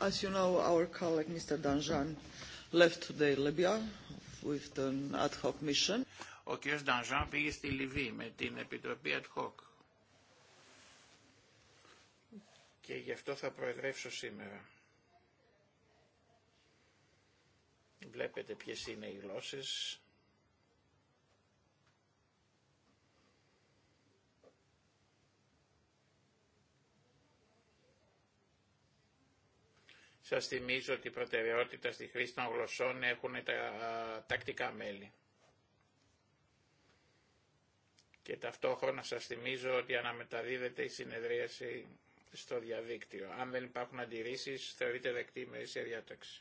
As you know, our colleague Mr. Danjan left today Libya with an ad hoc mission. Ο κ. Ντανζάν πήγε στη Λιβύη με την Επιτροπή Ad hoc. Και γι' αυτό θα προεδρεύσω σήμερα. Βλέπετε ποιες είναι οι γλώσσες Σας θυμίζω ότι η προτεραιότητα στη χρήση των γλωσσών έχουν τα τακτικά μέλη. Και ταυτόχρονα σας θυμίζω ότι αναμεταδίδεται η συνεδρίαση στο διαδίκτυο. Αν δεν υπάρχουν αντιρρήσεις, θεωρείται δεκτή η σε διάταξη.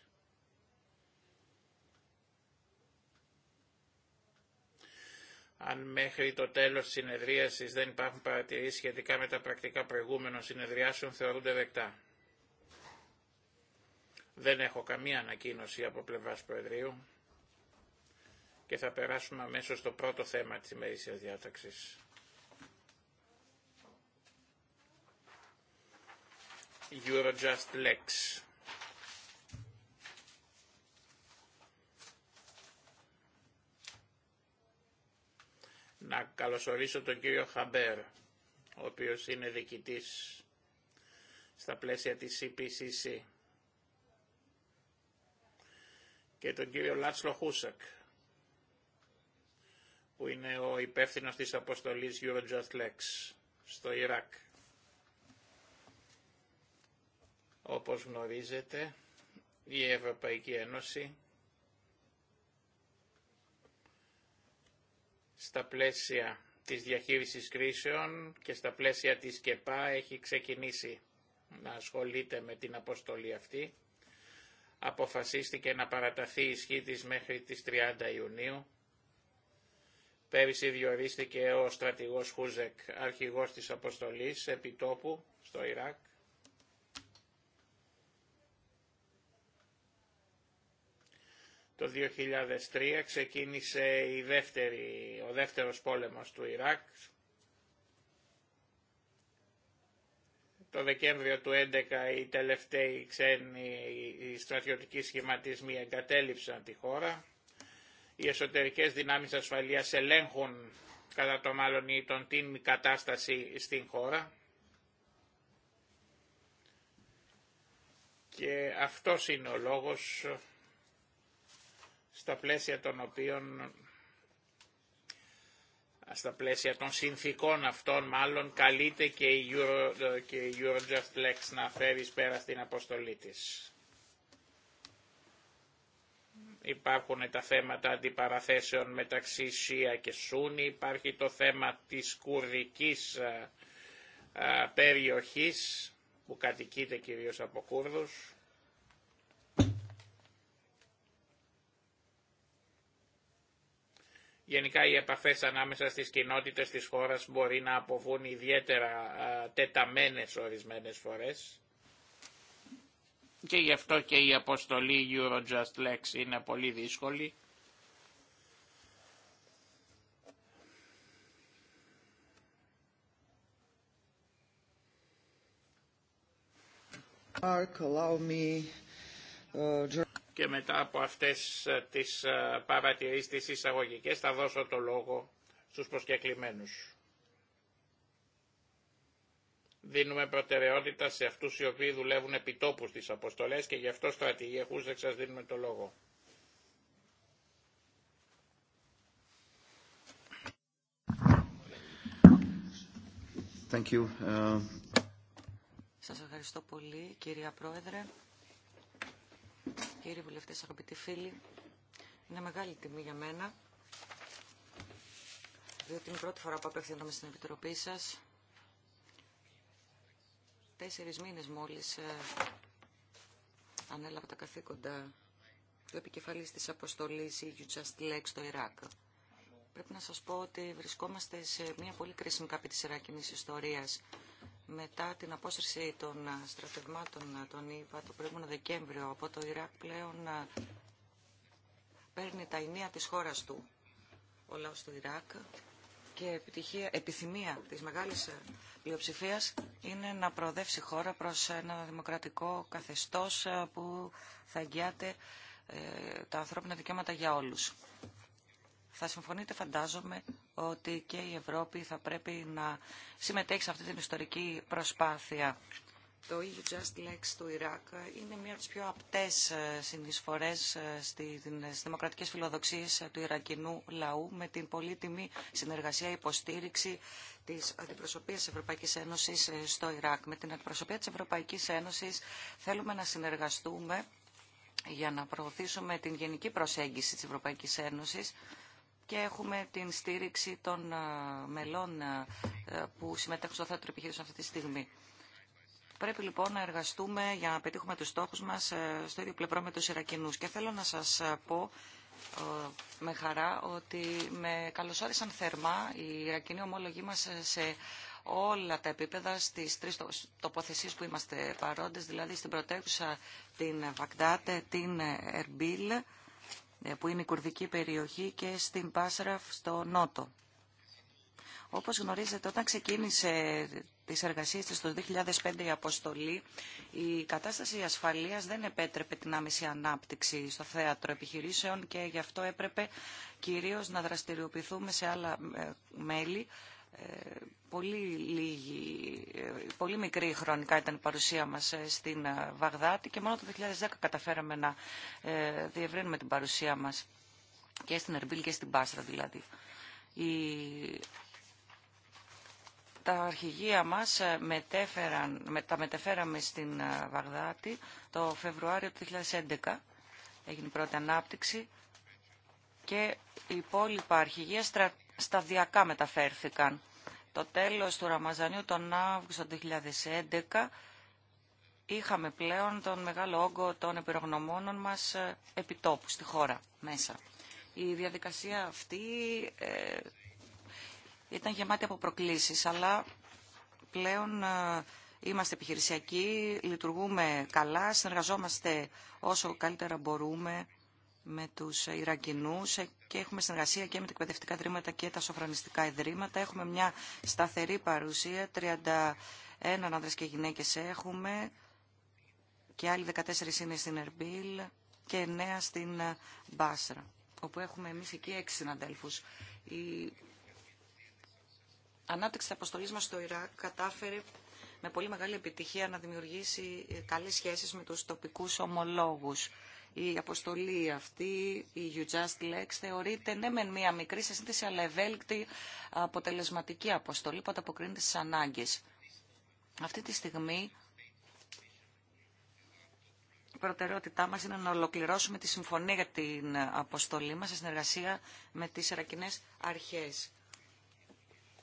Αν μέχρι το τέλος της συνεδρίασης δεν υπάρχουν παρατηρήσεις σχετικά με τα πρακτικά προηγούμενων συνεδριάσεων, θεωρούνται δεκτά. Δεν έχω καμία ανακοίνωση από πλευράς Προεδρείου και θα περάσουμε αμέσως στο πρώτο θέμα της ημερήσιας διάταξης. Eurojust Lex. Να καλωσορίσω τον κύριο Χαμπέρ, ο οποίος είναι διοικητής στα πλαίσια της CPCC και τον κύριο Λάτσλο Χούσακ που είναι ο υπεύθυνος της αποστολής Eurojust Lex στο Ιράκ. Όπως γνωρίζετε, η Ευρωπαϊκή Ένωση στα πλαίσια της διαχείρισης κρίσεων και στα πλαίσια της ΚΕΠΑ έχει ξεκινήσει να ασχολείται με την αποστολή αυτή αποφασίστηκε να παραταθεί η ισχύ της μέχρι τις 30 Ιουνίου. Πέρυσι διορίστηκε ο στρατηγός Χούζεκ, αρχηγός της αποστολής επιτόπου στο Ιράκ. Το 2003 ξεκίνησε η δεύτερη, ο δεύτερος πόλεμος του Ιράκ, Το Δεκέμβριο του 2011 οι τελευταίοι ξένοι στρατιωτικοί σχηματισμοί εγκατέλειψαν τη χώρα. Οι εσωτερικές δυνάμεις ασφαλείας ελέγχουν κατά το μάλλον ή τον την κατάσταση στην χώρα. Και αυτός είναι ο λόγος στα πλαίσια των οποίων στα πλαίσια των συνθήκων αυτών μάλλον καλείται και η, Euro, ε, και Eurojust Lex να φέρει πέρα στην αποστολή της. Υπάρχουν τα θέματα αντιπαραθέσεων μεταξύ Σία και Σούνη, υπάρχει το θέμα της κουρδικής α, ε, ε, περιοχής που κατοικείται κυρίως από Κούρδους. Γενικά οι επαφές ανάμεσα στις κοινότητες της χώρας μπορεί να αποβούν ιδιαίτερα τεταμένες ορισμένες φορές και γι' αυτό και η αποστολή Eurojust Lex είναι πολύ δύσκολη. Mark, allow me και μετά από αυτές ε, τις ε, παρατηρήσεις τις εισαγωγικές θα δώσω το λόγο στους προσκεκλημένους. Δίνουμε προτεραιότητα σε αυτούς οι οποίοι δουλεύουν επιτόπου στις αποστολές και γι' αυτό στρατηγοί δεν σας δίνουμε το λόγο. Ε, σας ευχαριστώ πολύ κυρία Πρόεδρε κύριοι βουλευτές, αγαπητοί φίλοι. Είναι μεγάλη τιμή για μένα, διότι είναι η πρώτη φορά που απευθύνομαι στην Επιτροπή σας. Τέσσερις μήνες μόλις ε, ανέλαβα τα καθήκοντα του επικεφαλής της αποστολής EU Just Lex στο Ιράκ. Πρέπει να σας πω ότι βρισκόμαστε σε μια πολύ κρίσιμη κάπη της Ιράκινης ιστορίας μετά την απόσυρση των ε, στρατευμάτων ε, τον ΙΠΑ το προηγούμενο Δεκέμβριο από το Ιράκ πλέον ε, παίρνει τα ενία της χώρας του ο λαός του Ιράκ και επιτυχία, επιθυμία της μεγάλης πλειοψηφίας είναι να προοδεύσει η χώρα προς ένα δημοκρατικό καθεστώς που θα αγγιάται τα ανθρώπινα δικαιώματα για όλους. Θα συμφωνείτε φαντάζομαι ότι και η Ευρώπη θα πρέπει να συμμετέχει σε αυτή την ιστορική προσπάθεια. Το EU Just Lex του Ιράκ είναι μία από τις πιο απτές ε, συνεισφορές ε, στις δημοκρατικές φιλοδοξίες του Ιρακινού λαού με την πολύτιμη συνεργασία υποστήριξη της αντιπροσωπείας της Ευρωπαϊκής Ένωσης ε, στο Ιράκ. Με την αντιπροσωπεία της Ευρωπαϊκής Ένωσης θέλουμε να συνεργαστούμε για να προωθήσουμε την γενική προσέγγιση της Ευρωπαϊκής Ένωσης και έχουμε την στήριξη των ε, μελών ε, ε, που συμμετέχουν στο θέατρο επιχείρηση αυτή τη στιγμή. Πρέπει λοιπόν να εργαστούμε για να πετύχουμε τους στόχους μας στο ίδιο πλευρό με τους Ιρακινούς. Και θέλω να σας πω με χαρά ότι με καλωσόρισαν θερμά οι Ιρακινοί ομόλογοι μας σε όλα τα επίπεδα στις τρεις τοποθεσίες που είμαστε παρόντες, δηλαδή στην πρωτεύουσα την Βαγδάτε, την Ερμπίλ ε, που είναι η κουρδική περιοχή και στην Πάσραφ στο Νότο. Όπως γνωρίζετε, όταν ξεκίνησε τις εργασίες της το 2005 η αποστολή, η κατάσταση ασφαλείας δεν επέτρεπε την άμεση ανάπτυξη στο θέατρο επιχειρήσεων και γι' αυτό έπρεπε κυρίως να δραστηριοποιηθούμε σε άλλα ε, μέλη πολύ λίγη, πολύ μικρή χρονικά ήταν η παρουσία μας ε, στην ε, Βαγδάτη και μόνο το 2010 καταφέραμε να ε, διευρύνουμε την παρουσία μας και στην Ερμπίλ και στην Πάστρα δηλαδή. Η... Τα αρχηγεία μας μετέφεραν, με, τα μετεφέραμε στην Βαγδάτη το Φεβρουάριο του 2011. Έγινε η πρώτη ανάπτυξη και η υπόλοιπα αρχηγεία στρατηγική σταδιακά μεταφέρθηκαν. Το τέλος του Ραμαζανίου τον Αύγουστο του 2011 είχαμε πλέον τον μεγάλο όγκο των επιρρογνωμόνων μας ε, επιτόπου στη χώρα μέσα. Η διαδικασία αυτή ε, ήταν γεμάτη από προκλήσεις, αλλά πλέον ε, είμαστε επιχειρησιακοί, λειτουργούμε καλά, συνεργαζόμαστε όσο καλύτερα μπορούμε με τους Ιρακινούς και έχουμε συνεργασία και με τα εκπαιδευτικά ιδρύματα και τα σοφρανιστικά ιδρύματα. Έχουμε μια σταθερή παρουσία, 31 άνδρες και γυναίκες έχουμε και άλλοι 14 είναι στην Ερμπίλ και 9 στην Μπάσρα, όπου έχουμε εμείς εκεί 6 συναντέλφου. Η ανάπτυξη τη αποστολή μα στο Ιράκ κατάφερε με πολύ μεγάλη επιτυχία να δημιουργήσει καλές σχέσεις με τους τοπικούς ομολόγους η αποστολή αυτή, η You Just Lex, θεωρείται ναι με μία μικρή σε σύνθεση, αλλά ευέλικτη αποτελεσματική αποστολή που ανταποκρίνεται στις ανάγκες. Αυτή τη στιγμή η προτεραιότητά μας είναι να ολοκληρώσουμε τη συμφωνία για την αποστολή μας σε συνεργασία με τις Ερακινές Αρχές.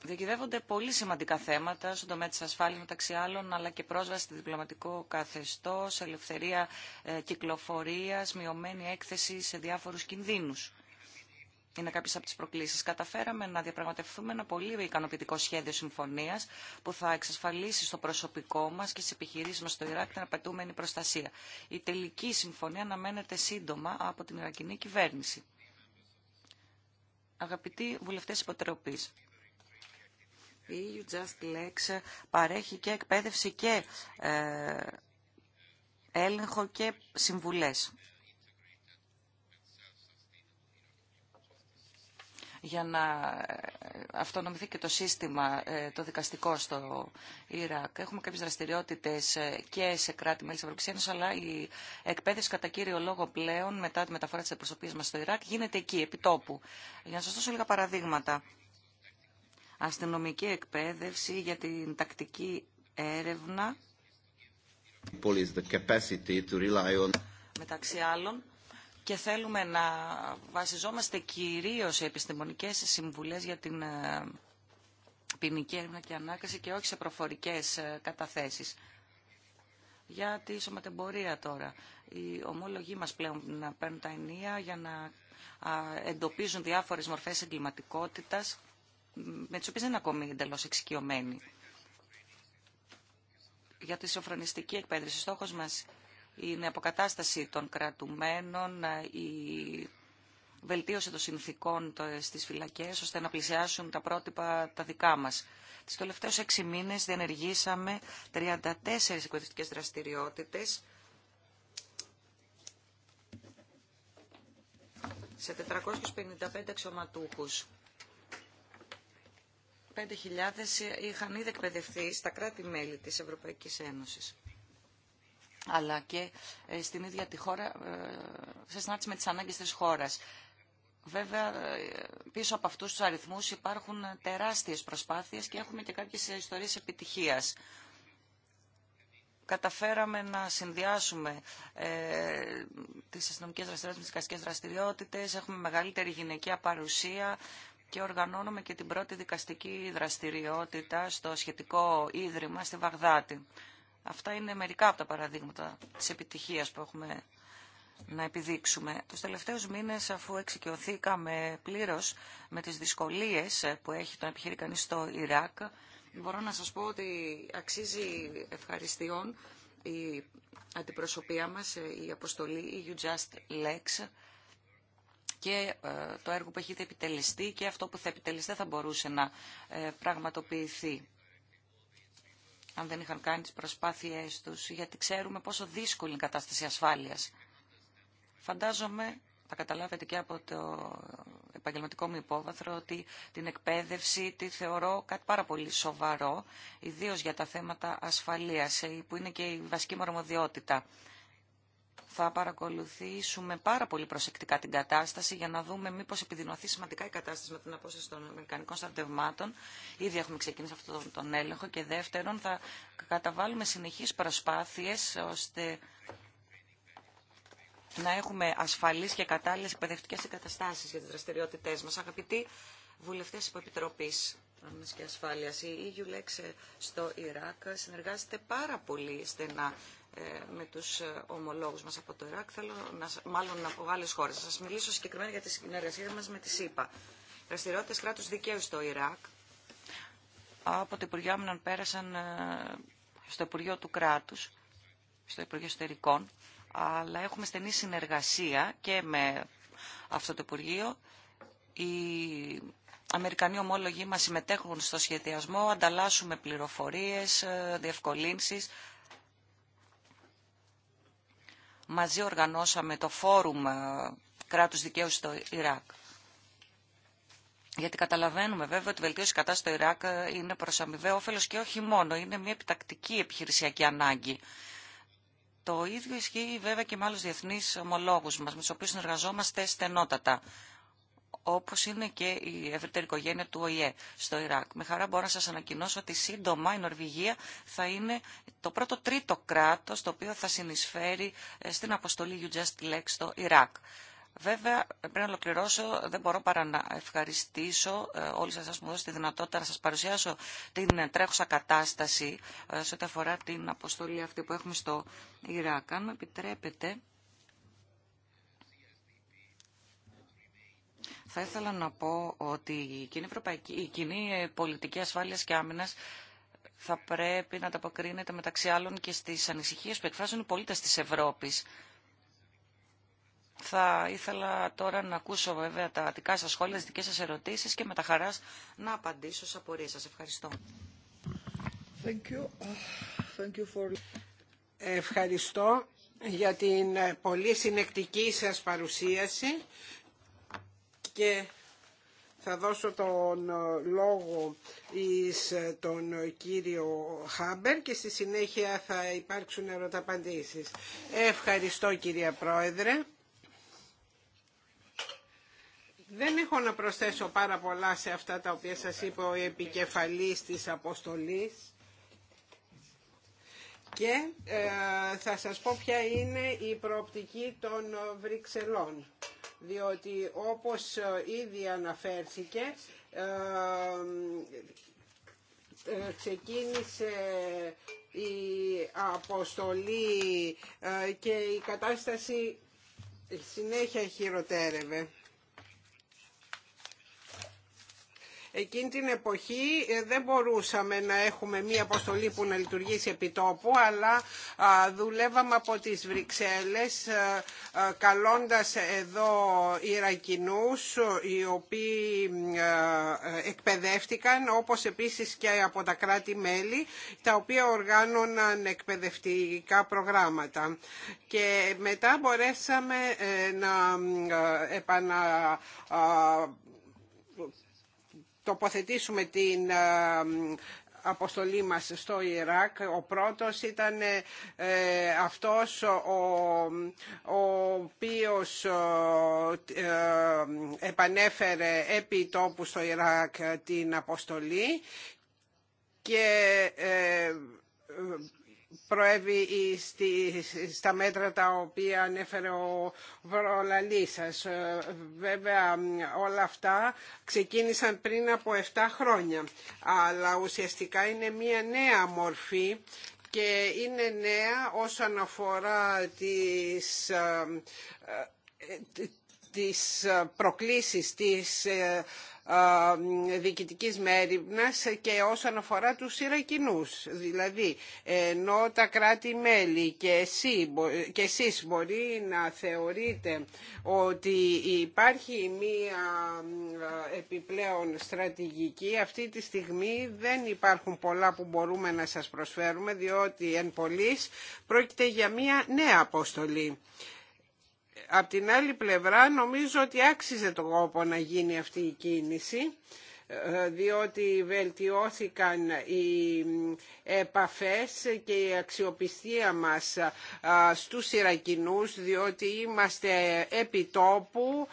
Διοικητεύονται πολύ σημαντικά θέματα στον τομέα της ασφάλειας μεταξύ άλλων, αλλά και πρόσβαση στη διπλωματικό καθεστώς, ελευθερία ε, κυκλοφορίας, μειωμένη έκθεση σε διάφορους κινδύνους. Είναι κάποιε από τι προκλήσει. Καταφέραμε να διαπραγματευτούμε ένα πολύ ικανοποιητικό σχέδιο συμφωνία που θα εξασφαλίσει στο προσωπικό μα και στι επιχειρήσει μα στο Ιράκ την απαιτούμενη προστασία. Η τελική συμφωνία αναμένεται σύντομα από την Ιρακινή κυβέρνηση. Αγαπητοί βουλευτέ υποτροπή, η EU Just Lex παρέχει και εκπαίδευση και ε, έλεγχο και συμβουλές. για να ε, αυτονομηθεί και το σύστημα ε, το δικαστικό στο Ιράκ. Έχουμε κάποιες δραστηριότητες ε, και σε κράτη μέλη της Ευρωπαϊκής Ένωσης, αλλά η εκπαίδευση κατά κύριο λόγο πλέον μετά τη μεταφορά της αντιπροσωπείας μας στο Ιράκ γίνεται εκεί, επί τόπου. Για να σας δώσω λίγα παραδείγματα αστυνομική εκπαίδευση, για την τακτική έρευνα. Μεταξύ άλλων, και θέλουμε να βασιζόμαστε κυρίως σε επιστημονικές συμβουλές για την ε, ποινική έρευνα και ανάκριση και όχι σε προφορικές ε, καταθέσεις. Για τη σωματεμπορία τώρα. Οι ομόλογοι μας πλέον να παίρνουν τα ενία για να εντοπίζουν διάφορες μορφές εγκληματικότητας με τις οποίες δεν είναι ακόμη εντελώς εξοικειωμένοι. Για τη σοφρονιστική εκπαίδευση, στόχος μας είναι η αποκατάσταση των κρατουμένων, η βελτίωση των συνθήκων στις φυλακές, ώστε να πλησιάσουν τα πρότυπα τα δικά μας. Τις τελευταίες έξι μήνες διενεργήσαμε 34 εκπαιδευτικές δραστηριότητες σε 455 αξιωματούχους 5.000 είχαν ήδη εκπαιδευτεί στα κράτη-μέλη της Ευρωπαϊκής Ένωσης αλλά και ε, στην ίδια τη χώρα, ε, σε συνάρτηση με τις ανάγκες της χώρας. Βέβαια, ε, πίσω από αυτούς τους αριθμούς υπάρχουν τεράστιες προσπάθειες και έχουμε και κάποιες ιστορίες επιτυχίας. Καταφέραμε να συνδυάσουμε ε, τις αστυνομικές δραστηριότητες με τις δραστηριότητες. Έχουμε μεγαλύτερη γυναικεία παρουσία και οργανώνουμε και την πρώτη δικαστική δραστηριότητα στο σχετικό ίδρυμα στη Βαγδάτη. Αυτά είναι μερικά από τα παραδείγματα της επιτυχίας που έχουμε να επιδείξουμε. Τους τελευταίους μήνες, αφού εξοικειωθήκαμε πλήρως με τις δυσκολίες που έχει το επιχειρή στο Ιράκ, μπορώ να σας πω ότι αξίζει ευχαριστειών η αντιπροσωπεία μας, η αποστολή, η You Just Lex, και ε, το έργο που έχετε επιτελεστεί και αυτό που θα επιτελεστεί θα μπορούσε να ε, πραγματοποιηθεί αν δεν είχαν κάνει τις προσπάθειές τους, γιατί ξέρουμε πόσο δύσκολη είναι η κατάσταση ασφάλειας. Φαντάζομαι, θα καταλάβετε και από το επαγγελματικό μου υπόβαθρο, ότι την εκπαίδευση τη θεωρώ κάτι πάρα πολύ σοβαρό, ιδίως για τα θέματα ασφαλείας, ε, που είναι και η βασική μου αρμοδιότητα θα παρακολουθήσουμε πάρα πολύ προσεκτικά την κατάσταση για να δούμε μήπως επιδεινωθεί σημαντικά η κατάσταση με την απόσταση των Αμερικανικών στρατευμάτων. Ήδη έχουμε ξεκινήσει αυτόν τον έλεγχο και δεύτερον θα καταβάλουμε συνεχείς προσπάθειες ώστε να έχουμε ασφαλείς και κατάλληλες εκπαιδευτικές εγκαταστάσεις για τις δραστηριότητές μας. Αγαπητοί βουλευτές υποεπιτροπής, άμυνας και ασφάλειας. Η e Lex ε, στο Ιράκ ε, συνεργάζεται πάρα πολύ στενά ε, με τους ομολόγους μας από το Ιράκ, θέλω να, μάλλον από άλλες χώρες. Θα σας μιλήσω συγκεκριμένα για τη συνεργασία μας με τη ΣΥΠΑ. Δραστηριότητες κράτους δικαίου στο Ιράκ. Από το Υπουργείο Άμυναν πέρασαν στο Υπουργείο του Κράτους, στο Υπουργείο Εσωτερικών, αλλά έχουμε στενή συνεργασία και με αυτό το Υπουργείο. Η Αμερικανοί ομόλογοι μας συμμετέχουν στο σχεδιασμό, ανταλλάσσουμε πληροφορίες, ε, διευκολύνσεις. Μαζί οργανώσαμε το φόρουμ ε, κράτους δικαίου στο Ιράκ. Γιατί καταλαβαίνουμε βέβαια ότι η βελτίωση κατάσταση στο Ιράκ ε, είναι προς αμοιβαίο όφελος και όχι μόνο, είναι μια επιτακτική επιχειρησιακή ανάγκη. Το ίδιο ισχύει βέβαια και με άλλους διεθνείς ομολόγους μας, με τους οποίους συνεργαζόμαστε στενότατα όπως είναι και η ευρύτερη οικογένεια του ΟΗΕ στο Ιράκ. Με χαρά μπορώ να σας ανακοινώσω ότι σύντομα η Νορβηγία θα είναι το πρώτο τρίτο κράτος το οποίο θα συνεισφέρει ε, στην αποστολή You Just Lex στο Ιράκ. Βέβαια, πριν να ολοκληρώσω, δεν μπορώ παρά να ευχαριστήσω ε, όλους σας που μου δώσετε τη δυνατότητα να σας παρουσιάσω την ε, τρέχουσα κατάσταση σε ό,τι αφορά την αποστολή αυτή που έχουμε στο Ιράκ. Αν με επιτρέπετε, Θα ήθελα να πω ότι η κοινή, ευρωπαϊκή, η κοινή ε, πολιτική ασφάλειας και άμυνας θα πρέπει να ανταποκρίνεται μεταξύ άλλων και στις ανησυχίες που εκφράζουν οι πολίτες της Ευρώπης. Θα ήθελα τώρα να ακούσω βέβαια τα δικά σας σχόλια, τις δικές σας ερωτήσεις και με τα χαράς να απαντήσω σε απορίες σας. Ευχαριστώ. Thank you. Thank you for... Ευχαριστώ για την ε, πολύ συνεκτική σας παρουσίαση και θα δώσω τον ε, λόγο εις ε, τον ε, κύριο Χάμπερ και στη συνέχεια θα υπάρξουν ερωταπαντήσεις. Ευχαριστώ κυρία Πρόεδρε. Δεν έχω να προσθέσω πάρα πολλά σε αυτά τα οποία σας είπε ο επικεφαλής της αποστολής και θα σας πω ποια είναι η προοπτική των Βρυξελών διότι όπως ε, ήδη αναφέρθηκε ε, ε, ξεκίνησε η αποστολή και η κατάσταση συνέχεια χειροτέρευε. Εκείνη την εποχή ε, δεν μπορούσαμε να έχουμε μία αποστολή που να λειτουργήσει επί τόπου, αλλά δουλεύαμε από τις Βρυξέλλες ε, ε, καλώντας εδώ Ιρακινούς οι οποίοι εκπαιδεύτηκαν όπως επίσης και από τα κράτη-μέλη τα οποία οργάνωναν εκπαιδευτικά προγράμματα. Και μετά μπορέσαμε να επανα τοποθετήσουμε την ε, αποστολή μας στο Ιράκ. Ο πρώτος ήταν ε, ε, αυτός ο, ο οποίος επανέφερε επί τόπου στο Ιράκ την αποστολή και προέβη στα μέτρα τα οποία ανέφερε ο Βρολαλίσας. Ε, βέβαια όλα αυτά ξεκίνησαν πριν από 7 χρόνια, αλλά ουσιαστικά είναι μια νέα μορφή και είναι νέα όσον αφορά τις ε, ε, τις προκλήσεις της διοικητικής Μέριμνας και όσον αφορά του Συρακινούς. Δηλαδή, ενώ τα κράτη-μέλη και, εσύ, και εσείς μπορεί να θεωρείτε ότι υπάρχει μία επιπλέον στρατηγική, αυτή τη στιγμή δεν υπάρχουν πολλά που μπορούμε να σας προσφέρουμε, διότι εν πολλής πρόκειται για μία νέα αποστολή. Απ' την άλλη πλευρά νομίζω ότι άξιζε τον κόπο να γίνει αυτή η κίνηση διότι βελτιώθηκαν οι επαφές και η αξιοπιστία μας στους Ιρακινούς διότι είμαστε επιτόπου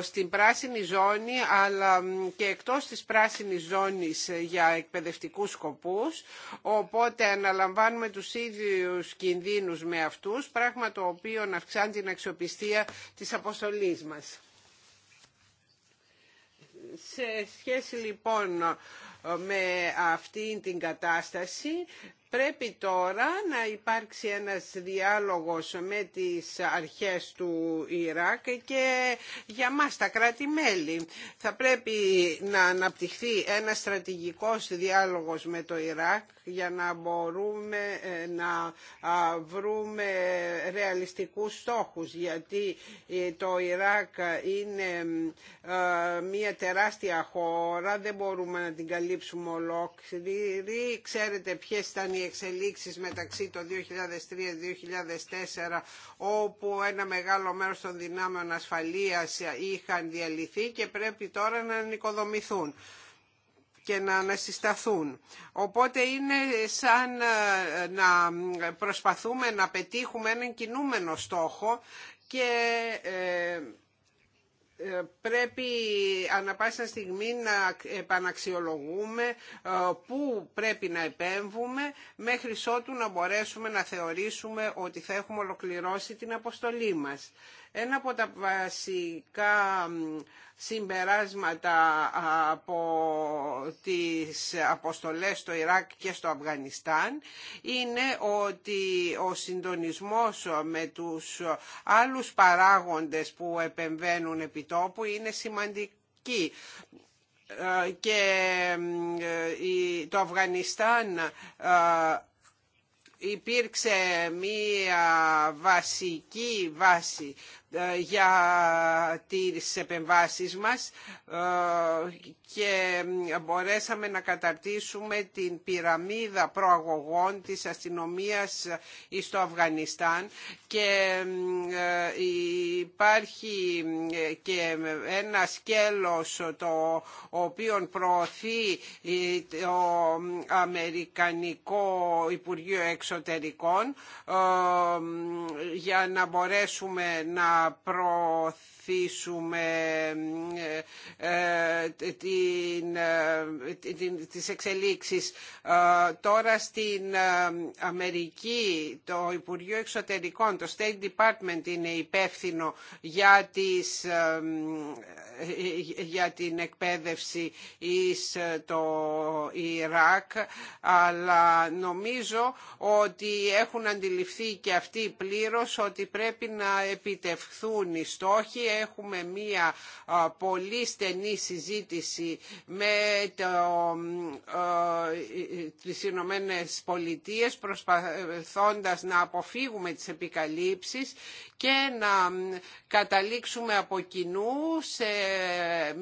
στην πράσινη ζώνη αλλά και εκτός της πράσινης ζώνης για εκπαιδευτικούς σκοπούς οπότε αναλαμβάνουμε τους ίδιους κινδύνους με αυτούς πράγμα το οποίο αυξάνει την αξιοπιστία της αποστολής μας. Σε σχέση λοιπόν με αυτή την κατάσταση πρέπει τώρα να υπάρξει ένας διάλογος με τις αρχές του Ιράκ και για μας τα κράτη-μέλη. Θα πρέπει να αναπτυχθεί ένας στρατηγικός διάλογος με το Ιράκ για να μπορούμε ε, να βρούμε ρεαλιστικούς στόχους γιατί ε, το Ιράκ είναι ε, μια τεράστια χώρα, δεν μπορούμε να την καλύψουμε ολόκληρη. Ξέρετε ποιες ήταν οι εξελίξεις μεταξύ το 2003-2004 όπου ένα μεγάλο μέρος των δυνάμεων ασφαλείας είχαν διαλυθεί και πρέπει τώρα να νοικοδομηθούν και να ανασυσταθούν. Οπότε είναι σαν ε, να προσπαθούμε να πετύχουμε έναν κινούμενο στόχο και ε, ε, πρέπει ανα πάσα στιγμή να επαναξιολογούμε πού πρέπει να επέμβουμε μέχρι ότου να μπορέσουμε να θεωρήσουμε ότι θα έχουμε ολοκληρώσει την αποστολή μας. Ένα από τα βασικά συμπεράσματα από τις αποστολές στο Ιράκ και στο Αφγανιστάν είναι ότι ο συντονισμός με τους άλλους παράγοντες που επεμβαίνουν επιτόπου είναι σημαντική ε, και ε, το Αφγανιστάν ε, υπήρξε μία βασική βάση ε, για τις επεμβάσεις μας ε, και μπορέσαμε να καταρτήσουμε την πυραμίδα προαγωγών της αστυνομίας στο Αφγανιστάν και ε, υπάρχει και ένα σκέλος το οποίο προωθεί το Αμερικανικό Υπουργείο Εξωτερικών για να μπορέσουμε να προς ε, ε, ε, την τις εξελίξεις. Τώρα στην Αμερική το Υπουργείο Εξωτερικών, το State Department είναι υπεύθυνο για, τις, για την εκπαίδευση εις το Ιράκ, αλλά νομίζω ότι έχουν αντιληφθεί και αυτοί πλήρως ότι πρέπει να επιτευχθούν οι στόχοι, έχουμε μία πολύ στενή συζήτηση με το, τις Ηνωμένε Πολιτείες προσπαθώντας να αποφύγουμε τις επικαλύψεις και να καταλήξουμε από κοινού σε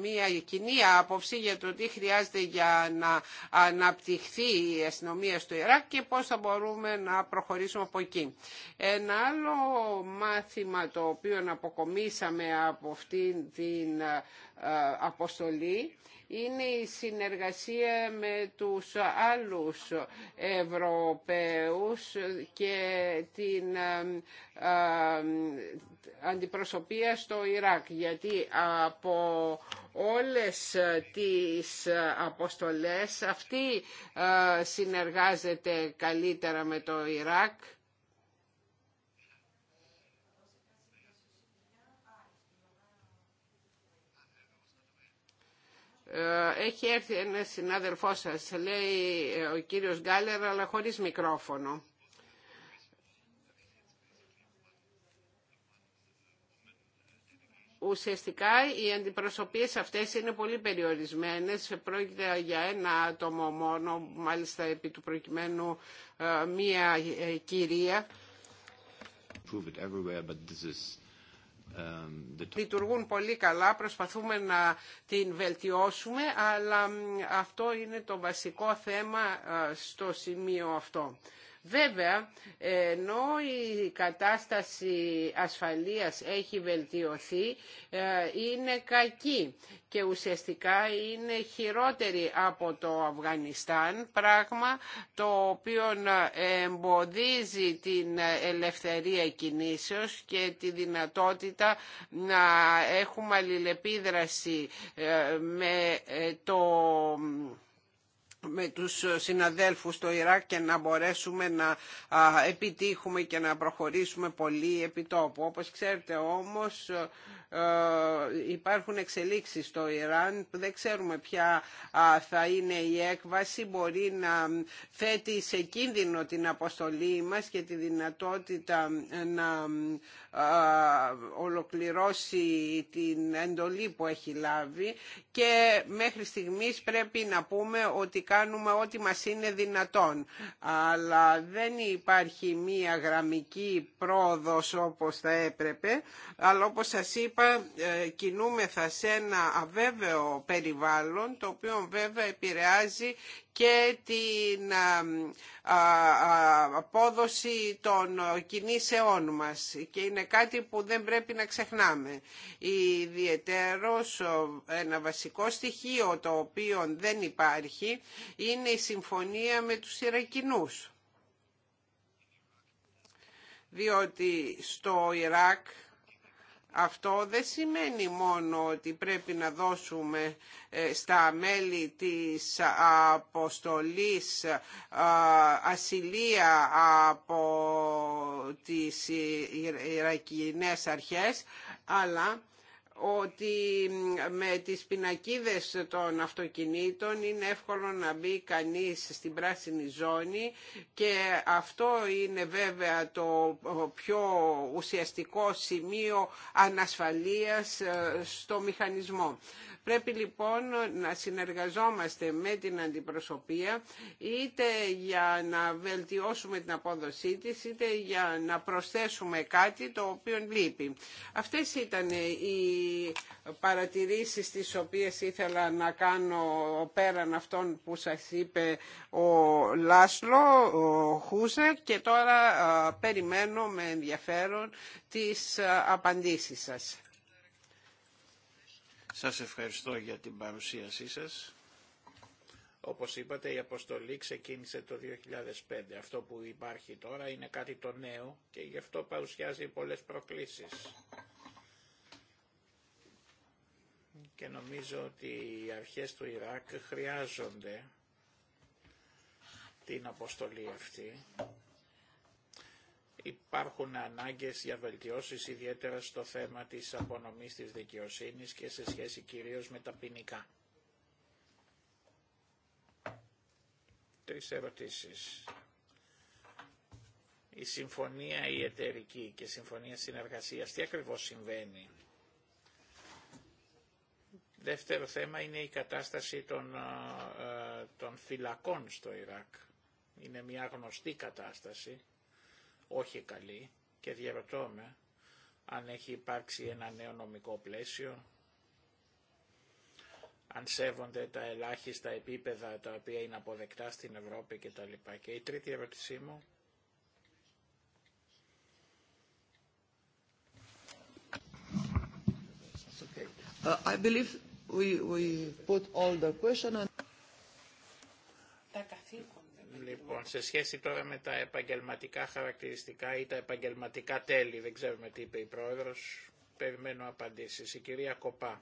μια κοινή άποψη για το τι χρειάζεται για να αναπτυχθεί η αστυνομία στο Ιράκ και πώς θα μπορούμε να προχωρήσουμε από εκεί. Ένα άλλο μάθημα το οποίο αποκομίσαμε από αυτή την ε, αποστολή είναι η συνεργασία με τους άλλους Ευρωπαίους και την αντιπροσωπεία στο Ιράκ γιατί από όλες τις αποστολές αυτή ε, συνεργάζεται καλύτερα με το Ιράκ Ε, έχει έρθει ένα συνάδελφό σας, λέει ε, ο κύριος Γκάλερ, αλλά χωρίς μικρόφωνο. Ουσιαστικά οι αντιπροσωπείες αυτές είναι πολύ περιορισμένες. Πρόκειται για ένα άτομο μόνο, μάλιστα επί του προκειμένου ε, μία κυρία. Λειτουργούν πολύ καλά, προσπαθούμε να την βελτιώσουμε, αλλά αυτό είναι το βασικό θέμα ε, στο σημείο αυτό. Βέβαια, ενώ η κατάσταση ασφαλείας έχει βελτιωθεί, ε, είναι κακή και ουσιαστικά είναι χειρότερη από το Αφγανιστάν, πράγμα το οποίο εμποδίζει την ελευθερία κινήσεως και τη δυνατότητα να έχουμε αλληλεπίδραση ε, με το με τους συναδέλφους στο Ιράκ και να μπορέσουμε να επιτύχουμε και να προχωρήσουμε πολύ επί Όπως ξέρετε όμως ε, υπάρχουν εξελίξεις στο Ιράν που δεν ξέρουμε ποια θα είναι η έκβαση μπορεί να θέτει σε κίνδυνο την αποστολή μας και τη δυνατότητα να ολοκληρώσει την εντολή που έχει λάβει και μέχρι στιγμής πρέπει να πούμε ότι κάνουμε ό,τι μας είναι δυνατόν αλλά δεν υπάρχει μία γραμμική πρόοδος όπως θα έπρεπε αλλά όπως σας είπα είπα ε, κινούμεθα σε ένα αβέβαιο περιβάλλον το οποίο βέβαια επηρεάζει και την ε, ε, απόδοση των κινήσεών μας και είναι κάτι που δεν πρέπει να ξεχνάμε. Ιδιαιτέρως ένα βασικό στοιχείο το οποίο δεν υπάρχει είναι η συμφωνία με τους Ιρακινούς. Διότι στο Ιράκ αυτό δεν σημαίνει μόνο ότι πρέπει να δώσουμε ε, στα μέλη της αποστολής ε, ασυλία από τις Ιρακινές αρχές, αλλά ότι με τις πινακίδες των αυτοκινήτων είναι εύκολο να μπει κανείς στην πράσινη ζώνη και αυτό είναι βέβαια το πιο ουσιαστικό σημείο ανασφαλείας ε, στο μηχανισμό. Πρέπει λοιπόν να συνεργαζόμαστε με την αντιπροσωπεία είτε για να βελτιώσουμε την απόδοσή της είτε για να προσθέσουμε κάτι το οποίο λείπει. Αυτές ήταν οι παρατηρήσεις τις οποίες ήθελα να κάνω πέραν αυτών που σας είπε ο Λάσλο ο και τώρα περιμένω με ενδιαφέρον τις απαντήσεις σας. Σας ευχαριστώ για την παρουσίασή σας. Όπως είπατε η αποστολή ξεκίνησε το 2005. Αυτό που υπάρχει τώρα είναι κάτι το νέο και γι' αυτό παρουσιάζει πολλές προκλήσεις. Και νομίζω ότι οι αρχές του Ιράκ χρειάζονται την αποστολή αυτή υπάρχουν ανάγκες για βελτιώσεις ιδιαίτερα στο θέμα της απονομής της δικαιοσύνης και σε σχέση κυρίως με τα ποινικά. Τρεις ερωτήσεις. Η συμφωνία η εταιρική και η συμφωνία συνεργασίας, τι ακριβώς συμβαίνει. Δεύτερο θέμα είναι η κατάσταση των, ε, ε, των φυλακών στο Ιράκ. Είναι μια γνωστή κατάσταση όχι καλή και διαρωτώ αν έχει υπάρξει ένα νέο νομικό πλαίσιο, αν σέβονται τα ελάχιστα επίπεδα τα οποία είναι αποδεκτά στην Ευρώπη και λοιπά. Και η τρίτη ερώτησή μου uh, I believe we, we put all the question Λοιπόν, σε σχέση τώρα με τα επαγγελματικά χαρακτηριστικά ή τα επαγγελματικά τέλη, δεν ξέρουμε τι είπε η Πρόεδρος, περιμένω απαντήσεις. Η κυρία Κοπά,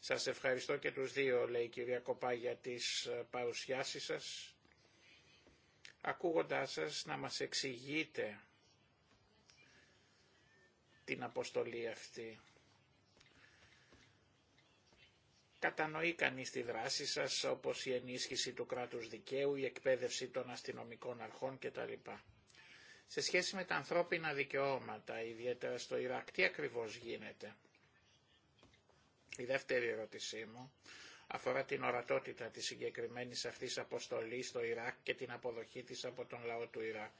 σας ευχαριστώ και τους δύο, λέει η κυρία Κοπά, για τις ε, παρουσιάσεις σας. Ακούγοντάς σας να μας εξηγείτε την αποστολή αυτή. κατανοεί κανείς τη δράση σας, όπως η ενίσχυση του κράτους δικαίου, η εκπαίδευση των αστυνομικών αρχών κτλ. Σε σχέση με τα ανθρώπινα δικαιώματα, ιδιαίτερα στο Ιράκ, τι ακριβώς γίνεται. Η δεύτερη ερώτησή μου αφορά την ορατότητα της συγκεκριμένης αυτής αποστολής στο Ιράκ και την αποδοχή της από τον λαό του Ιράκ.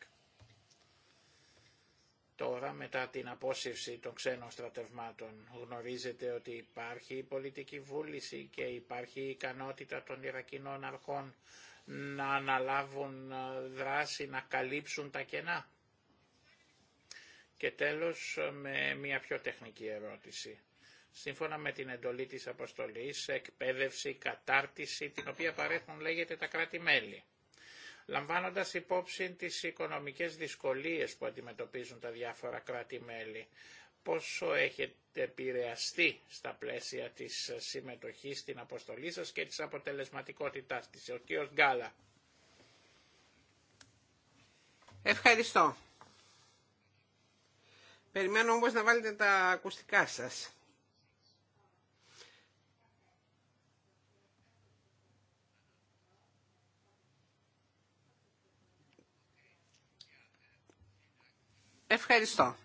Τώρα μετά την απόσυρση των ξένων στρατευμάτων γνωρίζετε ότι υπάρχει η πολιτική βούληση και υπάρχει η ικανότητα των Ιρακινών αρχών να αναλάβουν ε, δράση, να καλύψουν τα κενά. Και τέλος ε, με μια πιο τεχνική ερώτηση. Σύμφωνα με την εντολή της αποστολής, εκπαίδευση, κατάρτιση, την οποία παρέχουν λέγεται τα κράτη-μέλη λαμβάνοντας υπόψη τις οικονομικές δυσκολίες που αντιμετωπίζουν τα διάφορα κράτη-μέλη. Πόσο έχετε επηρεαστεί στα πλαίσια της συμμετοχής στην αποστολή σας και της αποτελεσματικότητάς της. Ο κ. Γκάλα. Ευχαριστώ. Περιμένω όμως να βάλετε τα ακουστικά σας. Ευχαριστώ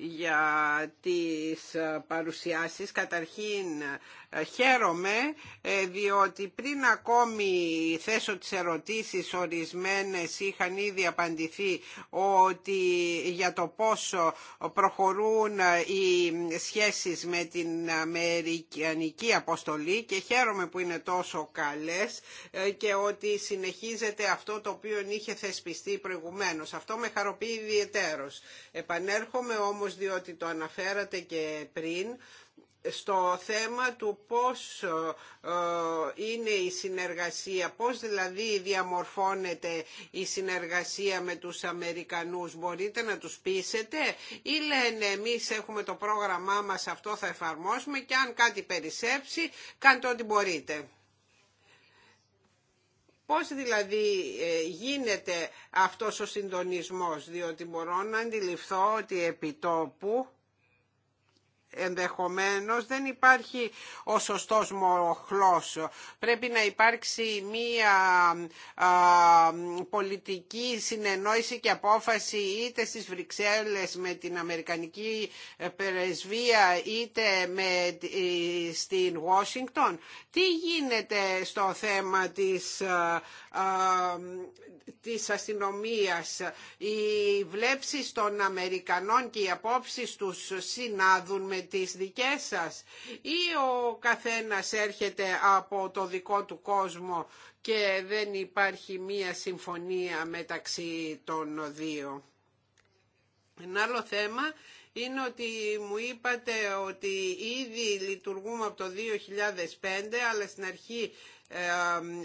για τις παρουσιάσεις. Καταρχήν ε, χαίρομαι ε, διότι πριν ακόμη θέσω τις ερωτήσεις ορισμένες είχαν ήδη απαντηθεί ότι για το πόσο προχωρούν ε, οι σχέσεις με την Αμερικανική Αποστολή και χαίρομαι που είναι τόσο καλές και ότι συνεχίζεται αυτό το οποίο είχε θεσπιστεί προηγουμένως. Αυτό με χαροποιεί ιδιαιτέρως. Επανέρχομαι όμως διότι το αναφέρατε και πριν στο θέμα του πώς ε, είναι η συνεργασία, πώς δηλαδή διαμορφώνεται η συνεργασία με τους Αμερικανούς. Μπορείτε να τους πείσετε ή λένε εμείς έχουμε το πρόγραμμά μας, αυτό θα εφαρμόσουμε και αν κάτι περισσέψει κάντε ό,τι μπορείτε. Πώς δηλαδή ε, γίνεται αυτός ο συντονισμός, διότι μπορώ να αντιληφθώ ότι επιτόπου τόπου ενδεχομένως δεν υπάρχει ο σωστός μοχλός. Πρέπει να υπάρξει μία πολιτική συνεννόηση και απόφαση είτε στις Βρυξέλλες με την Αμερικανική ε, Περεσβεία είτε με, ε, στην Ουάσιγκτον. Τι γίνεται στο θέμα της, ε, της αστυνομίας. Οι βλέψεις των Αμερικανών και οι απόψεις τους συνάδουν με με τις δικές σας ή ο καθένας έρχεται από το δικό του κόσμο και δεν υπάρχει μία συμφωνία μεταξύ των δύο. Ένα άλλο θέμα είναι ότι μου είπατε ότι ήδη λειτουργούμε από το 2005 αλλά στην αρχή ε,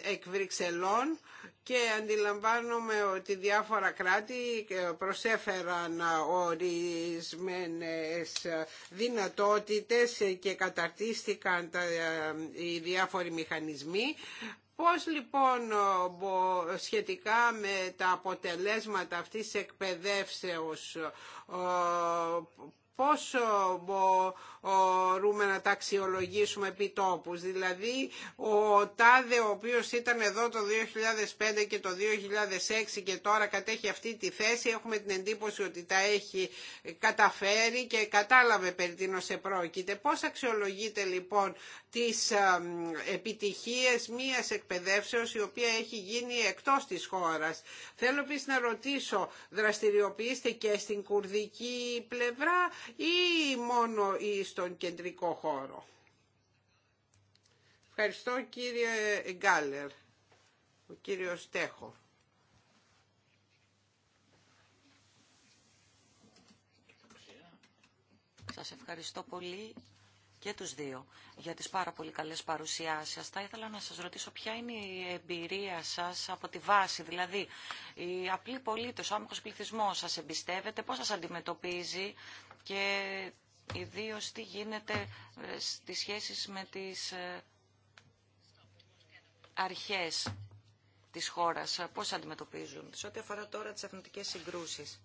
ε, εκ Βρυξελών και αντιλαμβάνομαι ότι διάφορα κράτη προσέφεραν ορισμένες δυνατότητες και καταρτίστηκαν ε, οι διάφοροι μηχανισμοί. Πώς λοιπόν σχετικά με τα αποτελέσματα αυτής της εκπαιδεύσεως ε, πόσο μπορούμε να τα αξιολογήσουμε επί τόπους. Δηλαδή, ο Τάδε, ο οποίος ήταν εδώ το 2005 και το 2006 και τώρα κατέχει αυτή τη θέση, έχουμε την εντύπωση ότι τα έχει καταφέρει και κατάλαβε περί σε πρόκειται. Πώς αξιολογείται λοιπόν τις επιτυχίες μίας εκπαιδεύσεως η οποία έχει γίνει εκτός της χώρας. Θέλω επίσης να ρωτήσω, δραστηριοποιήστε και στην Κουρδία δική πλευρά ή μόνο ή στον κεντρικό χώρο. Ευχαριστώ κύριε Γκάλερ, ο κύριος Τέχο. Σας ευχαριστώ πολύ και τους δύο για τις πάρα πολύ καλές παρουσιάσεις. Σας θα ήθελα να σας ρωτήσω ποια είναι η εμπειρία σας από τη βάση, δηλαδή οι απλή πολίτες, ο άμαχος πληθυσμός σας εμπιστεύεται, πώς σας αντιμετωπίζει και ιδίω τι γίνεται ε, στις σχέσεις με τις ε, αρχές της χώρας, πώς αντιμετωπίζουν. Σε ό,τι αφορά τώρα τις εθνικές συγκρούσεις.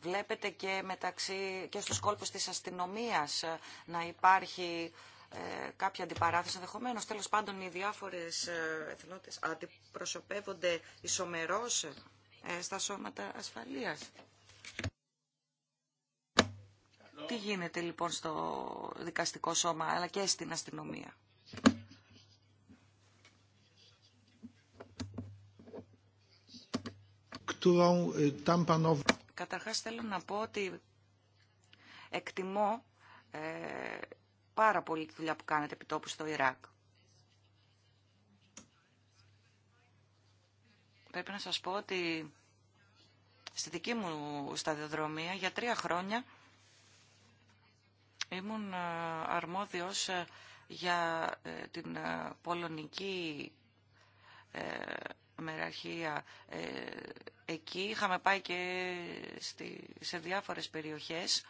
Βλέπετε και, μεταξύ, και στους κόλπους της αστυνομίας ε, να υπάρχει ε, κάποια αντιπαράθεση ενδεχομένω. Τέλο πάντων οι διάφορες ε, εθνότητες αντιπροσωπεύονται ισομέρό στα σώματα ασφαλείας. Τι γίνεται λοιπόν στο δικαστικό σώμα αλλά και στην αστυνομία. Którą Καταρχάς θέλω να πω ότι εκτιμώ ε, πάρα πολύ τη δουλειά που κάνετε επί στο Ιράκ. Πρέπει να σας πω ότι στη δική μου σταδιοδρομία για τρία χρόνια ήμουν ε, αρμόδιος ε, για την πολωνική μεραρχία εκεί, είχαμε πάει και στη, σε διάφορες περιοχές.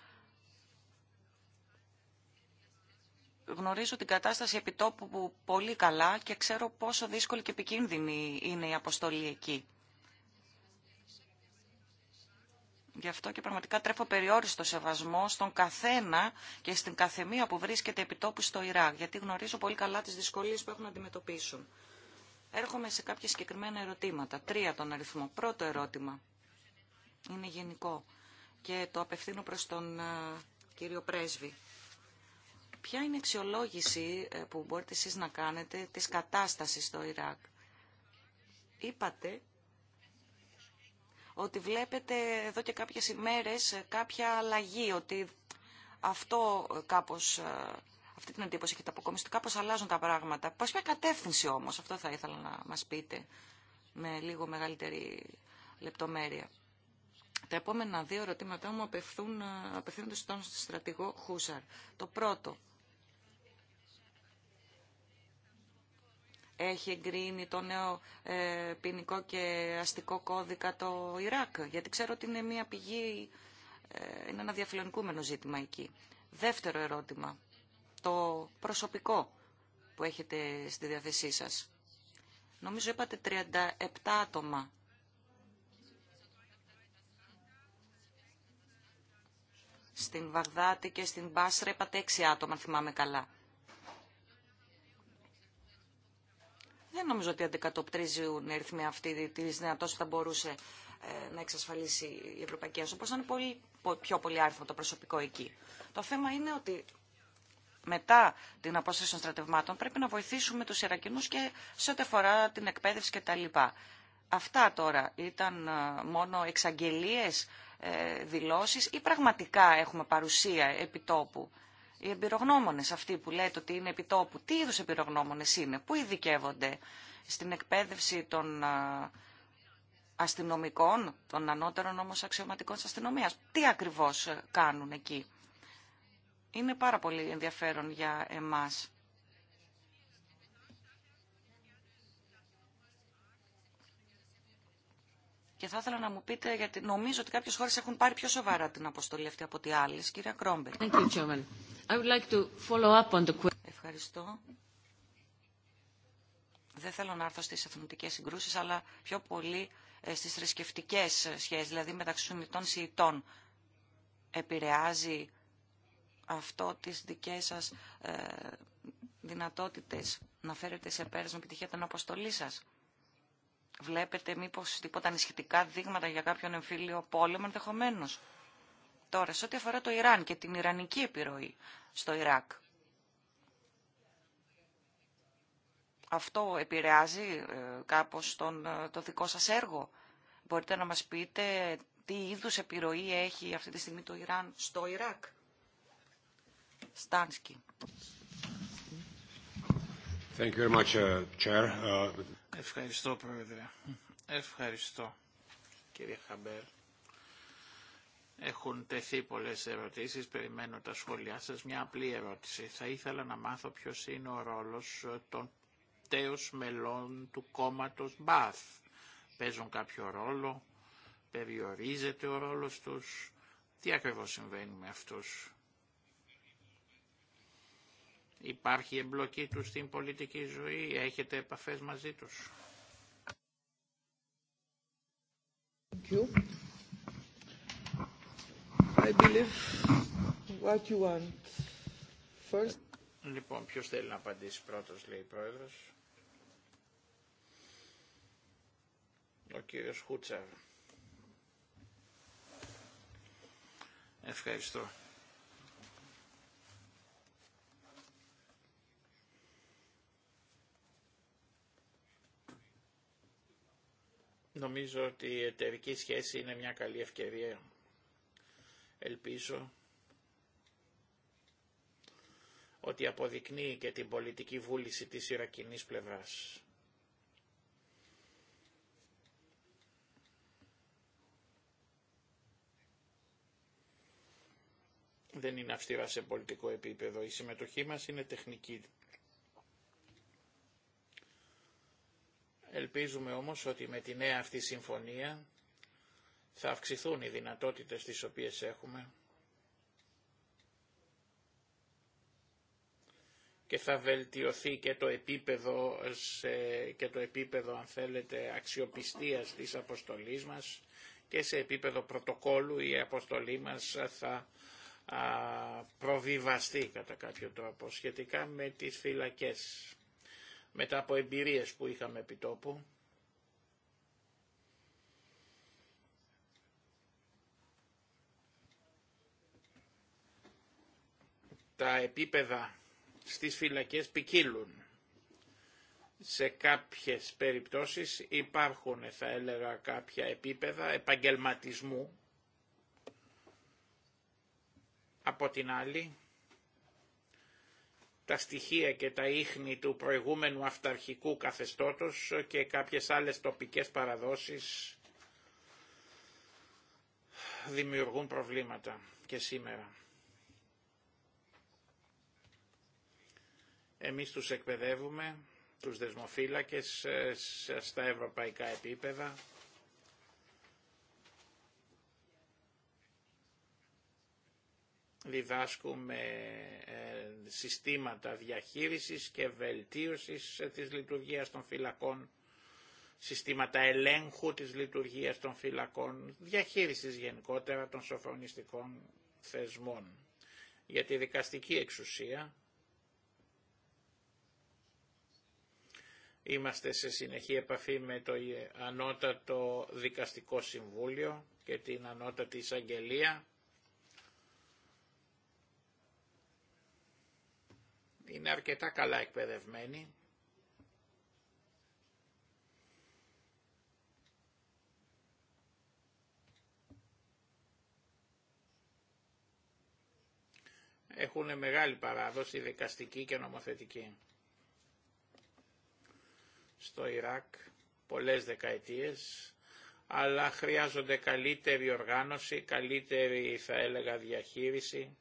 Γνωρίζω την κατάσταση επιτόπου πολύ καλά και ξέρω πόσο δύσκολη και επικίνδυνη είναι η αποστολή εκεί. Γι' αυτό και πραγματικά τρέφω περιόριστο σεβασμό στον καθένα και στην καθεμία που βρίσκεται επιτόπου στο Ιράκ, γιατί γνωρίζω πολύ καλά τις δυσκολίες που έχουν να αντιμετωπίσουν. Έρχομαι σε κάποια συγκεκριμένα ερωτήματα. Τρία τον αριθμό. Πρώτο ερώτημα. Είναι γενικό και το απευθύνω προς τον ε, κύριο Πρέσβη. Ποια είναι η αξιολόγηση ε, που μπορείτε εσείς να κάνετε της κατάστασης στο Ιράκ. Είπατε ότι βλέπετε εδώ και κάποιες ημέρες ε, κάποια αλλαγή, ότι αυτό κάπως αυτή την εντύπωση έχετε αποκόμιση ότι κάπως αλλάζουν τα πράγματα. Πώς μια κατεύθυνση όμως, αυτό θα ήθελα να μας πείτε με λίγο μεγαλύτερη λεπτομέρεια. Τα επόμενα δύο ερωτήματά μου ε, απευθύνονται στον στρατηγό Χούσαρ. Το πρώτο, έχει εγκρίνει το νέο ε, ποινικό και αστικό κώδικα το Ιράκ. Γιατί ξέρω ότι είναι μια πηγή, ε, είναι ένα διαφιλονικούμενο ζήτημα εκεί. Δεύτερο ερώτημα το προσωπικό που έχετε στη διάθεσή σας. Νομίζω είπατε 37 άτομα. Στην Βαγδάτη και στην Μπάσρα είπατε 6 άτομα, αν θυμάμαι καλά. Δεν νομίζω ότι αντικατοπτρίζουν οι αυτή αυτοί τη δυνατότητα που θα μπορούσε ε, να εξασφαλίσει η Ευρωπαϊκή Ένωση. Όπω είναι πολύ, πιο πολύ άριθμο το προσωπικό εκεί. Το θέμα είναι ότι μετά την απόσταση των στρατευμάτων πρέπει να βοηθήσουμε τους Ιρακινούς και σε ό,τι αφορά την εκπαίδευση λοιπά. Αυτά τώρα ήταν ε, μόνο εξαγγελίες, ε, δηλώσεις ή πραγματικά έχουμε παρουσία επιτόπου. Οι εμπειρογνώμονες αυτοί που λέτε ότι είναι επιτόπου, τι είδους εμπειρογνώμονες είναι, πού ειδικεύονται στην εκπαίδευση των ε, αστυνομικών, των ανώτερων όμως αξιωματικών αστυνομίας. Τι ακριβώς κάνουν εκεί είναι πάρα πολύ ενδιαφέρον για εμάς. Και θα ήθελα να μου πείτε, γιατί νομίζω ότι κάποιες χώρες έχουν πάρει πιο σοβαρά την αποστολή αυτή από τις άλλες. Κυρία Κρόμπερ. Ευχαριστώ. Δεν θέλω να έρθω στις εθνωτικέ συγκρούσει, αλλά πιο πολύ ε, στις θρησκευτικέ σχεσεις δηλαδή μεταξύ των Σιητών. Επηρεάζει αυτό τις δικές σας ε, δυνατότητες να φέρετε σε πέρας με επιτυχία την αποστολή σας. Βλέπετε μήπως τίποτα ανησυχητικά δείγματα για κάποιον εμφύλιο πόλεμο ενδεχομένω. Τώρα, σε ό,τι αφορά το Ιράν και την Ιρανική επιρροή στο Ιράκ. Αυτό επηρεάζει ε, κάπως τον, ε, το δικό σας έργο. Μπορείτε να μας πείτε τι είδους επιρροή έχει αυτή τη στιγμή το Ιράν στο Ιράκ. Στάνσκι. Uh, uh, Ευχαριστώ, Πρόεδρε. Ευχαριστώ, κύριε Χαμπέρ. Έχουν τεθεί πολλές ερωτήσεις, περιμένω τα σχόλιά σας. Μια απλή ερώτηση. Θα ήθελα να μάθω ποιος είναι ο ρόλος ε, των τέος μελών του κόμματος Μπαθ. Παίζουν κάποιο ρόλο, περιορίζεται ο ρόλος τους. Τι ακριβώς συμβαίνει με αυτούς. Υπάρχει εμπλοκή τους στην πολιτική ζωή, έχετε επαφές μαζί τους. Λοιπόν, ποιος θέλει να απαντήσει πρώτος, λέει η Πρόεδρος. Ο κύριος Χούτσαρ. Ευχαριστώ. Νομίζω ότι η εταιρική σχέση είναι μια καλή ευκαιρία. Ελπίζω ότι αποδεικνύει και την πολιτική βούληση της Ιρακινής πλευράς. Δεν είναι αυστηρά σε πολιτικό επίπεδο. Η συμμετοχή μας είναι τεχνική Ελπίζουμε όμως ότι με τη νέα αυτή συμφωνία θα αυξηθούν οι δυνατότητες τις οποίες έχουμε και θα βελτιωθεί και το επίπεδο, σε, και το επίπεδο αν θέλετε, αξιοπιστίας της αποστολής μας και σε επίπεδο πρωτοκόλλου η αποστολή μας θα προβιβαστεί κατά κάποιο τρόπο σχετικά με τις φυλακές μετά από εμπειρίες που είχαμε επιτόπου, τα επίπεδα στις φυλακές ποικίλουν. Σε κάποιες περιπτώσεις υπάρχουν, θα έλεγα, κάποια επίπεδα επαγγελματισμού. Από την άλλη, τα στοιχεία και τα ίχνη του προηγούμενου αυταρχικού καθεστώτος και κάποιες άλλες τοπικές παραδόσεις δημιουργούν προβλήματα και σήμερα. Εμείς τους εκπαιδεύουμε, τους δεσμοφύλακες ε, στα ευρωπαϊκά επίπεδα, διδάσκουμε ε, συστήματα διαχείρισης και βελτίωσης ε, της λειτουργίας των φυλακών, συστήματα ελέγχου της λειτουργίας των φυλακών, διαχείρισης γενικότερα των σοφρονιστικών θεσμών. Για τη δικαστική εξουσία είμαστε σε συνεχή επαφή με το Ανώτατο Δικαστικό Συμβούλιο και την Ανώτατη Εισαγγελία είναι αρκετά καλά εκπαιδευμένοι. Έχουν μεγάλη παράδοση δικαστική και νομοθετική. Στο Ιράκ πολλές δεκαετίες, αλλά χρειάζονται καλύτερη οργάνωση, καλύτερη θα έλεγα διαχείριση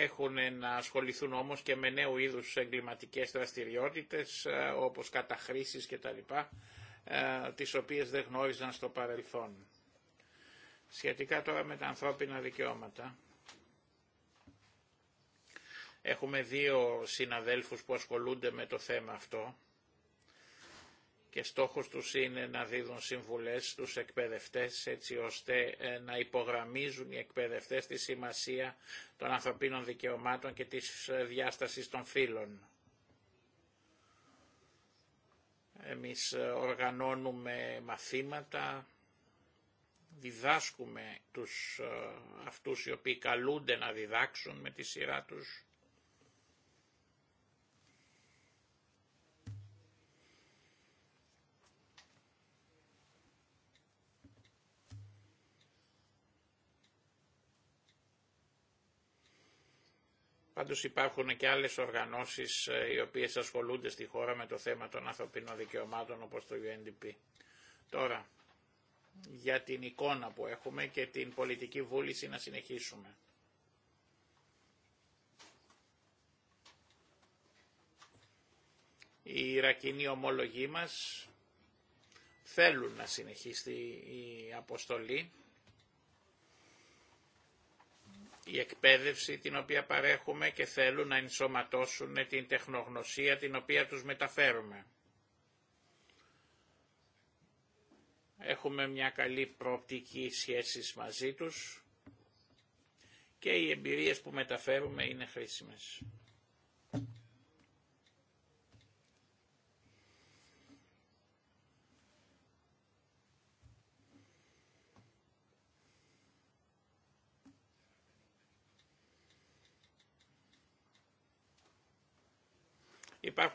έχουν να ασχοληθούν όμως και με νέου είδους εγκληματικές δραστηριότητες ε, όπως καταχρήσεις κτλ ε, τις οποίες δεν γνώριζαν στο παρελθόν. Σχετικά τώρα με τα ανθρώπινα δικαιώματα, έχουμε δύο συναδέλφους που ασχολούνται με το θέμα αυτό και στόχος τους είναι να δίδουν συμβουλές στους εκπαιδευτές έτσι ώστε ε, να υπογραμμίζουν οι εκπαιδευτές τη σημασία των ανθρωπίνων δικαιωμάτων και της ε, διάστασης των φύλων. Εμείς ε, οργανώνουμε μαθήματα, διδάσκουμε τους, αυτούς οι οποίοι καλούνται να διδάξουν με τη σειρά τους Πάντως υπάρχουν και άλλες οργανώσεις ε, οι οποίες ασχολούνται στη χώρα με το θέμα των ανθρωπίνων δικαιωμάτων όπως το UNDP. Τώρα, για την εικόνα που έχουμε και την πολιτική βούληση να συνεχίσουμε. Οι Ιρακινοί ομολογοί μας θέλουν να συνεχίσει η αποστολή η εκπαίδευση την οποία παρέχουμε και θέλουν να ενσωματώσουν την τεχνογνωσία την οποία τους μεταφέρουμε. Έχουμε μια καλή προοπτική σχέση μαζί τους και οι εμπειρίες που μεταφέρουμε είναι χρήσιμες.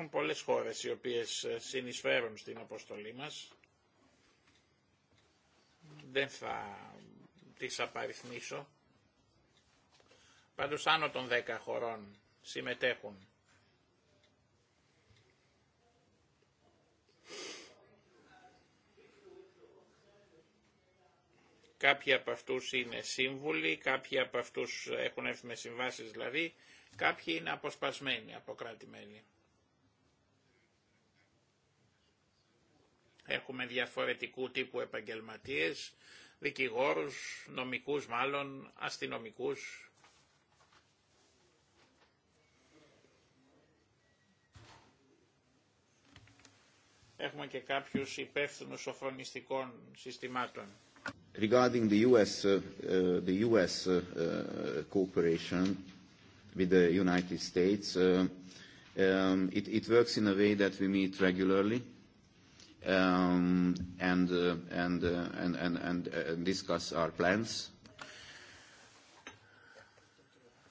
Υπάρχουν πολλές χώρες οι οποίες ε, συνεισφέρουν στην αποστολή μας. Δεν θα τις απαριθμίσω. Πάντως άνω των 10 χωρών συμμετέχουν. Κάποιοι από αυτούς είναι σύμβουλοι, κάποιοι από αυτούς έχουν έρθει με συμβάσεις δηλαδή, κάποιοι είναι αποσπασμένοι Έχουμε διαφορετικού τύπου επαγγελματίες, δικηγόρους, νομικούς μάλλον, αστυνομικούς. Έχουμε και κάποιους υπεύθυνους σοφρονιστικών συστημάτων. Regarding the US, uh, uh, the US uh, uh, cooperation with the United States, uh, um, it, it works in a way that we meet regularly. Um, uh, uh, uh, and discuss our plans.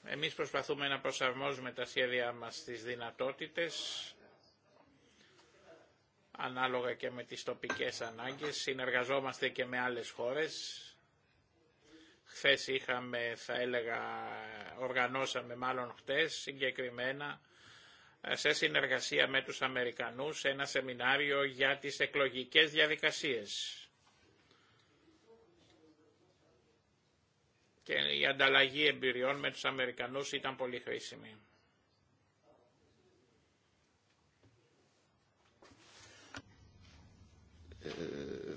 Εμείς προσπαθούμε να προσαρμόζουμε τα σχέδιά μας στις δυνατότητες ανάλογα και με τις τοπικές ανάγκες. Συνεργαζόμαστε και με άλλες χώρες. Χθες είχαμε, θα έλεγα, οργανώσαμε μάλλον χθες συγκεκριμένα σε συνεργασία με τους Αμερικανούς ένα σεμινάριο για τις εκλογικές διαδικασίες. Και η ανταλλαγή εμπειριών με τους Αμερικανούς ήταν πολύ χρήσιμη. Ε,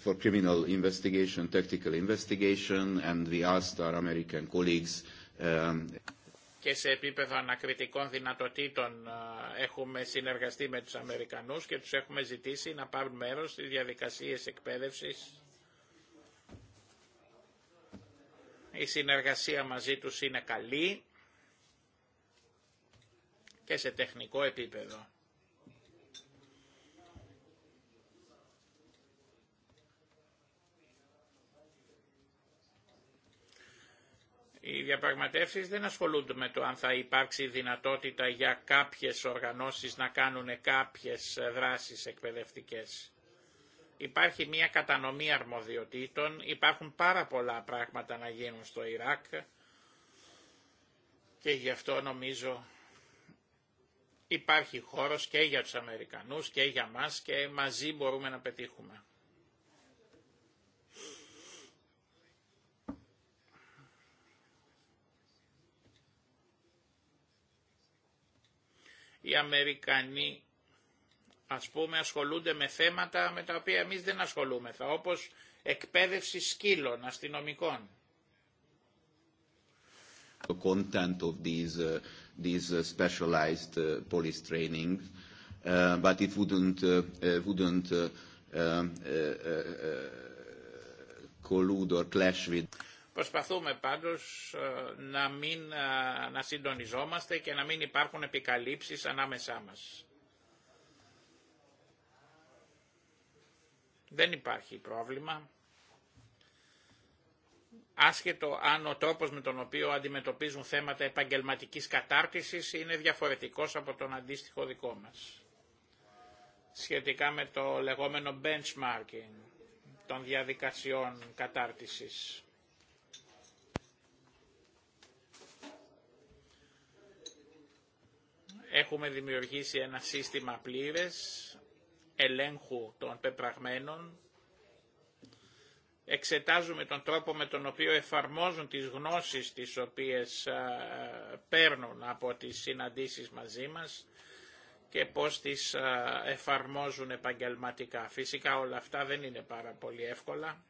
for criminal investigation, tactical investigation, and we asked our American colleagues. Um, και σε επίπεδο ανακριτικών δυνατοτήτων έχουμε συνεργαστεί με τους Αμερικανούς και τους έχουμε ζητήσει να πάρουν μέρος στις διαδικασίες εκπαίδευσης. Η συνεργασία μαζί τους είναι καλή και σε τεχνικό επίπεδο. Οι διαπραγματεύσεις δεν ασχολούνται με το αν θα υπάρξει δυνατότητα για κάποιες οργανώσεις να κάνουν κάποιες ε, δράσεις εκπαιδευτικές. Υπάρχει μια κατανομή αρμοδιοτήτων, υπάρχουν πάρα πολλά πράγματα να γίνουν στο Ιράκ και γι' αυτό νομίζω υπάρχει χώρος και για τους Αμερικανούς και για μας και μαζί μπορούμε να πετύχουμε. Οι Αμερικανοί ας πούμε ασχολούνται με θέματα με τα οποία εμείς δεν ασχολούμεθα, όπως εκπαίδευση σκύλων αστυνομικών. The content of these, uh, these uh, specialized uh, police training, uh, but it wouldn't, uh, wouldn't uh, uh, uh, collude or clash with... Προσπαθούμε πάντως ε, να, μην, ε, να συντονιζόμαστε και να μην υπάρχουν επικαλύψεις ανάμεσά μας. Δεν υπάρχει πρόβλημα. Άσχετο αν ο τρόπος με τον οποίο αντιμετωπίζουν θέματα επαγγελματικής κατάρτισης είναι διαφορετικός από τον αντίστοιχο δικό μας. Σχετικά με το λεγόμενο benchmarking των διαδικασιών κατάρτισης. Έχουμε δημιουργήσει ένα σύστημα πλήρες ελέγχου των πεπραγμένων. Εξετάζουμε τον τρόπο με τον οποίο εφαρμόζουν τις γνώσεις τις οποίες παίρνουν από τις συναντήσεις μαζί μας και πώς τις εφαρμόζουν επαγγελματικά. Φυσικά όλα αυτά δεν είναι πάρα πολύ εύκολα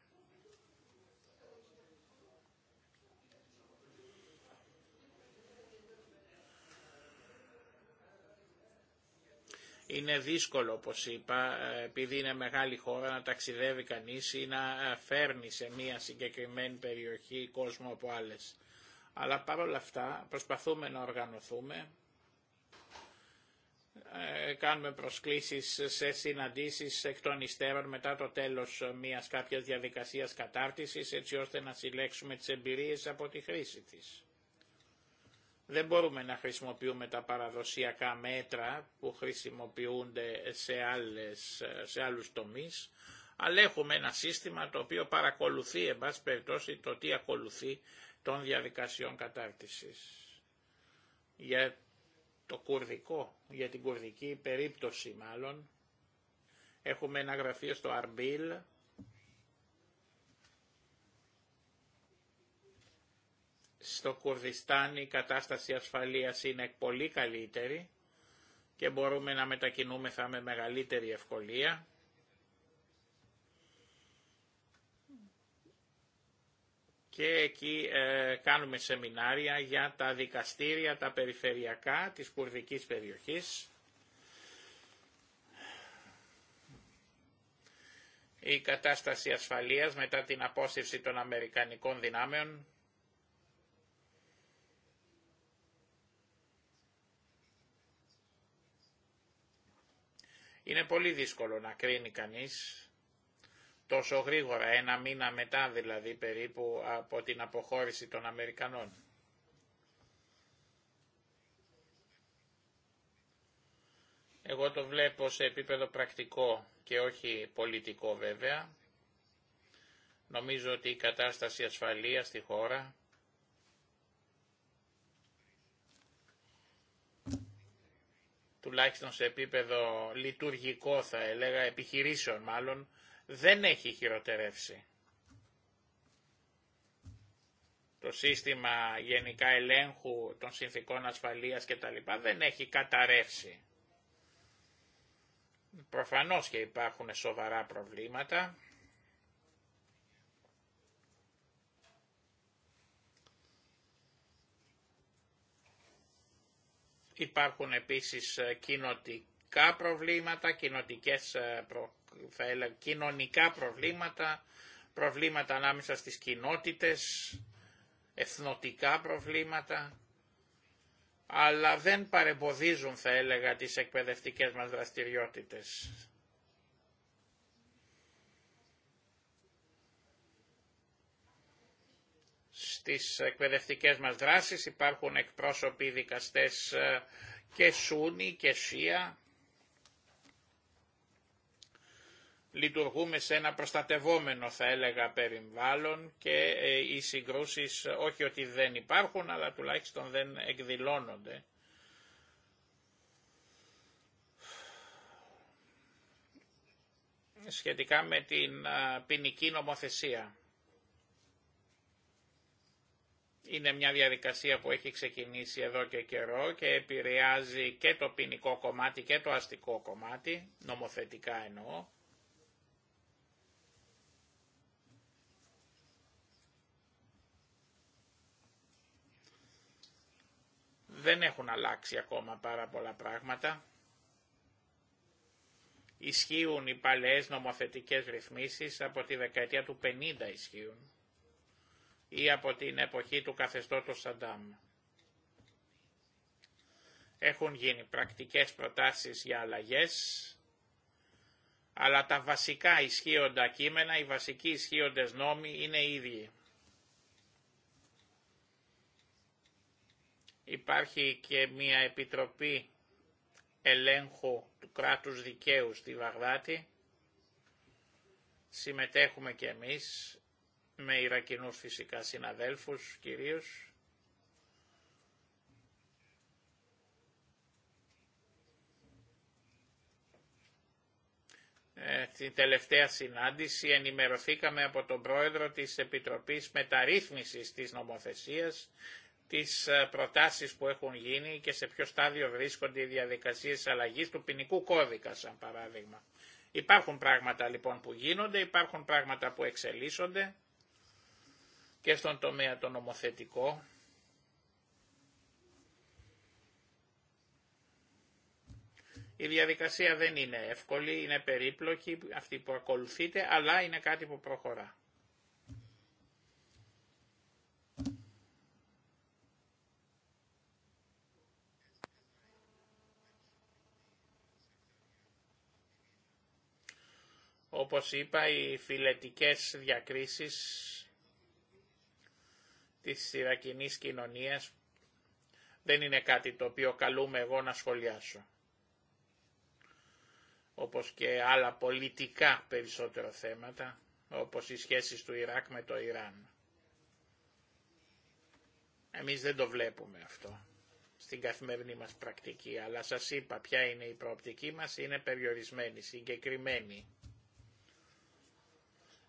Είναι δύσκολο, όπως είπα, επειδή είναι μεγάλη χώρα να ταξιδεύει κανείς ή να φέρνει σε μία συγκεκριμένη περιοχή κόσμο από άλλες. Αλλά παρόλα αυτά προσπαθούμε να οργανωθούμε, ε, κάνουμε προσκλήσεις σε συναντήσεις εκ των υστέρων μετά το τέλος μιας κάποιας διαδικασίας κατάρτισης, έτσι ώστε να συλλέξουμε τις εμπειρίες από τη χρήση της. Δεν μπορούμε να χρησιμοποιούμε τα παραδοσιακά μέτρα που χρησιμοποιούνται σε, άλλες, σε άλλους τομείς, αλλά έχουμε ένα σύστημα το οποίο παρακολουθεί, εν πάση περιπτώσει, το τι ακολουθεί των διαδικασιών κατάρτισης. Για το κουρδικό, για την κουρδική περίπτωση μάλλον, έχουμε ένα γραφείο στο Αρμπίλ, Στο Κουρδιστάν η κατάσταση ασφαλείας είναι πολύ καλύτερη και μπορούμε να μετακινούμεθα με μεγαλύτερη ευκολία. και εκεί ε, κάνουμε σεμινάρια για τα δικαστήρια, τα περιφερειακά της κουρδικής περιοχής. Η κατάσταση ασφαλείας μετά την απόσυρση των Αμερικανικών δυνάμεων Είναι πολύ δύσκολο να κρίνει κανείς τόσο γρήγορα, ένα μήνα μετά δηλαδή περίπου από την αποχώρηση των Αμερικανών. Εγώ το βλέπω σε επίπεδο πρακτικό και όχι πολιτικό βέβαια. Νομίζω ότι η κατάσταση ασφαλείας στη χώρα τουλάχιστον σε επίπεδο λειτουργικό θα έλεγα, επιχειρήσεων μάλλον, δεν έχει χειροτερεύσει. Το σύστημα γενικά ελέγχου των συνθήκων ασφαλείας και τα λοιπά δεν έχει καταρρεύσει. Προφανώς και υπάρχουν σοβαρά προβλήματα Υπάρχουν επίσης ε, κοινοτικά προβλήματα, ε, κοινωνικά προβλήματα, προβλήματα ανάμεσα στις κοινότητες, εθνοτικά προβλήματα, αλλά δεν παρεμποδίζουν, θα έλεγα, τις εκπαιδευτικές μας δραστηριότητες. στις εκπαιδευτικές μας δράσεις. Υπάρχουν εκπρόσωποι δικαστές ε, και Σούνη και Σία. Λειτουργούμε σε ένα προστατευόμενο θα έλεγα περιβάλλον και ε, οι συγκρούσεις ε, όχι ότι δεν υπάρχουν αλλά τουλάχιστον δεν εκδηλώνονται. σχετικά με την ποινική νομοθεσία είναι μια διαδικασία που έχει ξεκινήσει εδώ και καιρό και επηρεάζει και το ποινικό κομμάτι και το αστικό κομμάτι, νομοθετικά εννοώ. Δεν έχουν αλλάξει ακόμα πάρα πολλά πράγματα. Ισχύουν οι παλαιές νομοθετικές ρυθμίσεις, από τη δεκαετία του 50 ισχύουν ή από την εποχή του καθεστώτος Σαντάμ. Έχουν γίνει πρακτικές προτάσεις για αλλαγές, αλλά τα βασικά ισχύοντα κείμενα, οι βασικοί ισχύοντες νόμοι είναι οι ίδιοι. Υπάρχει και μια επιτροπή ελέγχου του κράτους δικαίου στη Βαγδάτη. Συμμετέχουμε και εμείς με Ιρακινούς φυσικά συναδέλφους κυρίως. Ε, την τελευταία συνάντηση ενημερωθήκαμε από τον πρόεδρο της Επιτροπής Μεταρρύθμισης της Νομοθεσίας τις ε, προτάσεις που έχουν γίνει και σε ποιο στάδιο βρίσκονται οι διαδικασίες αλλαγής του ποινικού κώδικα, σαν παράδειγμα. Υπάρχουν πράγματα λοιπόν που γίνονται, υπάρχουν πράγματα που εξελίσσονται και στον τομέα το νομοθετικό, Η διαδικασία δεν είναι εύκολη, είναι περίπλοκη αυτή που ακολουθείτε, αλλά είναι κάτι που προχωρά. Όπως είπα, οι φιλετικές διακρίσεις της Ιρακινής κοινωνίας δεν είναι κάτι το οποίο καλούμε εγώ να σχολιάσω. Όπως και άλλα πολιτικά περισσότερα θέματα, όπως οι σχέσεις του Ιράκ με το Ιράν. Εμείς δεν το βλέπουμε αυτό στην καθημερινή μας πρακτική, αλλά σας είπα ποια είναι η προοπτική μας, είναι περιορισμένη, συγκεκριμένη.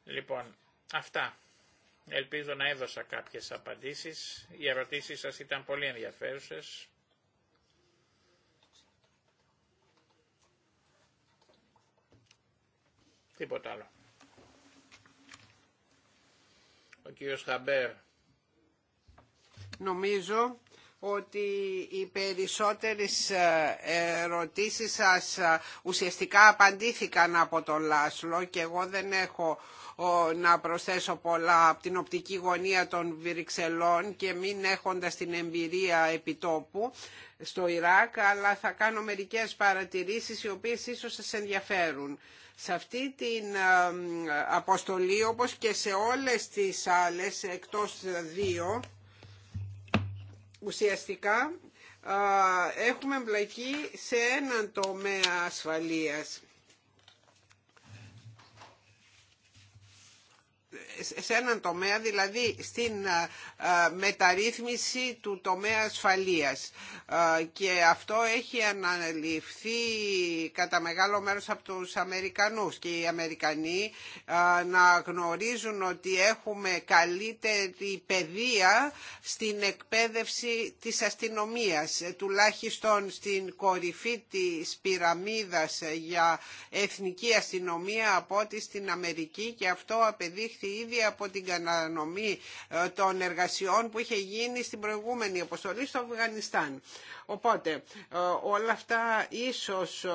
Λοιπόν, αυτά. Ελπίζω να έδωσα κάποιες απαντήσεις. Οι ερωτήσεις σας ήταν πολύ ενδιαφέρουσες. Τίποτα άλλο. Ο κύριος Χαμπέρ. Νομίζω ότι οι περισσότερες ε, ερωτήσεις σας ε, ουσιαστικά απαντήθηκαν από τον Λάσλο και εγώ δεν έχω να προσθέσω πολλά από την οπτική γωνία των Βρυξελών και μην έχοντας την εμπειρία επιτόπου στο Ιράκ, αλλά θα κάνω μερικές παρατηρήσεις οι οποίες ίσως σας ενδιαφέρουν. Σε αυτή την αποστολή, όπως και σε όλες τις άλλες, εκτός δύο, ουσιαστικά ε, έχουμε εμπλακεί σε έναν τομέα ασφαλείας σε έναν τομέα, δηλαδή στην ε, ε, μεταρρύθμιση του τομέα ασφαλείας. Ε, και αυτό έχει αναλυφθεί κατά μεγάλο μέρος από τους Αμερικανούς και οι Αμερικανοί να γνωρίζουν ότι έχουμε καλύτερη παιδεία στην εκπαίδευση της αστυνομίας, τουλάχιστον στην κορυφή της πυραμίδας για εθνική αστυνομία από ό,τι στην Αμερική και αυτό απεδείχθη ήδη από την κατανομή ε, των εργασιών που είχε γίνει στην προηγούμενη αποστολή στο Αφγανιστάν. Οπότε ε, όλα αυτά ίσως ε,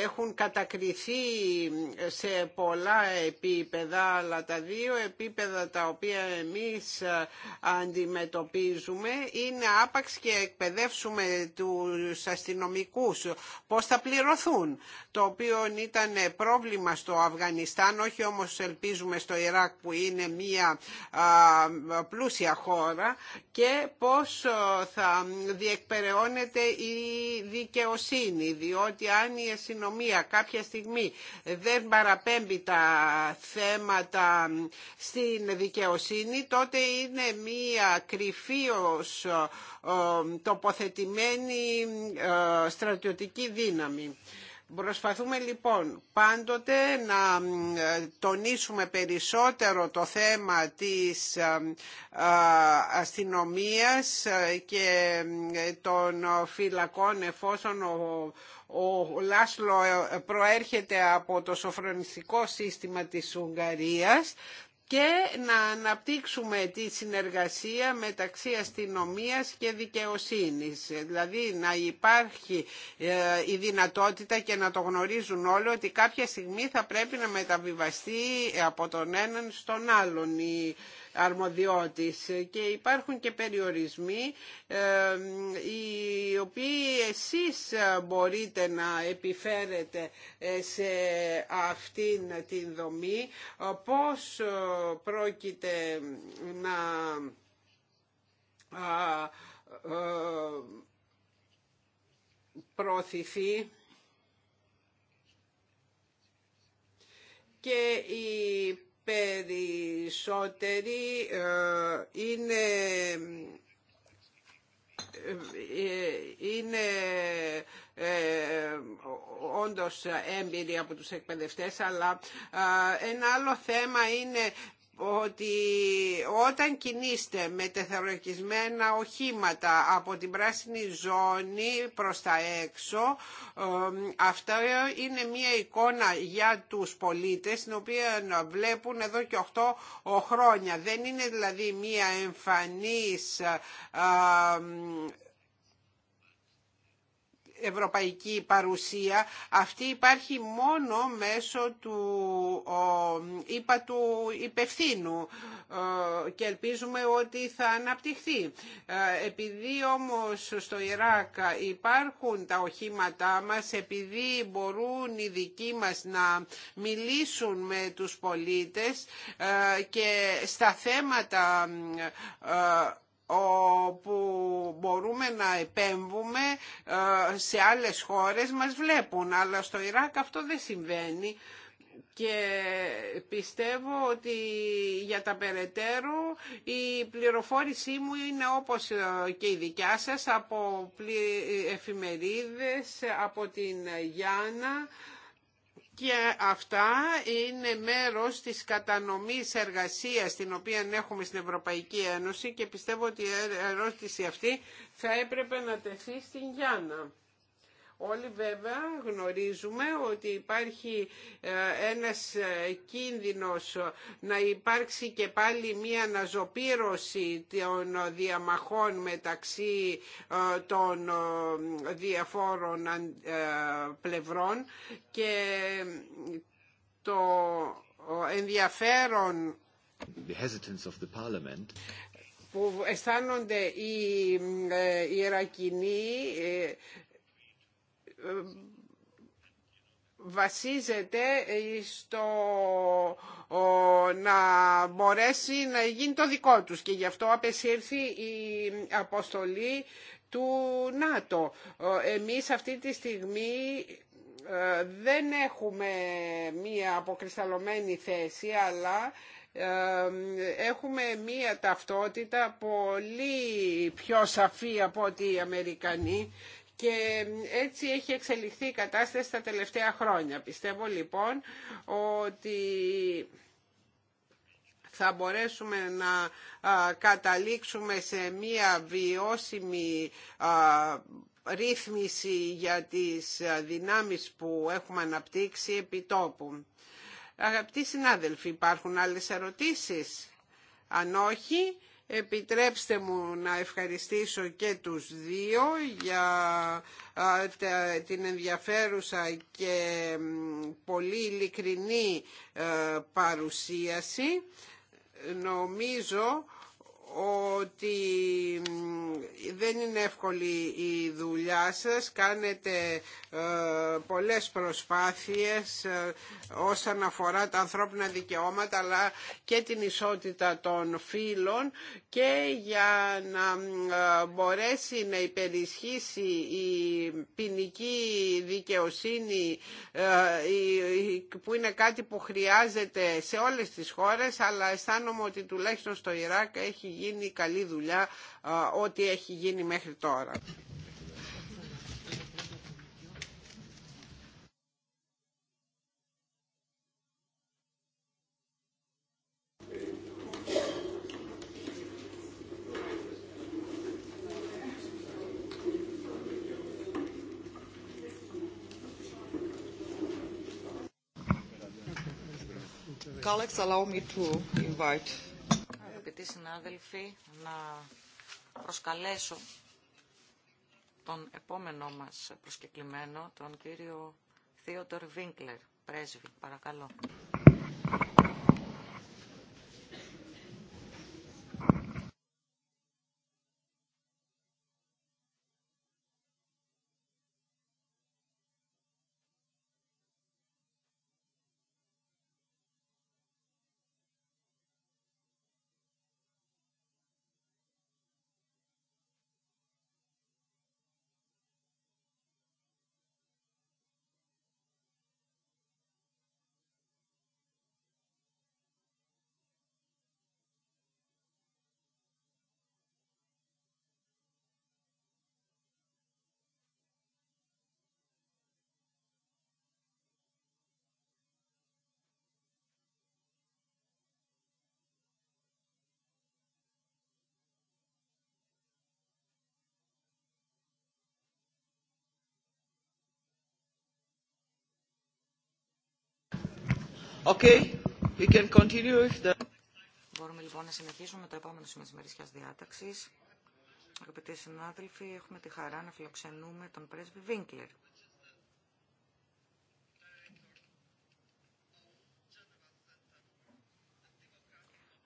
έχουν κατακριθεί σε πολλά επίπεδα, αλλά τα δύο επίπεδα τα οποία εμείς ε, αντιμετωπίζουμε είναι άπαξ και εκπαιδεύσουμε τους αστυνομικούς πώς θα πληρωθούν, το οποίο ήταν πρόβλημα στο Αφγανιστάν, όχι όμως ελπίζουμε στο Ιράκ που είναι μία πλούσια χώρα και πώς θα διεκπεραιώνει αυξάνεται η δικαιοσύνη, διότι αν η αστυνομία κάποια στιγμή δεν παραπέμπει τα θέματα στην δικαιοσύνη, τότε είναι μία κρυφίως ε, τοποθετημένη ε, στρατιωτική δύναμη. Προσπαθούμε λοιπόν πάντοτε να ε, τονίσουμε περισσότερο το θέμα της ε, ε, αστυνομίας και των φυλακών εφόσον ο Λάσλο προέρχεται από το σοφρονιστικό σύστημα της Ουγγαρίας και να αναπτύξουμε τη συνεργασία μεταξύ αστυνομίας και δικαιοσύνης. Δηλαδή να υπάρχει ε, η δυνατότητα και να το γνωρίζουν όλοι ότι κάποια στιγμή θα πρέπει να μεταβιβαστεί από τον έναν στον άλλον αρμοδιότης και υπάρχουν και περιορισμοί ε, οι οποίοι εσείς μπορείτε να επιφέρετε ε, σε αυτήν την δομή πώς ε, πρόκειται να προωθηθεί και η περισσότεροι ε, είναι ε, είναι ε, όντως έμπειροι από τους εκπαιδευτές αλλά ε, ένα άλλο θέμα είναι ότι όταν κινείστε με τεθεροκισμένα οχήματα από την πράσινη ζώνη προς τα έξω αυτό είναι μια εικόνα για τους πολίτες την οποία βλέπουν εδώ και 8 χρόνια. Δεν είναι δηλαδή μια εμφανής ευρωπαϊκή παρουσία. Αυτή υπάρχει μόνο μέσω του, είπα, του υπευθύνου ε, και ελπίζουμε ότι θα αναπτυχθεί. Ε, επειδή όμως στο Ιράκ υπάρχουν τα οχήματά μας, επειδή μπορούν οι δικοί μας να μιλήσουν με τους πολίτες ε, και στα θέματα όπου μπορούμε να επέμβουμε ε, σε άλλες χώρες μας βλέπουν αλλά στο Ιράκ αυτό δεν συμβαίνει και πιστεύω ότι για τα περαιτέρω η πληροφόρησή μου είναι όπως ε, και η δικιά σας από εφημερίδες, από την Γιάννα και αυτά είναι μέρος της κατανομής εργασίας την οποία έχουμε στην Ευρωπαϊκή Ένωση και πιστεύω ότι η ερώτηση αυτή θα έπρεπε να τεθεί στην Γιάννα. Όλοι βέβαια γνωρίζουμε ότι υπάρχει ε, ένας ε, κίνδυνος να υπάρξει και πάλι μία αναζωπήρωση των διαμαχών μεταξύ ε, των διαφόρων πλευρών και το ενδιαφέρον που αισθάνονται οι Ιρακινοί βασίζεται στο να μπορέσει να γίνει το δικό τους και γι' αυτό απεσύρθη η αποστολή του ΝΑΤΟ. Εμείς αυτή τη στιγμή ε, δεν έχουμε μία αποκρισταλωμένη θέση, αλλά ε, έχουμε μία ταυτότητα πολύ πιο σαφή από ότι οι Αμερικανοί και έτσι έχει εξελιχθεί η κατάσταση τα τελευταία χρόνια. Πιστεύω λοιπόν ότι θα μπορέσουμε να καταλήξουμε σε μία βιώσιμη ρύθμιση για τις δυνάμεις που έχουμε αναπτύξει επί τόπου. Αγαπητοί συνάδελφοι, υπάρχουν άλλες ερωτήσεις. Αν όχι, Επιτρέψτε μου να ευχαριστήσω και τους δύο για την ενδιαφέρουσα και πολύ ειλικρινή ε, παρουσίαση. Νομίζω ότι δεν είναι εύκολη η δουλειά σας, κάνετε ε, πολλές προσπάθειες ε, όσον αφορά τα ανθρώπινα δικαιώματα αλλά και την ισότητα των φύλων και για να ε, μπορέσει να υπερισχύσει η ποινική δικαιοσύνη που είναι κάτι που χρειάζεται σε όλες τις χώρες αλλά αισθάνομαι ότι τουλάχιστον στο Ιράκ έχει γίνει γίνει καλή δουλειά ό,τι έχει γίνει μέχρι τώρα. colleagues allow me to invite αγαπητοί συνάδελφοι, να προσκαλέσω τον επόμενό μας προσκεκλημένο, τον κύριο Θεότορ Βίνκλερ, πρέσβη. Παρακαλώ. Okay, we can continue the... Μπορούμε λοιπόν να συνεχίσουμε με το επόμενο σημείο της μερικής διάταξης. Αγαπητοί συνάδελφοι, έχουμε τη χαρά να φιλοξενούμε τον πρέσβη Βίνκλερ.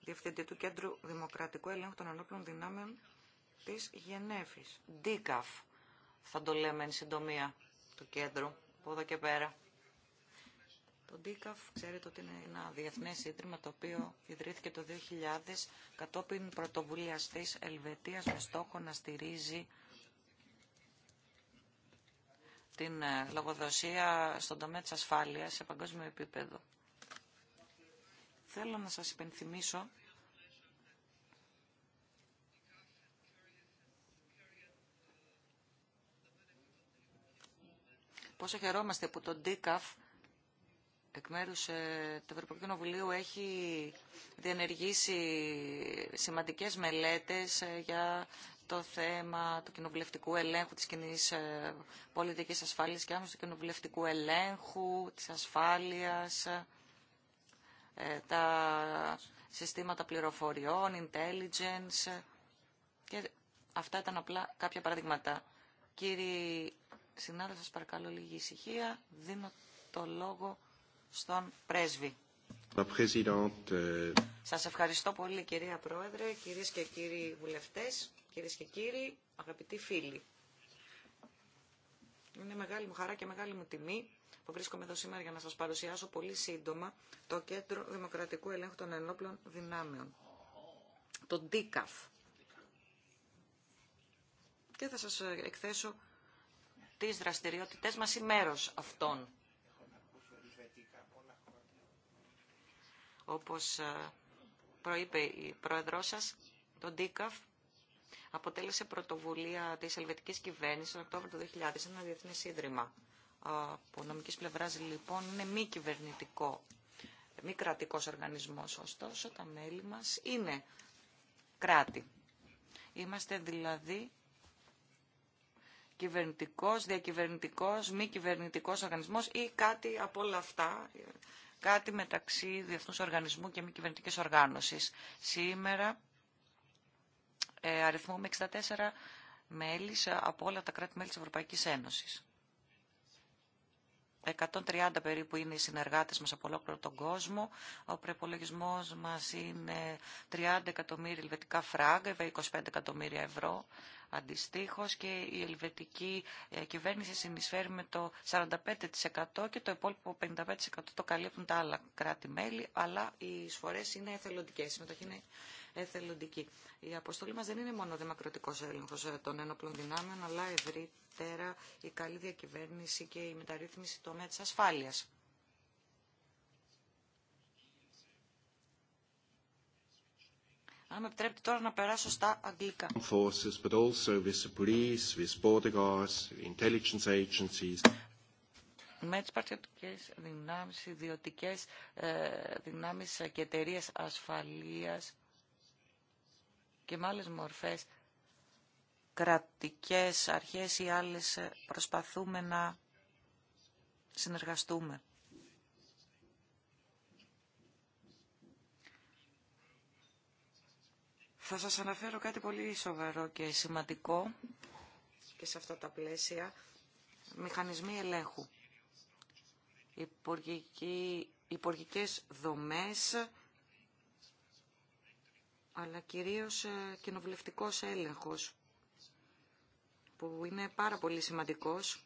Διευθυντή του Κέντρου Δημοκρατικού Ελέγχου των Ανώπλων Δυνάμεων της Γενέφης. Δίκαφ θα το λέμε εν συντομία του κέντρου, από εδώ και πέρα. Το DICAF ξέρετε ότι είναι ένα διεθνέ ίδρυμα το οποίο ιδρύθηκε το 2000 κατόπιν πρωτοβουλίας της Ελβετίας με στόχο να στηρίζει την ε, λογοδοσία στον τομέα της ασφάλειας σε παγκόσμιο επίπεδο. Θέλω να σας υπενθυμίσω πόσο χαιρόμαστε που το DICAF εκ μέρους ε, του Ευρωπαϊκού Κοινοβουλίου έχει διενεργήσει σημαντικές μελέτες ε, για το θέμα του κοινοβουλευτικού ελέγχου της κοινή ε, πολιτικής ασφάλειας και άμεσα του κοινοβουλευτικού ελέγχου, της ασφάλειας, τα συστήματα πληροφοριών, intelligence και αυτά ήταν απλά κάποια παραδείγματα. Κύριοι συνάδελφοι, σας παρακαλώ λίγη ησυχία. Δίνω το λόγο στον πρέσβη. Euh, σας ευχαριστώ πολύ κυρία Πρόεδρε, κυρίες και κύριοι βουλευτές, κυρίες και κύριοι, αγαπητοί φίλοι. Είναι μεγάλη μου χαρά και μεγάλη μου τιμή που βρίσκομαι εδώ σήμερα για να σας παρουσιάσω πολύ σύντομα το Κέντρο Δημοκρατικού Ελέγχου των Ενόπλων Δυνάμεων, το ΔΙΚΑΦ. Και θα σας ε, εκθέσω τις δραστηριότητές μας ή μέρος αυτών. Όπως ε, προείπε η πρόεδρός σας, το ΝΤΙΚΑΦ αποτέλεσε πρωτοβουλία της ελβετικής κυβέρνησης τον Οκτώβριο του 2000, ένα διεθνέ ίδρυμα. Από νομικής πλευράς λοιπόν είναι μη κυβερνητικό, μη κρατικός οργανισμός, ωστόσο τα μέλη μας είναι κράτη. Είμαστε δηλαδή κυβερνητικός, διακυβερνητικός, μη κυβερνητικός οργανισμός ή κάτι από όλα αυτά κάτι μεταξύ διεθνούς οργανισμού και μη κυβερνητικής οργάνωσης. Σήμερα ε, αριθμούμε 64 μέλη από όλα τα κράτη-μέλη της Ευρωπαϊκής Ένωσης. 130 περίπου είναι οι συνεργάτες μας από ολόκληρο τον κόσμο. Ο προπολογισμό μας είναι 30 εκατομμύρια ελβετικά φράγκα, 25 εκατομμύρια ευρώ. Αντιστοίχω και η ελβετική ε, κυβέρνηση συνεισφέρει με το 45% και το υπόλοιπο 55% το καλύπτουν τα άλλα κράτη-μέλη, αλλά οι εισφορέ είναι εθελοντικέ. Η συμμετοχή είναι εθελοντική. Η αποστολή μα δεν είναι μόνο δημοκρατικό έλεγχο ε, των ένοπλων δυνάμεων, αλλά ευρύτερα η καλή διακυβέρνηση και η μεταρρύθμιση τομέα τη ασφάλεια. Αν με επιτρέπετε τώρα να περάσω στα αγγλικά. Forces, but also with the police, with border guards, intelligence agencies. Με τις παρτιωτικές δυνάμεις, ιδιωτικές ε, δυνάμεις και εταιρείε ασφαλείας και με άλλες μορφές κρατικές αρχές ή άλλες ε, προσπαθούμε να συνεργαστούμε. Θα σας αναφέρω κάτι πολύ σοβαρό και σημαντικό και σε αυτά τα πλαίσια. Μηχανισμοί ελέγχου. Υπουργικοί, υπουργικές δομές, αλλά κυρίως ε, κοινοβουλευτικός έλεγχος, που είναι πάρα πολύ σημαντικός,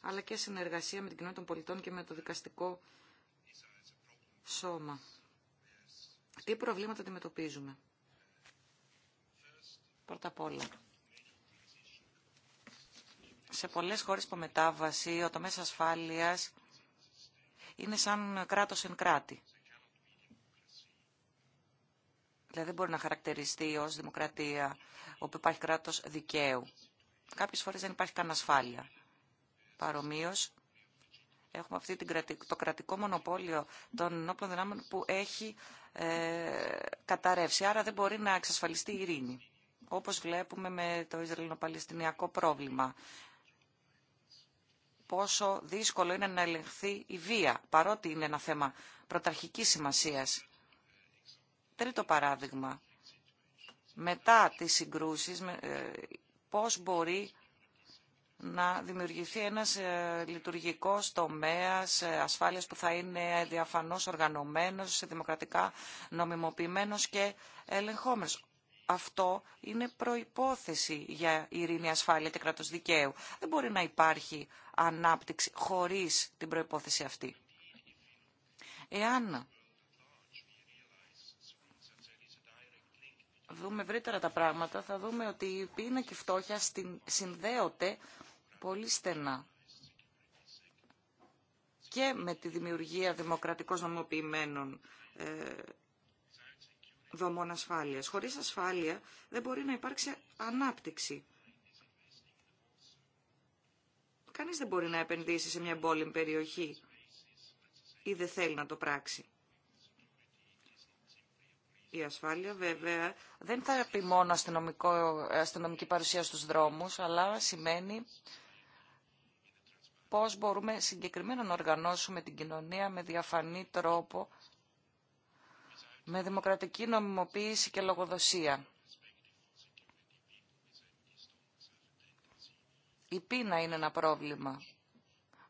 αλλά και συνεργασία με την κοινότητα των πολιτών και με το δικαστικό σώμα. Τι προβλήματα αντιμετωπίζουμε. Πρώτα απ' όλα, σε πολλές χώρες που μετάβαση ο τομέας ασφάλειας είναι σαν κράτος εν κράτη. Δηλαδή δεν μπορεί να χαρακτηριστεί ως δημοκρατία όπου υπάρχει κράτος δικαίου. Κάποιες φορές δεν υπάρχει καν ασφάλεια. Παρομοίως, έχουμε αυτή την, το κρατικό μονοπόλιο των ενόπλων δυνάμεων που έχει ε, καταρρεύσει. Άρα δεν μπορεί να εξασφαλιστεί η ειρήνη όπως βλέπουμε με το Ισραηλινο-Παλαιστινιακό πρόβλημα. Πόσο δύσκολο είναι να ελεγχθεί η βία, παρότι είναι ένα θέμα πρωταρχικής σημασίας. Τρίτο παράδειγμα. Μετά τις συγκρούσεις, ε, πώς μπορεί να δημιουργηθεί ένας ε, λειτουργικός τομέας ε, ασφάλειας που θα είναι διαφανώς οργανωμένος, δημοκρατικά νομιμοποιημένος και ελεγχόμενος αυτό είναι προϋπόθεση για ειρήνη, ασφάλεια και κράτος δικαίου. Δεν μπορεί να υπάρχει ανάπτυξη χωρίς την προϋπόθεση αυτή. Εάν δούμε ευρύτερα τα πράγματα, θα δούμε ότι η πείνα και η φτώχεια συνδέονται πολύ στενά και με τη δημιουργία δημοκρατικώς νομιμοποιημένων ε, δομών ασφάλειας. Χωρίς ασφάλεια δεν μπορεί να υπάρξει ανάπτυξη. Κανείς δεν μπορεί να επενδύσει σε μια μπόλεμη περιοχή ή δεν θέλει να το πράξει. Η ασφάλεια βέβαια δεν θα πει μόνο αστυνομική παρουσία στους δρόμους, αλλά σημαίνει πώς μπορούμε συγκεκριμένα να οργανώσουμε την κοινωνία με διαφανή τρόπο με δημοκρατική νομιμοποίηση και λογοδοσία. Η πείνα είναι ένα πρόβλημα.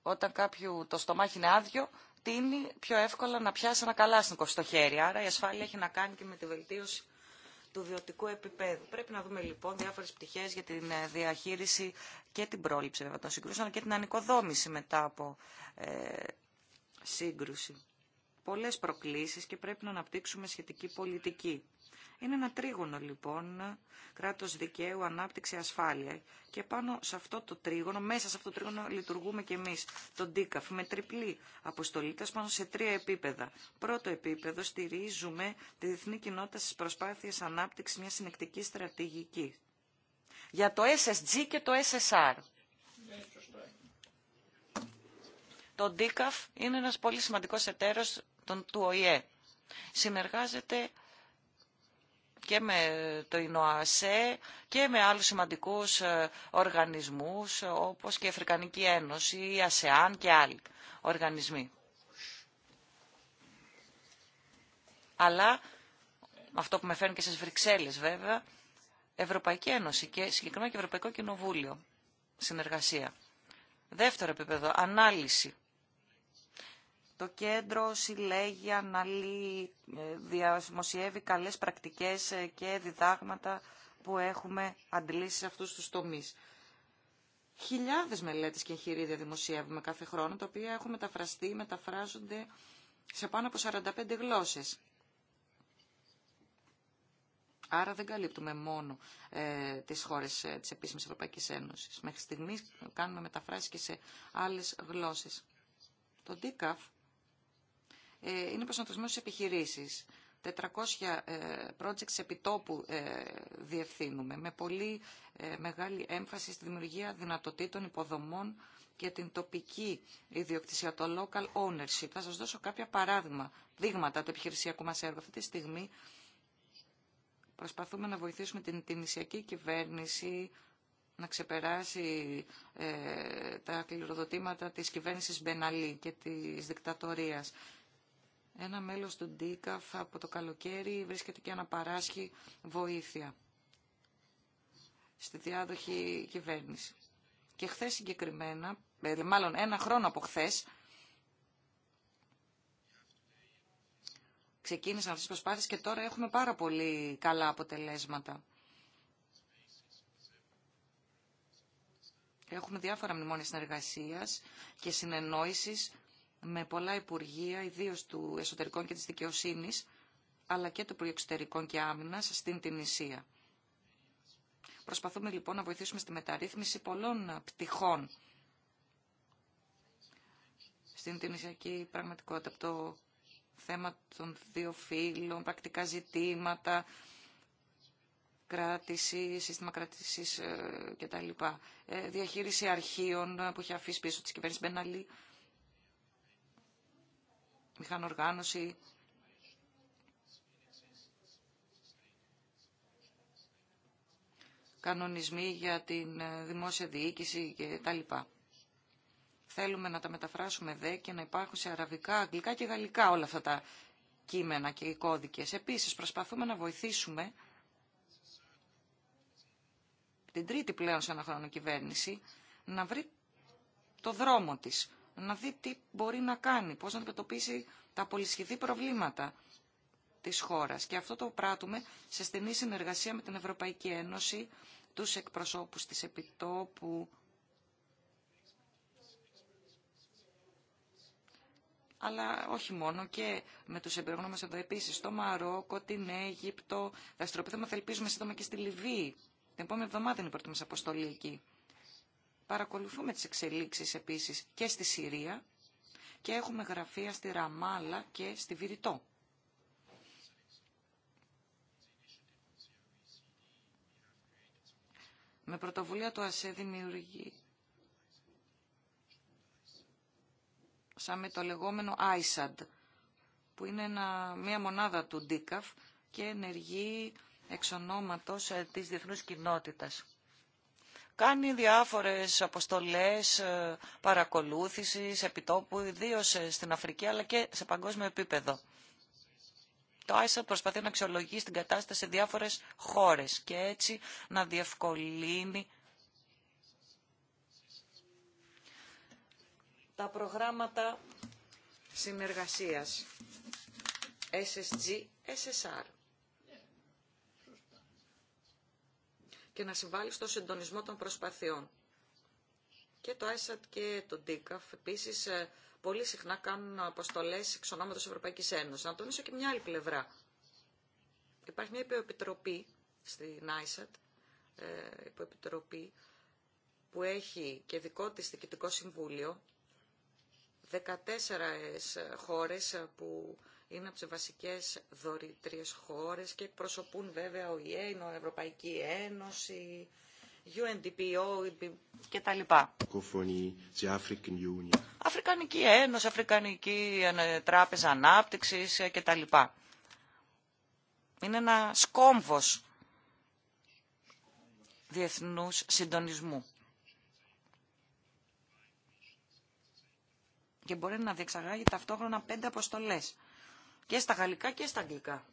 Όταν κάποιο το στομάχι είναι άδειο, τίνει πιο εύκολα να πιάσει ένα καλάσνικο στο χέρι. Άρα η ασφάλεια έχει να κάνει και με τη βελτίωση του βιωτικού επίπεδου. Πρέπει να δούμε λοιπόν διάφορε πτυχέ για την ε, διαχείριση και την πρόληψη των συγκρούσεων και την ανοικοδόμηση μετά από ε, σύγκρουση πολλές προκλήσεις και πρέπει να αναπτύξουμε σχετική πολιτική. Είναι ένα τρίγωνο λοιπόν, κράτος δικαίου, ανάπτυξη, ασφάλεια. Και πάνω σε αυτό το τρίγωνο, μέσα σε αυτό το τρίγωνο λειτουργούμε και εμείς, το DICAF, με τριπλή αποστολή, πάνω σε τρία επίπεδα. Πρώτο επίπεδο, στηρίζουμε τη διεθνή κοινότητα στις προσπάθειες ανάπτυξης μιας συνεκτικής στρατηγικής. Για το SSG και το SSR. Το ΔΙΚΑΦ είναι ένας πολύ σημαντικός εταίρος του ΟΗΕ. Συνεργάζεται και με το ΙΝΟΑΣΕ και με άλλους σημαντικούς ε, οργανισμούς ε, όπως και η Αφρικανική Ένωση, η ΑΣΕΑΝ και άλλοι οργανισμοί. Αλλά, αυτό που με φέρνει και στις Βρυξέλλες βέβαια, Ευρωπαϊκή Ένωση και συγκεκριμένα και Ευρωπαϊκό Κοινοβούλιο συνεργασία. Δεύτερο επίπεδο, ανάλυση το κέντρο συλλέγει, αναλύει, ε, διασμοσιεύει καλές πρακτικές ε, και διδάγματα που έχουμε αντλήσει σε αυτούς τους τομείς. Χιλιάδες μελέτες και εγχειρίδια δημοσιεύουμε κάθε χρόνο, τα οποία έχουν μεταφραστεί, μεταφράζονται σε πάνω από 45 γλώσσες. Άρα δεν καλύπτουμε μόνο ε, τις χώρες ε, της επίσημης Ευρωπαϊκής Ένωσης. Μέχρι στιγμής κάνουμε μεταφράσεις και σε άλλες γλώσσες. Το DICAF ε, είναι προσανατολισμό στις επιχειρήσεις. 400 ε, projects επιτόπου ε, διευθύνουμε με πολύ μεγάλη έμφαση στη δημιουργία δυνατοτήτων υποδομών και την τοπική ιδιοκτησία, το local ownership. Θα σας δώσω κάποια παράδειγμα, δείγματα του επιχειρησιακού μας έργου. Αυτή τη στιγμή προσπαθούμε να βοηθήσουμε την, την νησιακή κυβέρνηση να ξεπεράσει τα κληροδοτήματα της κυβέρνησης Μπεναλή και της δικτατορίας. Ένα μέλος του ΝΤΙΚΑΦ από το καλοκαίρι βρίσκεται και αναπαράσχει βοήθεια στη διάδοχη κυβέρνηση. Και χθε συγκεκριμένα, ε, μάλλον ένα χρόνο από χθε, ξεκίνησαν αυτές τις προσπάθειες και τώρα έχουμε πάρα πολύ καλά αποτελέσματα. Έχουμε διάφορα μνημόνια συνεργασίας και συνεννόησης με πολλά υπουργεία, ιδίω του εσωτερικών και της δικαιοσύνη, αλλά και του προεξωτερικών και άμυνα στην Τινησία. Προσπαθούμε λοιπόν να βοηθήσουμε στη μεταρρύθμιση πολλών πτυχών στην τινησιακή πραγματικότητα, από το θέμα των δύο φύλων, πρακτικά ζητήματα, κράτηση, σύστημα κράτηση ε, κτλ. Ε, διαχείριση αρχείων ε, που έχει αφήσει πίσω τη κυβέρνηση Μπέναλη μηχανοργάνωση, κανονισμοί για την ε, δημόσια διοίκηση λοιπά. Θέλουμε να τα μεταφράσουμε δε και να υπάρχουν σε αραβικά, αγγλικά και γαλλικά όλα αυτά τα κείμενα και οι κώδικες. Επίσης προσπαθούμε να βοηθήσουμε την τρίτη πλέον σε ένα χρόνο κυβέρνηση να βρει το δρόμο της να δει τι μπορεί να κάνει, πώς να αντιμετωπίσει τα πολυσχεδή προβλήματα της χώρας. Και αυτό το πράττουμε σε στενή συνεργασία με την Ευρωπαϊκή Ένωση, τους εκπροσώπους της Επιτόπου, αλλά όχι μόνο και με τους εμπειρογνώμες εδώ επίσης, στο Μαρόκο, την Αίγυπτο, δραστηριοποιηθούμε, θα ελπίζουμε σύντομα και στη Λιβύη. Την επόμενη εβδομάδα είναι η πρώτη μας αποστολή εκεί. Παρακολουθούμε τις εξελίξεις επίσης και στη Συρία και έχουμε γραφεία στη Ραμάλα και στη Βηρητό. Με πρωτοβουλία του ΑΣΕ δημιουργεί σαν με το λεγόμενο ISAD, που είναι μια μονάδα του Ντίκαφ και ενεργεί εξ ονόματος ε, της διεθνούς κοινότητας κάνει διάφορες αποστολές ε, παρακολούθησης επιτόπου, ιδίω ε, στην Αφρική αλλά και σε παγκόσμιο επίπεδο. Το ISAP προσπαθεί να αξιολογεί την κατάσταση σε διάφορες χώρες και έτσι να διευκολύνει τα προγράμματα συνεργασίας SSG-SSR. και να συμβάλλει στο συντονισμό των προσπαθειών. Και το ISAT και το DICAF Επίση ε, πολύ συχνά κάνουν αποστολέ εξ ονόματο Ευρωπαϊκής Ένωσης. Να τονίσω και μια άλλη πλευρά. Υπάρχει μια υποεπιτροπή στην ISAT, ε, υποεπιτροπή που έχει και δικό της διοικητικό συμβούλιο, 14 ε, χώρες που είναι από τι βασικέ δωρητρίε χώρε και εκπροσωπούν βέβαια ο ΙΕ, η Ευρωπαϊκή Ένωση, UNDPO κτλ. Αφρικανική Ένωση, Αφρικανική ε, Τράπεζα Ανάπτυξης ε, λοιπά. Είναι ένα σκόμβος διεθνούς συντονισμού. Και μπορεί να διεξαγάγει ταυτόχρονα πέντε αποστολές και στα γαλλικά και στα αγγλικά.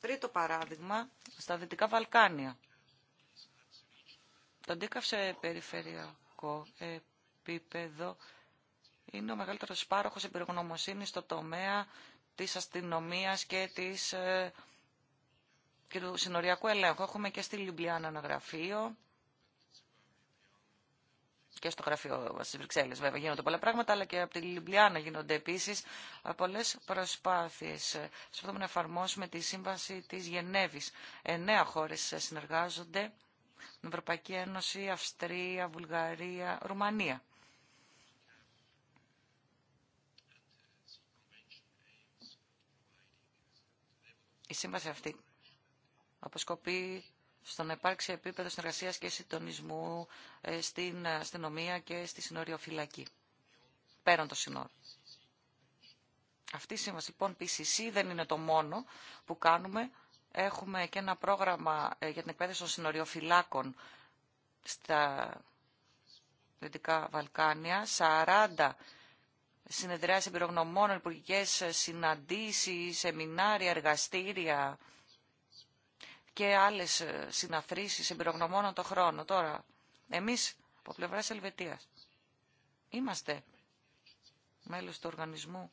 Τρίτο παράδειγμα, στα Δυτικά Βαλκάνια. Το αντίκαυσε περιφερειακό επίπεδο είναι ο μεγαλύτερος πάροχος εμπειρογνωμοσύνης στο τομέα της αστυνομίας και της ε, και του συνοριακού ελέγχου. Έχουμε και στη Λιμπλιάνα ένα γραφείο και στο γραφείο στι Βρυξέλλε, βέβαια, γίνονται πολλά πράγματα, αλλά και από τη Λιμπλιάνα γίνονται επίση ε, πολλέ προσπάθειε. Ε, Σπαθούμε να εφαρμόσουμε τη σύμβαση τη Γενέβη. Εννέα χώρε ε, συνεργάζονται. Την Ευρωπαϊκή Ένωση, Αυστρία, Βουλγαρία, Ρουμανία. Η σύμβαση αυτή αποσκοπεί στο να υπάρξει επίπεδο συνεργασίας και συντονισμού ε, στην αστυνομία και στη συνοριοφυλακή, πέραν των συνόρων. Αυτή η σύμβαση λοιπόν PCC δεν είναι το μόνο που κάνουμε. Έχουμε και ένα πρόγραμμα ε, για την εκπαίδευση των συνοριοφυλάκων στα Δυτικά Βαλκάνια. 40 συνεδριάσεις εμπειρογνωμών, υπουργικές συναντήσεις, σεμινάρια, εργαστήρια και άλλε συναθρήσει εμπειρογνωμόνων το χρόνο. Τώρα, εμείς από πλευρά Ελβετίας είμαστε μέλος του οργανισμού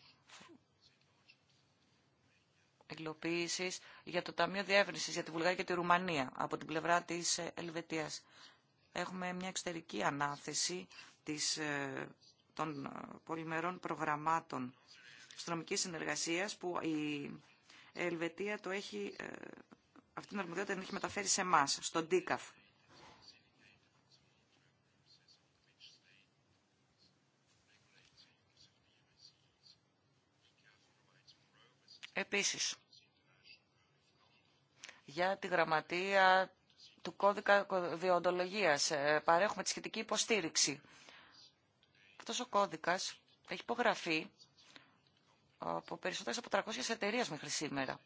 υλοποίηση για το Ταμείο Διεύρυνση για τη Βουλγαρία και τη Ρουμανία από την πλευρά τη ε, Ελβετία. Έχουμε μια εξωτερική ανάθεση της, ε, των ε, πολυμερών προγραμμάτων αστυνομική συνεργασία που η Ελβετία το έχει αυτή την αρμοδιότητα την έχει μεταφέρει σε εμά, στον ΤΙΚΑΦ. Επίσης, για τη γραμματεία του κώδικα διοντολογίας ε, παρέχουμε τη σχετική υποστήριξη. Αυτός ο κώδικας έχει υπογραφεί από περισσότερες από 300 εταιρείε μέχρι σήμερα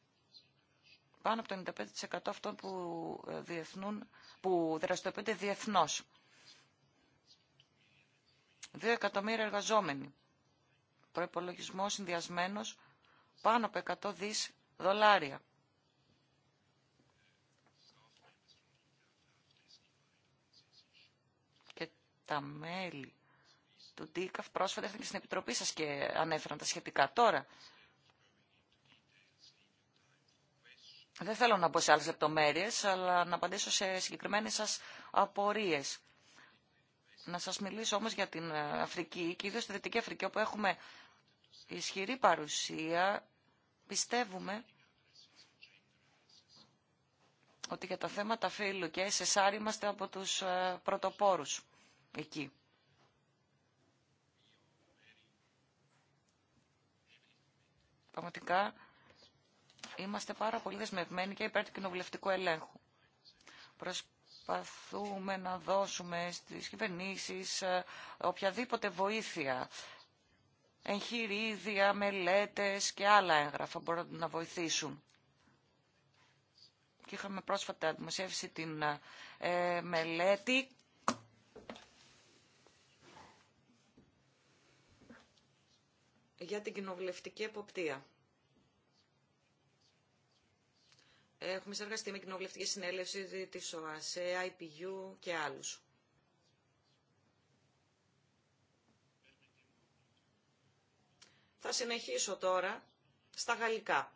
πάνω από το 95% αυτών που, ε, διεθνούν, που δραστηριοποιούνται διεθνώς. Δύο εκατομμύρια εργαζόμενοι. Προπολογισμό συνδυασμένο πάνω από 100 δις δολάρια. Και τα μέλη του ΤΙΚΑΦ πρόσφατα έρθαν και στην Επιτροπή σας και ανέφεραν τα σχετικά. Τώρα, Δεν θέλω να μπω σε άλλες λεπτομέρειες, αλλά να απαντήσω σε συγκεκριμένες σας απορίες. Να σας μιλήσω όμως για την ε, Αφρική και ιδίως τη Δυτική Αφρική, όπου έχουμε ισχυρή παρουσία, πιστεύουμε ότι για τα θέματα φύλου και SSR είμαστε από τους ε, πρωτοπόρους εκεί. Πραγματικά Είμαστε πάρα πολύ δεσμευμένοι και υπέρ του κοινοβουλευτικού ελέγχου. Προσπαθούμε να δώσουμε στις κυβερνήσεις ε, οποιαδήποτε βοήθεια, εγχειρίδια, μελέτες και άλλα έγγραφα μπορούν να βοηθήσουν. Και είχαμε πρόσφατα δημοσίευσει την ε, ε, μελέτη για την κοινοβουλευτική εποπτεία. Έχουμε συνεργαστεί με κοινοβουλευτική συνέλευση της ΟΑΣΕ, IPU και άλλους. Θα συνεχίσω τώρα στα γαλλικά.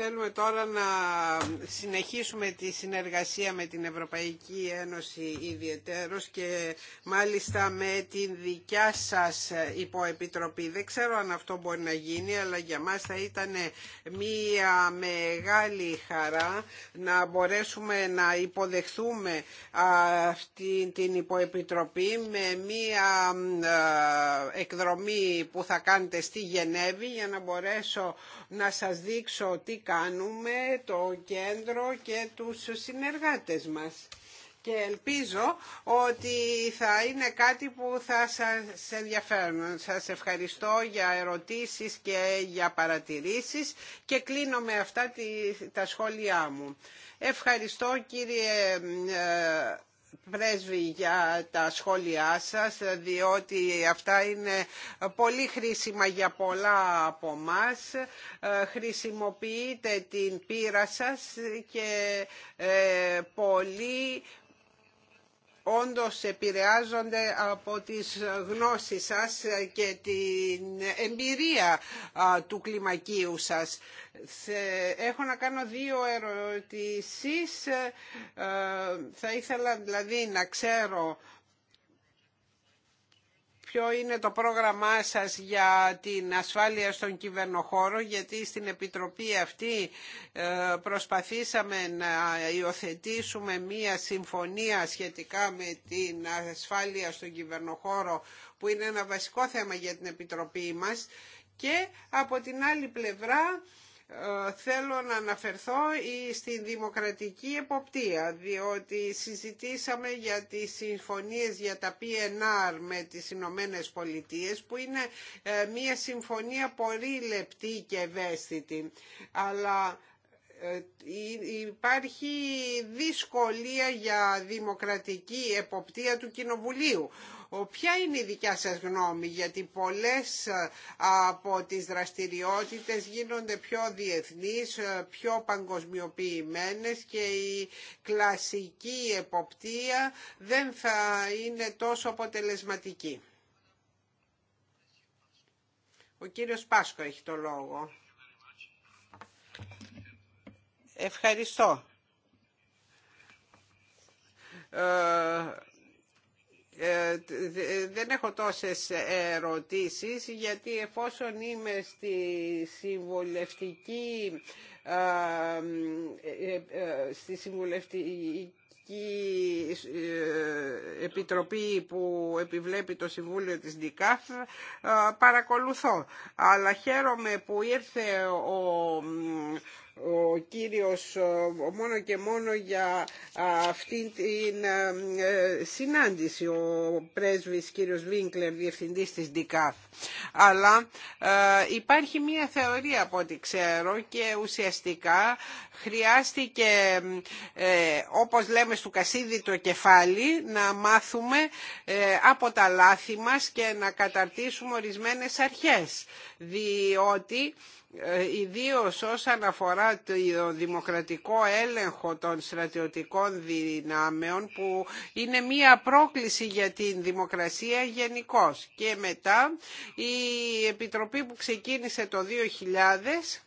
Θέλουμε τώρα να συνεχίσουμε τη συνεργασία με την Ευρωπαϊκή Ένωση ιδιαιτέρως και μάλιστα με την δικιά σας υποεπιτροπή. Δεν ξέρω αν αυτό μπορεί να γίνει, αλλά για μας θα ήταν μία μεγάλη χαρά να μπορέσουμε να υποδεχθούμε αυτή την υποεπιτροπή με μία εκδρομή που θα κάνετε στη Γενέβη για να μπορέσω να σας δείξω το τι κάνουμε, το κέντρο και τους συνεργάτες μας και ελπίζω ότι θα είναι κάτι που θα σας ενδιαφέρουν. Σας ευχαριστώ για ερωτήσεις και για παρατηρήσεις και κλείνω με αυτά τα σχόλιά μου. Ευχαριστώ κύριε ε, πρέσβη για τα σχόλιά σας διότι αυτά είναι πολύ χρήσιμα για πολλά από μας ε, χρησιμοποιείτε την πείρα σας και ε, πολύ όντως επηρεάζονται από τις γνώσεις σας και την εμπειρία του κλιμακίου σας. Έχω να κάνω δύο ερωτήσεις. Ε, θα ήθελα δηλαδή να ξέρω ποιο είναι το πρόγραμμά σας για την ασφάλεια στον κυβερνοχώρο γιατί στην Επιτροπή αυτή ε, προσπαθήσαμε να υιοθετήσουμε μία συμφωνία σχετικά με την ασφάλεια στον κυβερνοχώρο που είναι ένα βασικό θέμα για την Επιτροπή μας και από την άλλη πλευρά ε, θέλω να αναφερθώ στην δημοκρατική εποπτεία διότι συζητήσαμε για τις συμφωνίες για τα PNR με τις Ηνωμένε Πολιτείε που είναι ε, μια συμφωνία πολύ λεπτή και ευαίσθητη αλλά ε, υπάρχει δυσκολία για δημοκρατική εποπτεία του Κοινοβουλίου Ποια είναι η δικιά σας γνώμη, γιατί πολλές ε, από τις δραστηριότητες γίνονται πιο διεθνείς, ε, πιο παγκοσμιοποιημένες και η κλασική εποπτεία δεν θα είναι τόσο αποτελεσματική. Ο κύριος Πάσκο έχει το λόγο. Ευχαριστώ. Ε, ε, δεν έχω τόσες ερωτήσεις γιατί εφόσον είμαι στη συμβουλευτική, ε, ε, στη συμβουλευτική επιτροπή που επιβλέπει το Συμβούλιο της ΔΙΚΑΦ παρακολουθώ. Αλλά χαίρομαι που ήρθε ο ο κύριος ε, μόνο και μόνο για αυτήν την ε, ε, συνάντηση ο πρέσβης κύριος Βίνκλερ διευθυντής της ΔΙΚΑΦ αλλά υπάρχει μια θεωρία από ό,τι ξέρω και ουσιαστικά χρειάστηκε όπως λέμε στο κασίδι το κεφάλι να μάθουμε από τα λάθη μας και να καταρτήσουμε ορισμένες αρχές διότι ε, ιδίως όσον αφορά το δημοκρατικό έλεγχο των στρατιωτικών δυνάμεων που είναι μία πρόκληση για την δημοκρασία γενικώ. Και μετά η Επιτροπή που ξεκίνησε το 2000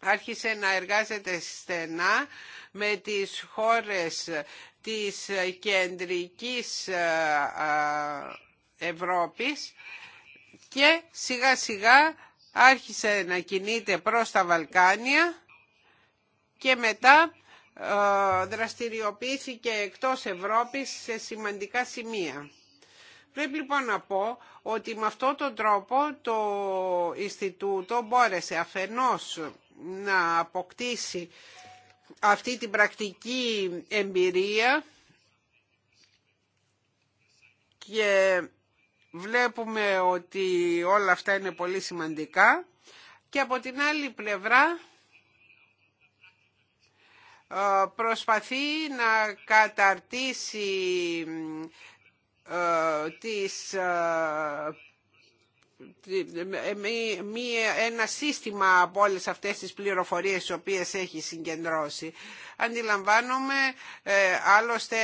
άρχισε να εργάζεται στενά με τις χώρες της κεντρικής ε, ε, Ευρώπης και σιγά σιγά άρχισε να κινείται προς τα Βαλκάνια και μετά ε, δραστηριοποιήθηκε εκτός Ευρώπης σε σημαντικά σημεία. Πρέπει λοιπόν να πω ότι με αυτόν τον τρόπο το Ινστιτούτο μπόρεσε αφενός να αποκτήσει αυτή την πρακτική εμπειρία και Βλέπουμε ότι όλα αυτά είναι πολύ σημαντικά και από την άλλη πλευρά ε, προσπαθεί να καταρτήσει ε, τις ε, ένα σύστημα από όλες αυτές τις πληροφορίες τις οποίες έχει συγκεντρώσει. Αντιλαμβάνομαι ε, άλλωστε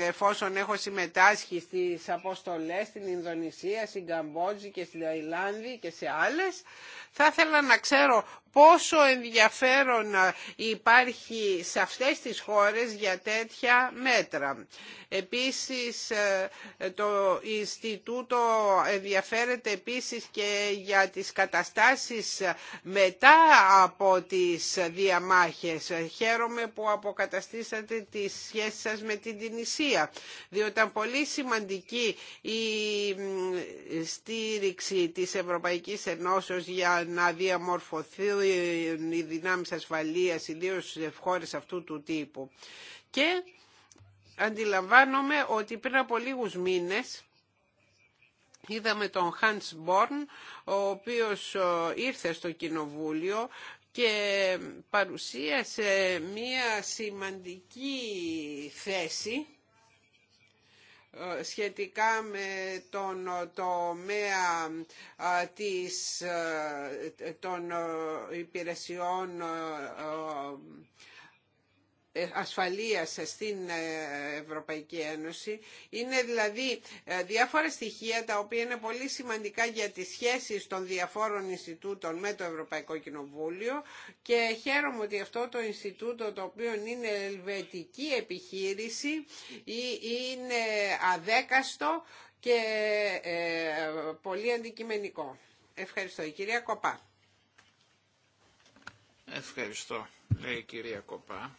εφόσον έχω συμμετάσχει στις αποστολές στην Ινδονησία, στην Καμπότζη και στην Ταϊλάνδη και σε άλλες, θα ήθελα να ξέρω πόσο ενδιαφέρον ε, υπάρχει σε αυτές τις χώρες για τέτοια μέτρα. Επίσης ε, το Ινστιτούτο ενδιαφέρεται επίσης και για τις καταστάσεις μετά από τις διαμάχες. Χαίρομαι που αποκαταστήσατε τις σχέσεις σας με την Τινησία. Διότι ήταν πολύ σημαντική η στήριξη της Ευρωπαϊκής Ενώσεως για να διαμορφωθεί οι δυνάμεις ασφαλείας, ιδίως σε χώρες αυτού του τύπου. Και αντιλαμβάνομαι ότι πριν από λίγους μήνες Είδαμε τον Hans Born, ο οποίος ε, ήρθε στο Κοινοβούλιο και παρουσίασε μία σημαντική θέση ε, σχετικά με τον τομέα ε, της, ε, των υπηρεσιών ε, ασφαλείας στην ε, Ευρωπαϊκή Ένωση. Είναι δηλαδή ε, διάφορα στοιχεία τα οποία είναι πολύ σημαντικά για τις σχέσεις των διαφόρων Ινστιτούτων με το Ευρωπαϊκό Κοινοβούλιο και χαίρομαι ότι αυτό το Ινστιτούτο το οποίο είναι ελβετική επιχείρηση είναι αδέκαστο και πολύ αντικειμενικό. Ευχαριστώ. Η κυρία Κοπά. Ευχαριστώ, λέει η κυρία Κοπά.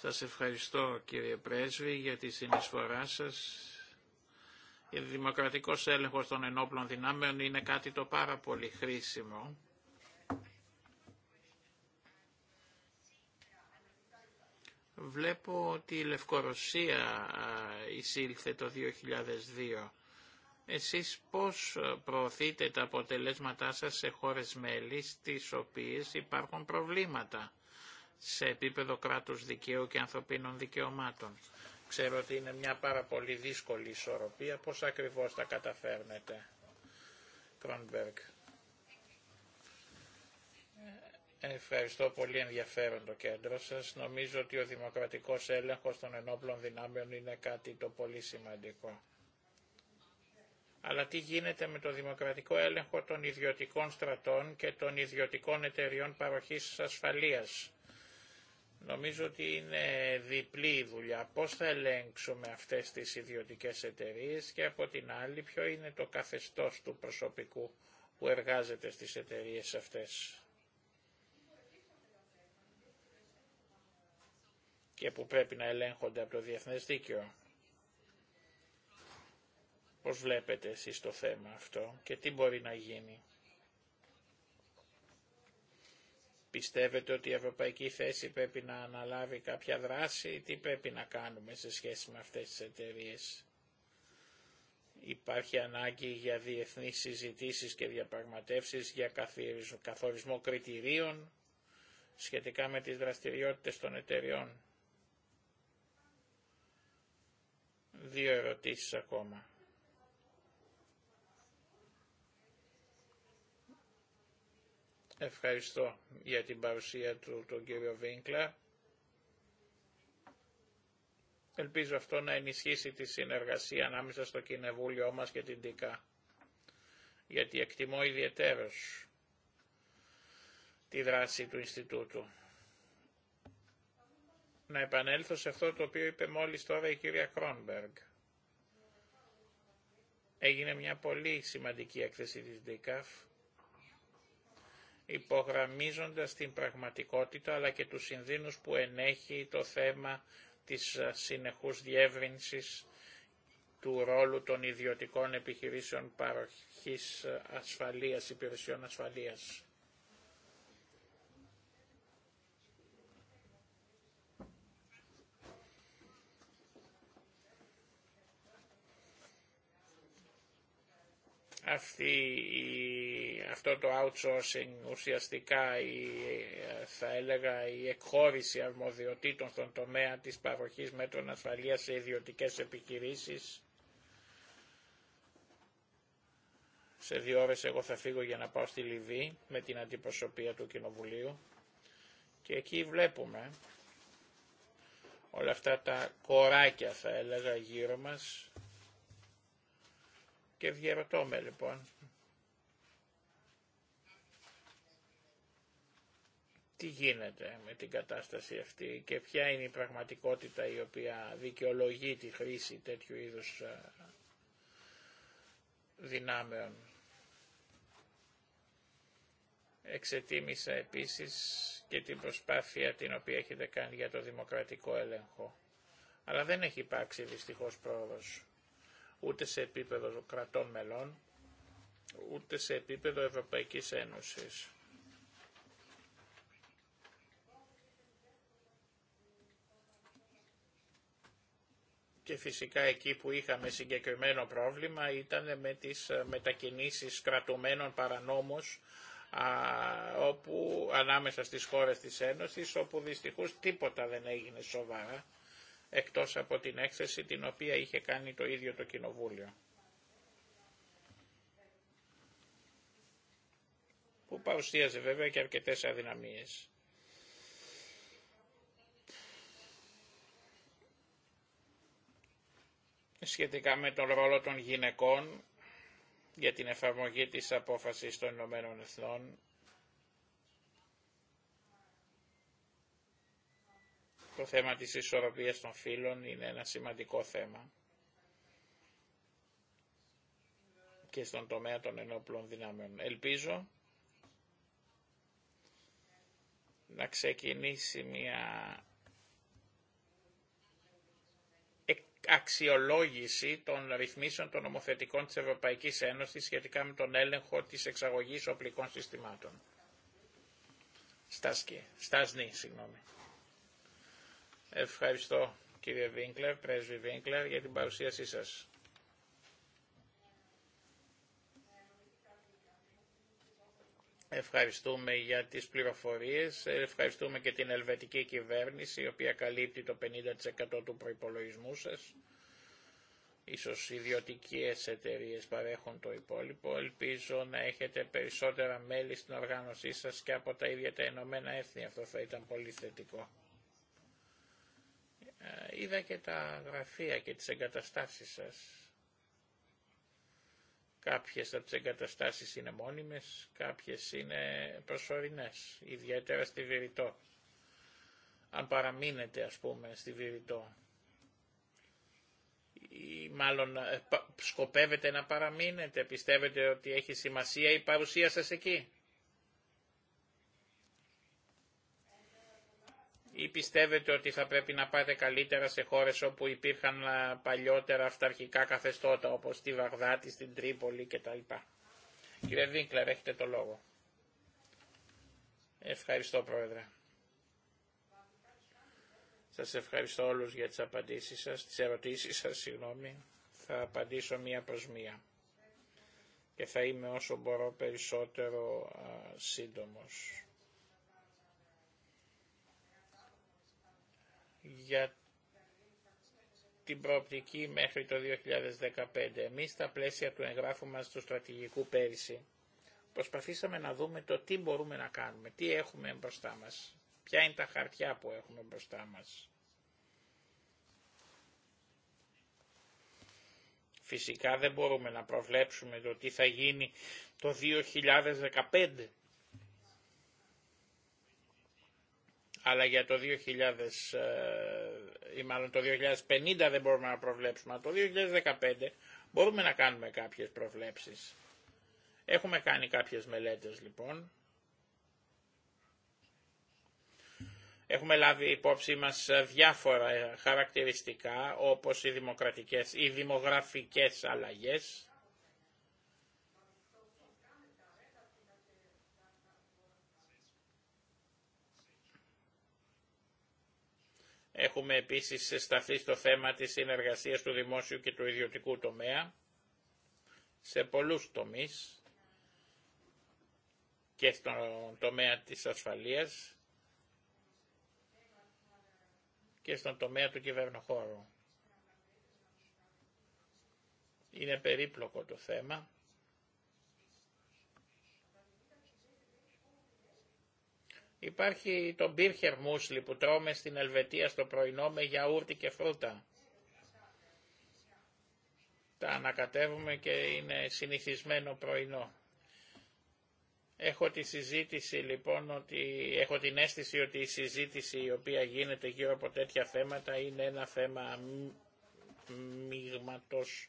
Σας ευχαριστώ κύριε Πρέσβη για τη συνεισφορά σας. Ο δημοκρατικός έλεγχος των ενόπλων δυνάμεων είναι κάτι το πάρα πολύ χρήσιμο. Βλέπω ότι η Λευκορωσία εισήλθε το 2002. Εσείς πώς προωθείτε τα αποτελέσματά σας σε χώρες μέλη στις οποίες υπάρχουν προβλήματα σε επίπεδο κράτους δικαίου και ανθρωπίνων δικαιωμάτων. Ξέρω ότι είναι μια πάρα πολύ δύσκολη ισορροπία. Πώς ακριβώς τα καταφέρνετε, Κρόνμπεργκ. Ευχαριστώ πολύ ενδιαφέρον το κέντρο σας. Νομίζω ότι ο δημοκρατικός έλεγχος των ενόπλων δυνάμεων είναι κάτι το πολύ σημαντικό. Αλλά τι γίνεται με το δημοκρατικό έλεγχο των ιδιωτικών στρατών και των ιδιωτικών εταιριών παροχής ασφαλείας. Νομίζω ότι είναι διπλή η δουλειά. Πώς θα ελέγξουμε αυτές τις ιδιωτικές εταιρείες και από την άλλη ποιο είναι το καθεστώς του προσωπικού που εργάζεται στις εταιρείες αυτές. και που πρέπει να ελέγχονται από το διεθνές δίκαιο. Πώς βλέπετε εσείς το θέμα αυτό και τι μπορεί να γίνει. Πιστεύετε ότι η ευρωπαϊκή θέση πρέπει να αναλάβει κάποια δράση, ή τι πρέπει να κάνουμε σε σχέση με αυτές τις εταιρείε. Υπάρχει ανάγκη για διεθνείς συζητήσεις και διαπραγματεύσεις για καθορισμό κριτηρίων σχετικά με τις δραστηριότητες των εταιριών. Δύο ερωτήσεις ακόμα. Ευχαριστώ για την παρουσία του τον κύριο Βίνκλα. Ελπίζω αυτό να ενισχύσει τη συνεργασία ανάμεσα στο κοινοβούλιο μας και την ΤΙΚΑ. Γιατί εκτιμώ ιδιαίτερως τη δράση του Ινστιτούτου. Να επανέλθω σε αυτό το οποίο είπε μόλις τώρα η κυρία Κρόνμπεργκ. Έγινε μια πολύ σημαντική έκθεση της ΔΙΚΑΦ υπογραμμίζοντας την πραγματικότητα αλλά και τους συνδύνους που ενέχει το θέμα της ε, συνεχούς διεύρυνσης του ρόλου των ιδιωτικών επιχειρήσεων παροχής ε, ασφαλείας, υπηρεσιών ασφαλείας. Αυτή αυτό το outsourcing ουσιαστικά η, ε, θα έλεγα η εκχώρηση αρμοδιοτήτων στον τομέα της παροχής μέτρων ασφαλείας σε ιδιωτικές επιχειρήσεις. Σε δύο ώρες εγώ θα φύγω για να πάω στη Λιβύη με την αντιπροσωπεία του Κοινοβουλίου και εκεί βλέπουμε όλα αυτά τα κοράκια θα έλεγα γύρω μας και διαρωτώ με λοιπόν τι γίνεται με την κατάσταση αυτή και ποια είναι η πραγματικότητα η οποία δικαιολογεί τη χρήση τέτοιου είδους ε, δυνάμεων. Εξετίμησα επίσης και την προσπάθεια την οποία έχετε κάνει για το δημοκρατικό έλεγχο. Αλλά δεν έχει υπάρξει δυστυχώς πρόοδος ούτε σε επίπεδο κρατών μελών, ούτε σε επίπεδο Ευρωπαϊκής Ένωσης. και φυσικά εκεί που είχαμε συγκεκριμένο πρόβλημα ήταν με τις ε, μετακινήσεις κρατουμένων παρανόμους όπου, ανάμεσα στις χώρες της Ένωσης όπου δυστυχώς τίποτα δεν έγινε σοβαρά εκτός από την έκθεση την οποία είχε κάνει το ίδιο το Κοινοβούλιο. Που παρουσίαζε βέβαια και αρκετές αδυναμίες. σχετικά με τον ρόλο των γυναικών για την εφαρμογή της απόφασης των Ηνωμένων Εθνών Το θέμα της ισορροπίας των φύλων είναι ένα σημαντικό θέμα και στον τομέα των ενόπλων δυνάμεων. Ελπίζω να ξεκινήσει μια αξιολόγηση των ρυθμίσεων των νομοθετικών της Ευρωπαϊκής Ένωσης σχετικά με τον έλεγχο της εξαγωγής οπλικών συστημάτων. Στάσκη, στάσνη, συγγνώμη. Ευχαριστώ κύριε Βίνκλερ, πρέσβη Βίνκλερ, για την παρουσίασή σας. Ευχαριστούμε για τις πληροφορίες, ευχαριστούμε και την ελβετική κυβέρνηση, η οποία καλύπτει το 50% του προϋπολογισμού σας. Ίσως ιδιωτικές εταιρείες παρέχουν το υπόλοιπο. Ελπίζω να έχετε περισσότερα μέλη στην οργάνωσή σας και από τα ίδια τα Ηνωμένα Έθνη. Αυτό θα ήταν πολύ θετικό. Ε, είδα και τα γραφεία και τις εγκαταστάσεις σας Κάποιες από τις εγκαταστάσεις είναι μόνιμες, κάποιες είναι προσωρινές, ιδιαίτερα στη Βηρητό. Αν παραμείνετε ας πούμε στη Βηρητό ή μάλλον ε, σκοπεύετε να παραμείνετε, πιστεύετε ότι έχει σημασία η παρουσία σας εκεί. ή πιστεύετε ότι θα πρέπει να πάτε καλύτερα σε χώρες όπου υπήρχαν παλιότερα αυταρχικά καθεστώτα όπως στη Βαγδάτη, στην Τρίπολη κτλ. Κύριε Δίνκλερ, έχετε το λόγο. Ευχαριστώ Πρόεδρε. Σας ευχαριστώ όλους για τις απαντήσεις σας, τις ερωτήσεις σας, συγγνώμη. Θα απαντήσω μία προς μία και θα είμαι όσο μπορώ περισσότερο σύντομο. για την προοπτική μέχρι το 2015. εμεί στα πλαίσια του εγγράφου μας του στρατηγικού πέρυσι προσπαθήσαμε να δούμε το τι μπορούμε να κάνουμε, τι έχουμε μπροστά μας, ποια είναι τα χαρτιά που έχουμε μπροστά μας. Φυσικά δεν μπορούμε να προβλέψουμε το τι θα γίνει το 2015 αλλά για το 2000 ε, ή μάλλον το 2050 δεν μπορούμε να προβλέψουμε, αλλά το 2015 μπορούμε να κάνουμε κάποιες προβλέψεις. Έχουμε κάνει κάποιες μελέτες λοιπόν. Έχουμε λάβει υπόψη μας ε, διάφορα χαρακτηριστικά όπως οι, δημοκρατικές, οι δημογραφικές αλλαγές, Έχουμε επίσης σταθεί στο θέμα της συνεργασίας του δημόσιου και του ιδιωτικού τομέα σε πολλούς τομείς και στον τομέα της ασφαλείας και στον τομέα του κυβερνοχώρου. Είναι περίπλοκο το θέμα Υπάρχει το μπίρχερ μουσλι που τρώμε στην Ελβετία στο πρωινό με γιαούρτι και φρούτα. Τα ανακατεύουμε και είναι συνηθισμένο πρωινό. Έχω τη συζήτηση λοιπόν ότι έχω την αίσθηση ότι η συζήτηση η οποία γίνεται γύρω από τέτοια θέματα είναι ένα θέμα μείγματος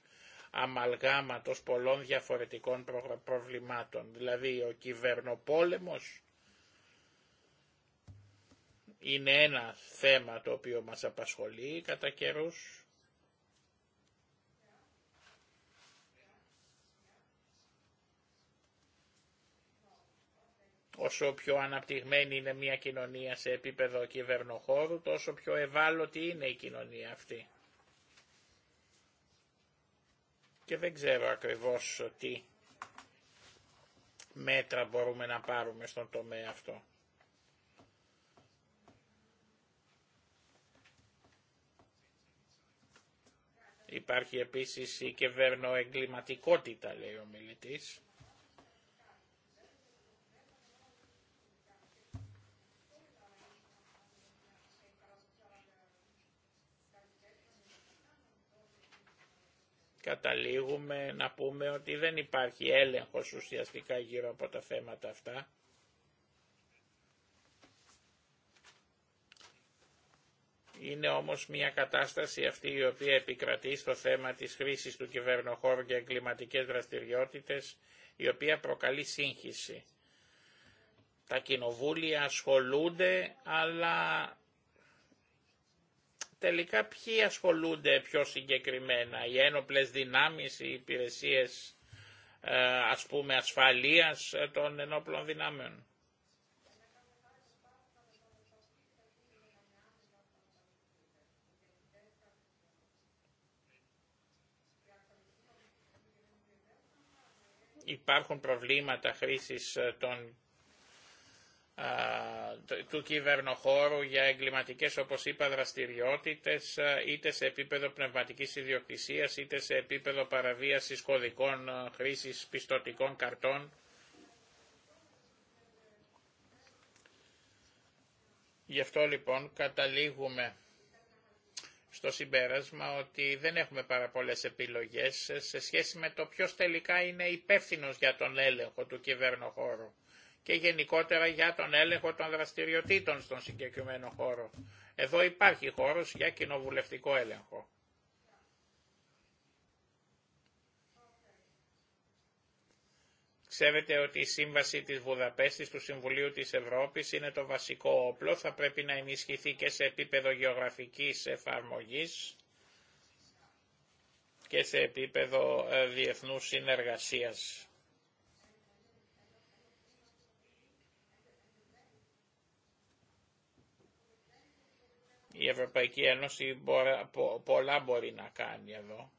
αμαλγάματος πολλών διαφορετικών προβλημάτων. Δηλαδή ο κυβερνοπόλεμος είναι ένα θέμα το οποίο μας απασχολεί κατά καιρούς. Όσο πιο αναπτυγμένη είναι μια κοινωνία σε επίπεδο κυβερνοχώρου, τόσο πιο ευάλωτη είναι η κοινωνία αυτή. Και δεν ξέρω ακριβώς τι μέτρα μπορούμε να πάρουμε στον τομέα αυτό. Υπάρχει επίσης η εγκληματικότητα λέει ο μιλητής. Καταλήγουμε να πούμε ότι δεν υπάρχει έλεγχος ουσιαστικά γύρω από τα θέματα αυτά. Είναι όμως μια κατάσταση αυτή η οποία επικρατεί στο θέμα της χρήσης του κυβερνοχώρου για εγκληματικές δραστηριότητες, η οποία προκαλεί σύγχυση. Τα κοινοβούλια ασχολούνται, αλλά τελικά ποιοι ασχολούνται πιο συγκεκριμένα, οι ένοπλες δυνάμεις, οι υπηρεσίες ε, ας πούμε ασφαλείας των ενόπλων δυνάμεων. υπάρχουν προβλήματα χρήσης ε, του κυβερνοχώρου για εγκληματικές όπως είπα δραστηριότητες ε, είτε σε επίπεδο πνευματικής ιδιοκτησίας είτε σε επίπεδο παραβίασης κωδικών ε, χρήσης πιστοτικών καρτών. Γι' αυτό λοιπόν καταλήγουμε στο συμπέρασμα ότι δεν έχουμε πάρα πολλές επιλογές σε σχέση με το ποιος τελικά είναι υπεύθυνο για τον έλεγχο του κυβέρνοχώρου και γενικότερα για τον έλεγχο των δραστηριοτήτων στον συγκεκριμένο χώρο. Εδώ υπάρχει χώρος για κοινοβουλευτικό έλεγχο. Ξέρετε ότι η Σύμβαση της Βουδαπέστης του Συμβουλίου της Ευρώπης είναι το βασικό όπλο, θα πρέπει να ενισχυθεί και σε επίπεδο γεωγραφικής εφαρμογής και σε επίπεδο ε, διεθνούς συνεργασίας. Η Ευρωπαϊκή Ένωση πολλά μπορεί να κάνει εδώ.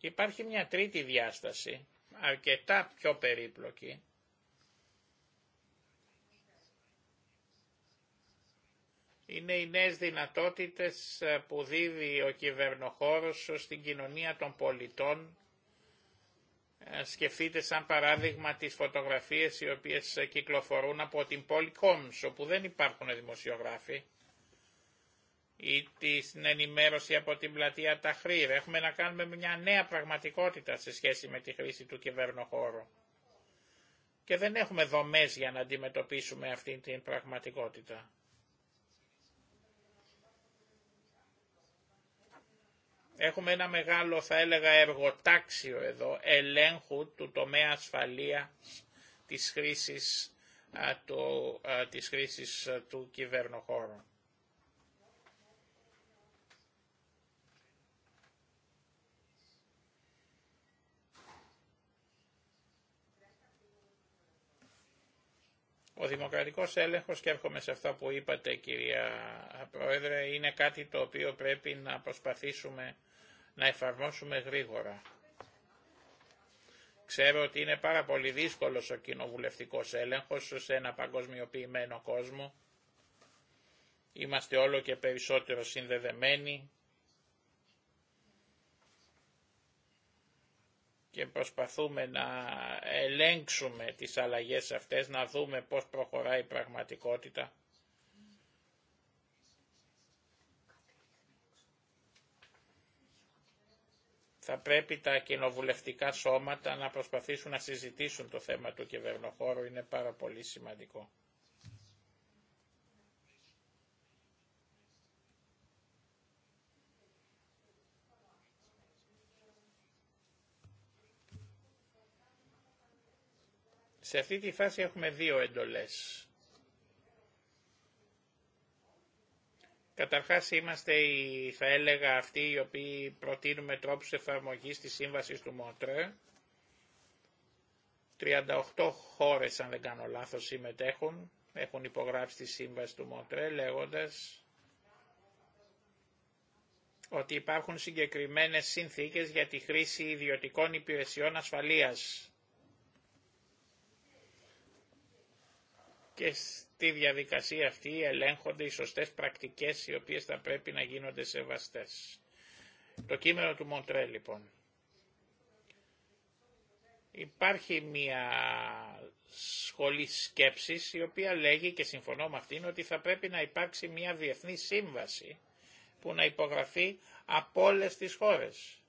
Υπάρχει μια τρίτη διάσταση αρκετά πιο περίπλοκη. Είναι οι νέες δυνατότητες ε, που δίδει ο κυβερνοχώρος στην κοινωνία των πολιτών. Ε, σκεφτείτε σαν παράδειγμα τις φωτογραφίες οι οποίες ε, κυκλοφορούν από την Κόμσο όπου δεν υπάρχουν δημοσιογράφοι ή την ενημέρωση από την πλατεία Ταχρήρ. Έχουμε να κάνουμε μια νέα πραγματικότητα σε σχέση με τη χρήση του κυβερνοχώρου. Και δεν έχουμε δομές για να αντιμετωπίσουμε αυτή την πραγματικότητα. Έχουμε ένα μεγάλο, θα έλεγα, εργοτάξιο εδώ, ελέγχου του τομέα ασφαλεία της χρήσης, της χρήσης του κυβερνοχώρου. Ο δημοκρατικός έλεγχος, και έρχομαι σε αυτό που είπατε κυρία Πρόεδρε, είναι κάτι το οποίο πρέπει να προσπαθήσουμε να εφαρμόσουμε γρήγορα. Ξέρω ότι είναι πάρα πολύ δύσκολος ο κοινοβουλευτικός έλεγχος σε ένα παγκοσμιοποιημένο κόσμο. Είμαστε όλο και περισσότερο συνδεδεμένοι και προσπαθούμε να ελέγξουμε τις αλλαγές αυτές, να δούμε πώς προχωράει η πραγματικότητα. Θα πρέπει τα κοινοβουλευτικά σώματα να προσπαθήσουν να συζητήσουν το θέμα του κυβερνοχώρου, είναι πάρα πολύ σημαντικό. Σε αυτή τη φάση έχουμε δύο εντολές. Καταρχάς είμαστε, οι, θα έλεγα, αυτοί οι οποίοι προτείνουμε τρόπους εφαρμογής της σύμβασης του ΜΟΤΡΕ. 38 χώρες, αν δεν κάνω λάθος, συμμετέχουν, έχουν υπογράψει τη σύμβαση του ΜΟΤΡΕ λέγοντας ότι υπάρχουν συγκεκριμένες συνθήκες για τη χρήση ιδιωτικών υπηρεσιών ασφαλείας και στη διαδικασία αυτή ελέγχονται οι σωστές πρακτικές οι οποίες θα πρέπει να γίνονται σεβαστές. Το κείμενο του Μοντρέ λοιπόν. Υπάρχει μια σχολή σκέψης η οποία λέγει και συμφωνώ με αυτήν ότι θα πρέπει να υπάρξει μια διεθνή σύμβαση που να υπογραφεί από όλε τις χώρες.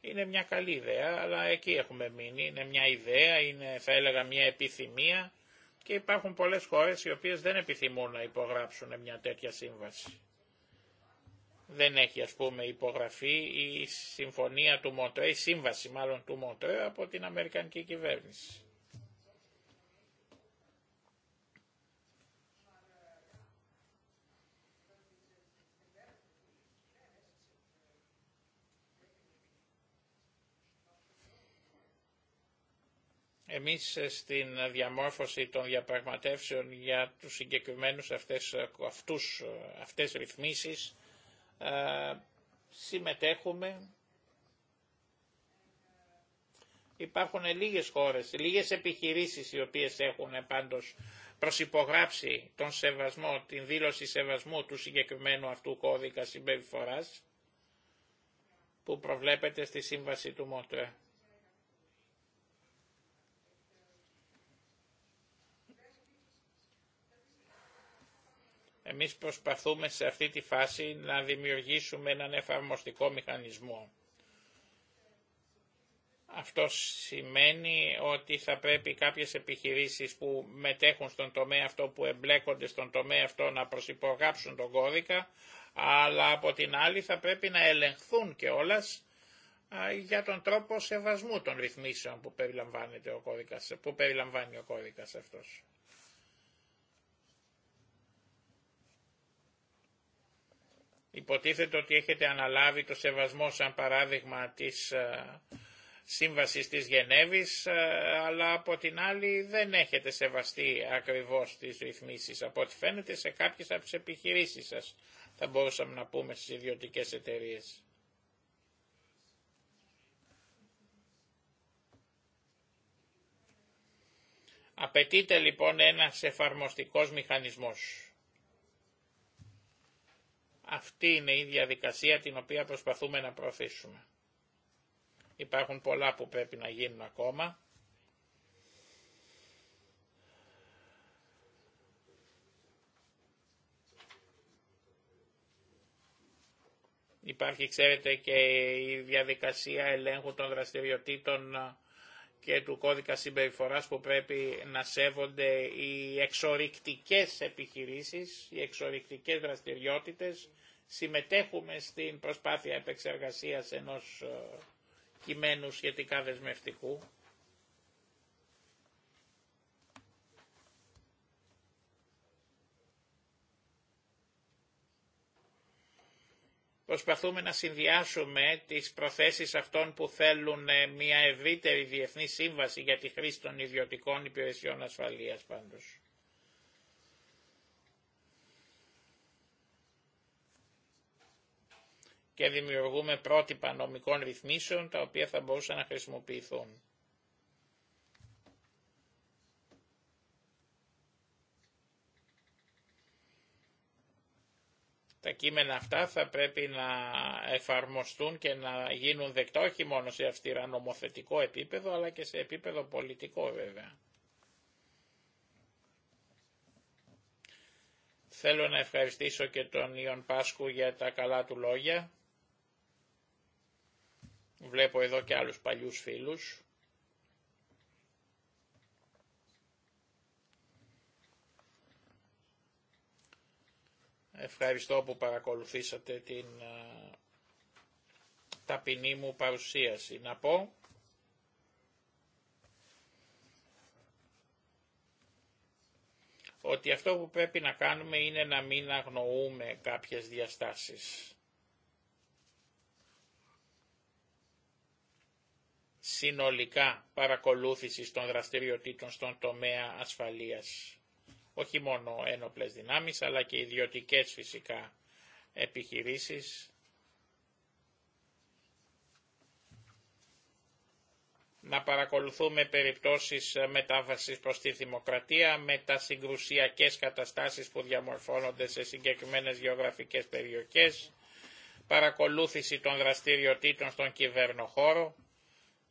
Είναι μια καλή ιδέα, αλλά εκεί έχουμε μείνει. Είναι μια ιδέα, είναι θα έλεγα μια επιθυμία και υπάρχουν πολλές χώρες οι οποίες δεν επιθυμούν να υπογράψουν μια τέτοια σύμβαση. Δεν έχει ας πούμε υπογραφεί η συμφωνία του Μοντρέ, η σύμβαση μάλλον του Μοντρέ από την Αμερικανική κυβέρνηση. Εμείς ε, στην διαμόρφωση των διαπραγματεύσεων για τους συγκεκριμένους αυτές, ε, αυτούς, ε, αυτές ρυθμίσεις συμμετέχουμε. Υπάρχουν λίγες χώρες, λίγες επιχειρήσεις οι οποίες έχουν πάντως προσυπογράψει τον σεβασμό, την δήλωση σεβασμού του συγκεκριμένου αυτού κώδικα συμπεριφοράς που προβλέπεται στη σύμβαση του ΜΟΤΕ. Εμείς προσπαθούμε σε αυτή τη φάση να δημιουργήσουμε έναν εφαρμοστικό μηχανισμό. Αυτό σημαίνει ότι θα πρέπει κάποιες επιχειρήσεις που μετέχουν στον τομέα αυτό, που εμπλέκονται στον τομέα αυτό να προσυπογράψουν τον κώδικα, αλλά από την άλλη θα πρέπει να ελεγχθούν όλας για τον τρόπο σεβασμού των ρυθμίσεων που, που περιλαμβάνει ο κώδικας αυτός. Υποτίθεται ότι έχετε αναλάβει το σεβασμό σαν παράδειγμα της ε, σύμβασης της Γενέβης, ε, αλλά από την άλλη δεν έχετε σεβαστεί ακριβώς τις ρυθμίσεις, από ό,τι φαίνεται σε κάποιες από τις επιχειρήσεις σας, θα μπορούσαμε να πούμε στις ιδιωτικές εταιρείε. Απαιτείται λοιπόν ένας εφαρμοστικός μηχανισμός. Αυτή είναι η διαδικασία την οποία προσπαθούμε να προωθήσουμε. Υπάρχουν πολλά που πρέπει να γίνουν ακόμα. Υπάρχει, ξέρετε, και η διαδικασία ελέγχου των δραστηριοτήτων ε, και του κώδικα συμπεριφοράς που πρέπει να σέβονται οι εξορικτικές επιχειρήσεις, οι εξορικτικές δραστηριότητες συμμετέχουμε στην προσπάθεια επεξεργασίας ενός ε, κειμένου σχετικά δεσμευτικού. Προσπαθούμε να συνδυάσουμε τις προθέσεις αυτών που θέλουν ε, μια ευρύτερη διεθνή σύμβαση για τη χρήση των ιδιωτικών υπηρεσιών ασφαλείας πάντως. και δημιουργούμε πρότυπα νομικών ρυθμίσεων τα οποία θα μπορούσαν να χρησιμοποιηθούν. Τα κείμενα αυτά θα πρέπει να εφαρμοστούν και να γίνουν δεκτά όχι μόνο σε αυστηρά νομοθετικό επίπεδο αλλά και σε επίπεδο πολιτικό βέβαια. Θέλω να ευχαριστήσω και τον Ιων Πάσκου για τα καλά του λόγια. Βλέπω εδώ και άλλους παλιούς φίλους. Ευχαριστώ που παρακολουθήσατε την ε, ταπεινή μου παρουσίαση. Να πω ότι αυτό που πρέπει να κάνουμε είναι να μην αγνοούμε κάποιες διαστάσεις. συνολικά Παρακολούθηση των δραστηριοτήτων στον τομέα ασφαλείας. Όχι μόνο ένοπλες δυνάμεις, αλλά και ιδιωτικές φυσικά επιχειρήσεις. Να παρακολουθούμε περιπτώσεις μετάβασης προς τη δημοκρατία με τα συγκρουσιακές καταστάσεις που διαμορφώνονται σε συγκεκριμένες γεωγραφικές περιοχές, παρακολούθηση των δραστηριοτήτων στον κυβέρνοχώρο,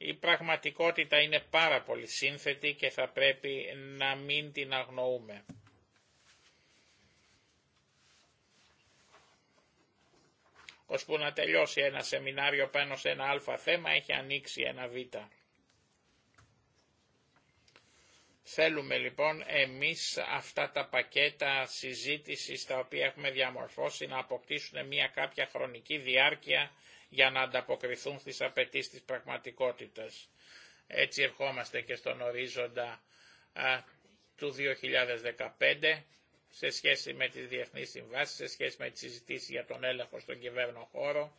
η πραγματικότητα είναι πάρα πολύ σύνθετη και θα πρέπει να μην την αγνοούμε. Ώσπου να τελειώσει ένα σεμινάριο πάνω σε ένα α θέμα έχει ανοίξει ένα β. Θέλουμε λοιπόν εμείς αυτά τα πακέτα συζήτησης τα οποία έχουμε διαμορφώσει να αποκτήσουν μια κάποια χρονική διάρκεια για να ανταποκριθούν στις απαιτήσεις της πραγματικότητας. Έτσι ερχόμαστε και στον ορίζοντα του 2015 σε σχέση με τις διεθνείς συμβάσεις, σε σχέση με τις συζητήσεις για τον έλεγχο στον κυβέρνο χώρο.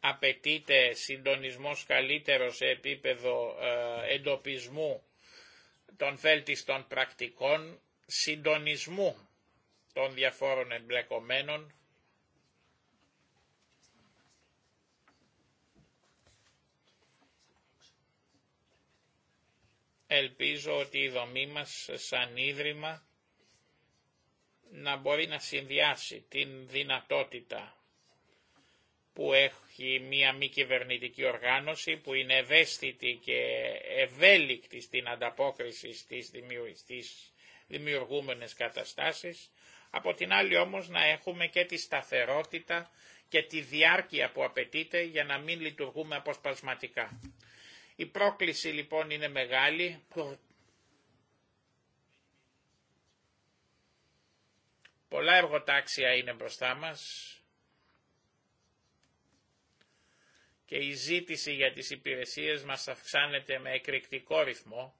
Απαιτείται συντονισμός καλύτερο σε επίπεδο εντοπισμού των βέλτιστων πρακτικών συντονισμού των διαφόρων εμπλεκομένων Ελπίζω ότι η δομή μας σαν ίδρυμα να μπορεί να συνδυάσει την δυνατότητα που έχει μία μη κυβερνητική οργάνωση που είναι ευαίσθητη και ευέλικτη στην ανταπόκριση στις, δημιουργούμενες καταστάσεις, από την άλλη όμως να έχουμε και τη σταθερότητα και τη διάρκεια που απαιτείται για να μην λειτουργούμε αποσπασματικά. Η πρόκληση λοιπόν είναι μεγάλη. Πολλά εργοτάξια είναι μπροστά μας και η ζήτηση για τις υπηρεσίες μας αυξάνεται με εκρηκτικό ρυθμό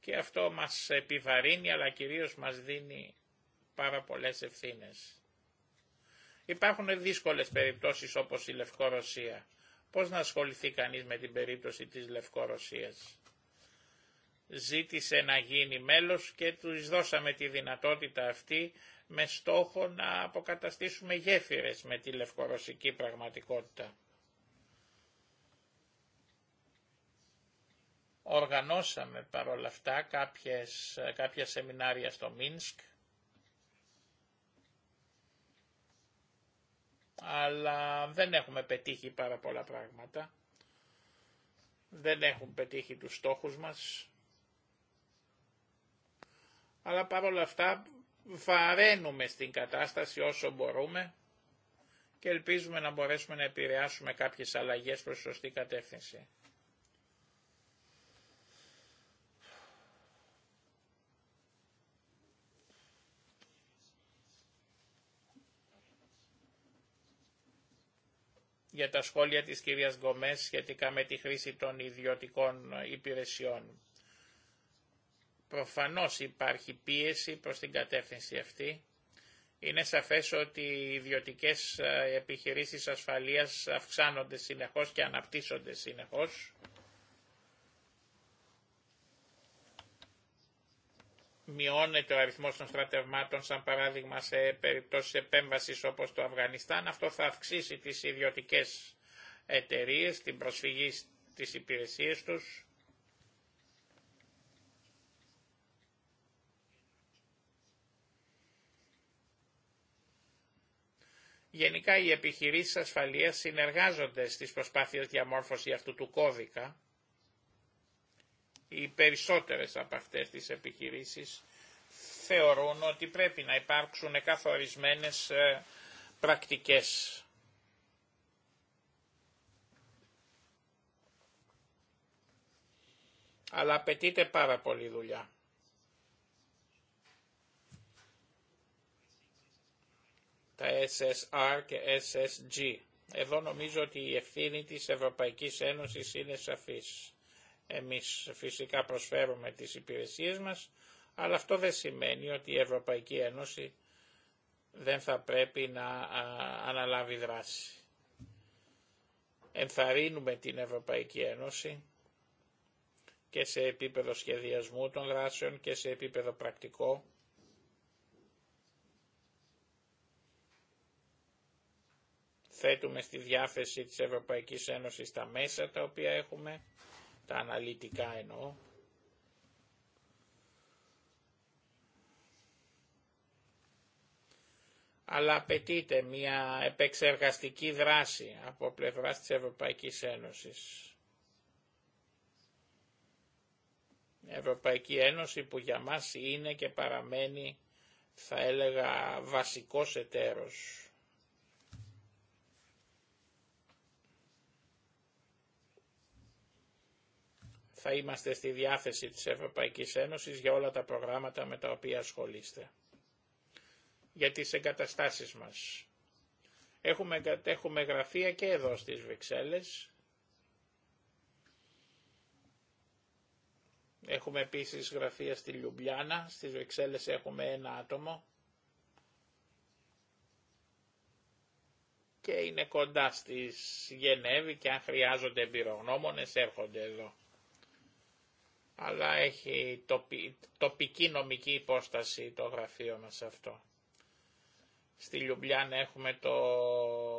και αυτό μας επιβαρύνει αλλά κυρίως μας δίνει πάρα πολλές ευθύνες. Υπάρχουν δύσκολες περιπτώσεις όπως η Λευκορωσία. Πώς να ασχοληθεί κανείς με την περίπτωση της Λευκορωσίας. Ζήτησε να γίνει μέλος και του δώσαμε τη δυνατότητα αυτή με στόχο να αποκαταστήσουμε γέφυρες με τη λευκορωσική πραγματικότητα. Οργανώσαμε παρόλα αυτά κάποιες, κάποια σεμινάρια στο Μίνσκ, αλλά δεν έχουμε πετύχει πάρα πολλά πράγματα. Δεν έχουν πετύχει τους στόχους μας. Αλλά παρόλα αυτά βαραίνουμε στην κατάσταση όσο μπορούμε και ελπίζουμε να μπορέσουμε να επηρεάσουμε κάποιες αλλαγές προς σωστή κατεύθυνση. για τα σχόλια της κυρίας Γκομές σχετικά με τη χρήση των ιδιωτικών υπηρεσιών. Προφανώς υπάρχει πίεση προς την κατεύθυνση αυτή. Είναι σαφές ότι οι ιδιωτικές ε, επιχειρήσεις ασφαλείας αυξάνονται συνεχώς και αναπτύσσονται συνεχώς. μειώνεται ο αριθμός των στρατευμάτων σαν παράδειγμα σε περιπτώσεις επέμβασης όπως το Αφγανιστάν, αυτό θα αυξήσει τις ιδιωτικές εταιρείες, την προσφυγή στις υπηρεσίες τους. Γενικά οι επιχειρήσεις ασφαλείας συνεργάζονται στις προσπάθειες διαμόρφωση αυτού του κώδικα οι περισσότερες από αυτές τις επιχειρήσεις θεωρούν ότι πρέπει να υπάρξουν καθορισμένες ε, πρακτικές. Αλλά απαιτείται πάρα πολύ δουλειά. Τα SSR και SSG. Εδώ νομίζω ότι η ευθύνη της Ευρωπαϊκής Ένωσης είναι σαφής. Εμείς φυσικά προσφέρουμε τις υπηρεσίες μας, αλλά αυτό δεν σημαίνει ότι η Ευρωπαϊκή Ένωση δεν θα πρέπει να αναλάβει δράση. Ενθαρρύνουμε την Ευρωπαϊκή Ένωση και σε επίπεδο σχεδιασμού των δράσεων και σε επίπεδο πρακτικό θέτουμε στη διάθεση της Ευρωπαϊκής Ένωσης τα μέσα τα οποία έχουμε τα αναλυτικά εννοώ, αλλά απαιτείται μια επεξεργαστική δράση από πλευράς της Ευρωπαϊκής Ένωσης. Η Ευρωπαϊκή Ένωση που για μας είναι και παραμένει θα έλεγα βασικός εταίρος. θα είμαστε στη διάθεση της Ευρωπαϊκής Ένωσης για όλα τα προγράμματα με τα οποία ασχολείστε. Για τις εγκαταστάσεις μας. Έχουμε, γραφεία και εδώ στις Βρυξέλλες. Έχουμε επίσης γραφεία στη Λιουμπλιάνα. Στις Βρυξέλλες έχουμε ένα άτομο. Και είναι κοντά στις Γενέβη και αν χρειάζονται εμπειρογνώμονες έρχονται εδώ αλλά έχει τοπική νομική υπόσταση το γραφείο μας αυτό. Στη Λιουμπλιάν έχουμε το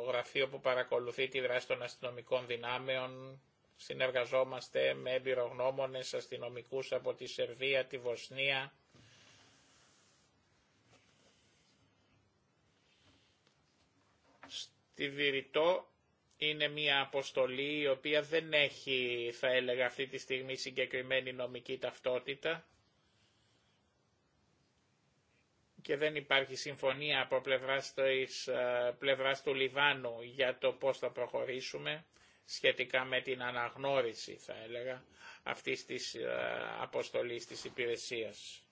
γραφείο που παρακολουθεί τη δράση των αστυνομικών δυνάμεων. Συνεργαζόμαστε με εμπειρογνώμονες αστυνομικούς από τη Σερβία, τη Βοσνία. Στη Βηρητό είναι μια αποστολή η οποία δεν έχει, θα έλεγα, αυτή τη στιγμή συγκεκριμένη νομική ταυτότητα και δεν υπάρχει συμφωνία από πλευράς, της, ε, πλευράς του Λιβάνου για το πώς θα προχωρήσουμε σχετικά με την αναγνώριση, θα έλεγα, αυτής της ε, αποστολής της υπηρεσίας.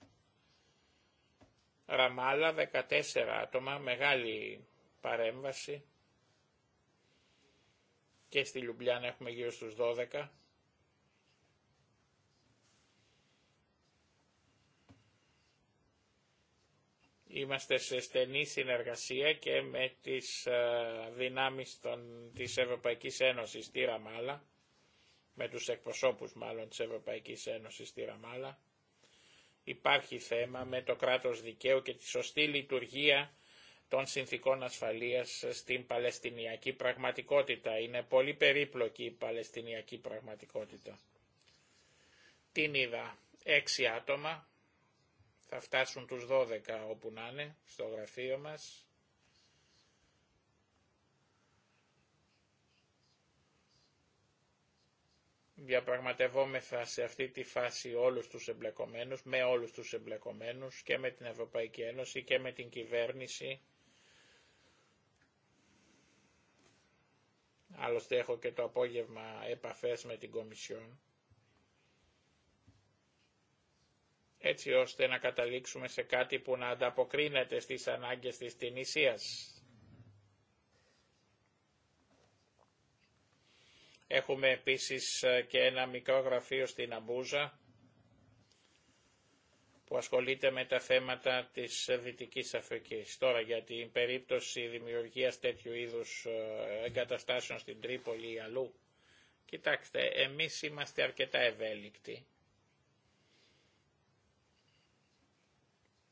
Ραμάλα, 14 άτομα, μεγάλη παρέμβαση και στη Λουμπλιάνα έχουμε γύρω στους 12. Είμαστε σε στενή συνεργασία και με τις ε, δυνάμεις των, της Ευρωπαϊκής Ένωσης στη Ραμάλα, με τους εκπροσώπους μάλλον της Ευρωπαϊκής Ένωσης στη Ραμάλα. Υπάρχει θέμα με το κράτος δικαίου και τη σωστή λειτουργία των συνθήκων ασφαλείας στην Παλαιστινιακή πραγματικότητα. Είναι πολύ περίπλοκη η Παλαιστινιακή πραγματικότητα. Την είδα έξι άτομα, θα φτάσουν τους 12 όπου να είναι στο γραφείο μας. διαπραγματευόμεθα σε αυτή τη φάση όλους τους εμπλεκομένους, με όλους τους εμπλεκομένους και με την Ευρωπαϊκή Ένωση και με την κυβέρνηση Άλλωστε έχω και το απόγευμα επαφές με την Κομισιόν. έτσι ώστε να καταλήξουμε σε κάτι που να ανταποκρίνεται στις ανάγκες της Τινησίας. Έχουμε επίσης και ένα μικρό γραφείο στην Αμπούζα, που ασχολείται με τα θέματα της Δυτικής Αφρικής. Τώρα για την περίπτωση δημιουργίας τέτοιου είδους ε, εγκαταστάσεων στην Τρίπολη ή αλλού. Κοιτάξτε, εμείς είμαστε αρκετά ευέλικτοι.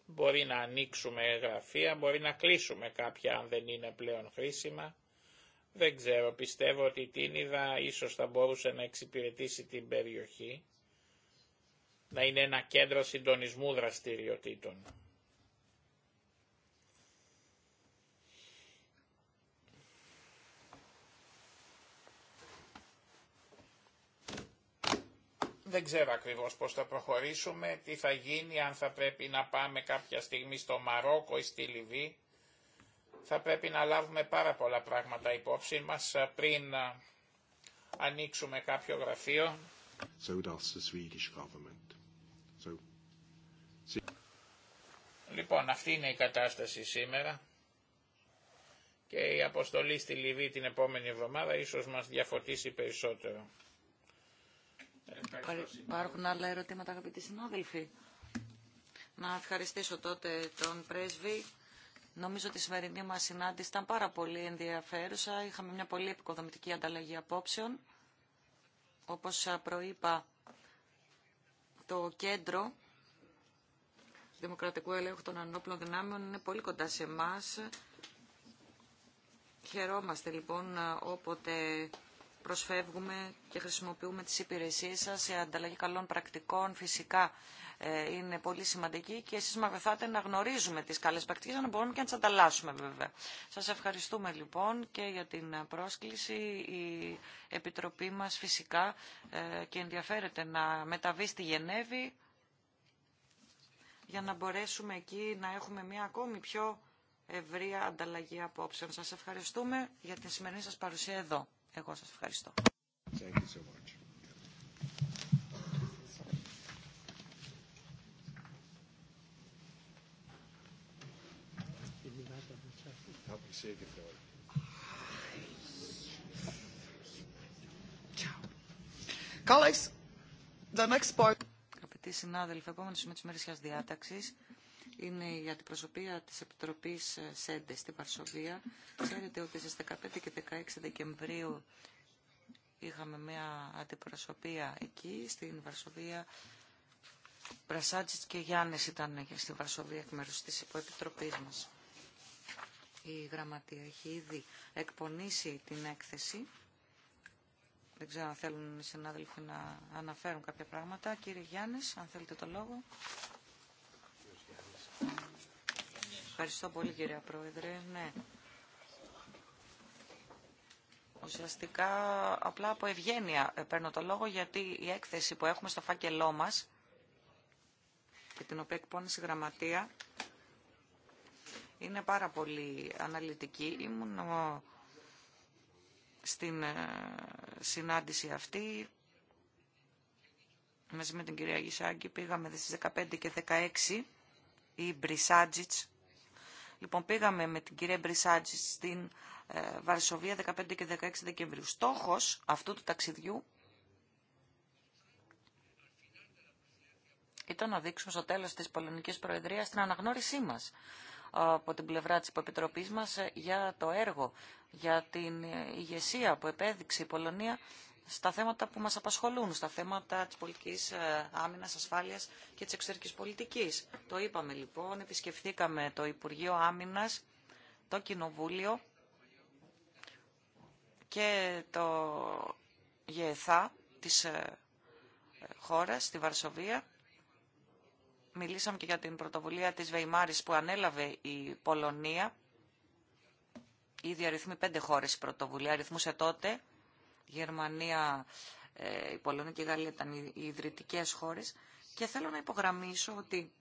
Μπορεί να ανοίξουμε γραφεία, μπορεί να κλείσουμε κάποια αν δεν είναι πλέον χρήσιμα. Δεν ξέρω, πιστεύω ότι η Τίνιδα ίσως θα μπορούσε να εξυπηρετήσει την περιοχή να είναι ένα κέντρο συντονισμού δραστηριοτήτων. Δεν ξέρω ακριβώς πώς θα προχωρήσουμε, τι θα γίνει, αν θα πρέπει να πάμε κάποια στιγμή στο Μαρόκο ή στη Λιβύη. Θα πρέπει να λάβουμε πάρα πολλά πράγματα υπόψη μας ε, πριν ε, ανοίξουμε κάποιο γραφείο. Λοιπόν, αυτή είναι η κατάσταση σήμερα και η αποστολή στη Λιβύη την επόμενη εβδομάδα ίσως μας διαφωτίσει περισσότερο. Υπάρχουν άλλα ερωτήματα αγαπητοί συνάδελφοι. Να ευχαριστήσω τότε τον πρέσβη. Νομίζω ότι η σημερινή μας συνάντηση ήταν πάρα πολύ ενδιαφέρουσα. Είχαμε μια πολύ επικοδομητική ανταλλαγή απόψεων. Όπως προείπα, το κέντρο δημοκρατικού ελέγχου των ανόπλων δυνάμεων είναι πολύ κοντά σε εμά. Χαιρόμαστε λοιπόν όποτε προσφεύγουμε και χρησιμοποιούμε τις υπηρεσίες σας. Η ανταλλαγή καλών πρακτικών φυσικά ε, είναι πολύ σημαντική και εσείς μας βοηθάτε να γνωρίζουμε τις καλές πρακτικές, να μπορούμε και να τις ανταλλάσσουμε βέβαια. Σας ευχαριστούμε λοιπόν και για την πρόσκληση. Η Επιτροπή μας φυσικά ε, και ενδιαφέρεται να μεταβεί στη Γενέβη για να μπορέσουμε εκεί να έχουμε μια ακόμη πιο ευρία ανταλλαγή απόψεων. Σας ευχαριστούμε για την σημερινή σας παρουσία εδώ. Εγώ σας ευχαριστώ. Thank Colleagues, the next point αγαπητοί συνάδελφοι, επόμενο με τη μερισιά διάταξη είναι η αντιπροσωπεία τη Επιτροπή ε, ΣΕΝΤΕ στη Βαρσοβία. Ξέρετε ότι στι 15 και 16 Δεκεμβρίου είχαμε μια αντιπροσωπεία εκεί, στην Βαρσοβία. Πρασάτζιτ και Γιάννη ήταν στη Βαρσοβία εκ μέρου τη Επιτροπή μα. Η γραμματεία έχει ήδη εκπονήσει την έκθεση δεν ξέρω αν θέλουν οι συνάδελφοι να αναφέρουν κάποια πράγματα. Κύριε Γιάννης, αν θέλετε το λόγο. Ευχαριστώ πολύ κύριε Πρόεδρε. Ναι. Ουσιαστικά απλά από ευγένεια ε, παίρνω το λόγο γιατί η έκθεση που έχουμε στο φάκελό μας και την οποία εκπώνησε η γραμματεία είναι πάρα πολύ αναλυτική. Ήμουν ο στην ε, συνάντηση αυτή. Μαζί με την κυρία Γησάγκη πήγαμε στις 15 και 16 η Μπρισάτζιτς. Λοιπόν, πήγαμε με την κυρία Μπρισάτζιτς στην ε, Βαρσοβία 15 και 16 Δεκεμβρίου. Στόχος αυτού του ταξιδιού ήταν να δείξουμε στο τέλος της Πολωνικής Προεδρίας την αναγνώρισή μας από την πλευρά της Υποεπιτροπής μας ε, για το έργο, για την ηγεσία που επέδειξε η Πολωνία στα θέματα που μας απασχολούν, στα θέματα της πολιτικής ε, άμυνας, ασφάλειας και της εξωτερικής πολιτικής. Το είπαμε λοιπόν, επισκεφθήκαμε το Υπουργείο Άμυνας, το Κοινοβούλιο και το ΓΕΘΑ της ε, χώρας, στη Βαρσοβία Μιλήσαμε και για την πρωτοβουλία της Βεϊμάρης που ανέλαβε η Πολωνία. Ήδη αριθμεί πέντε χώρες η πρωτοβουλία. Αριθμούσε τότε Γερμανία, ε, η Πολωνία και η Γαλλία ήταν οι ιδρυτικές χώρες. Και θέλω να υπογραμμίσω ότι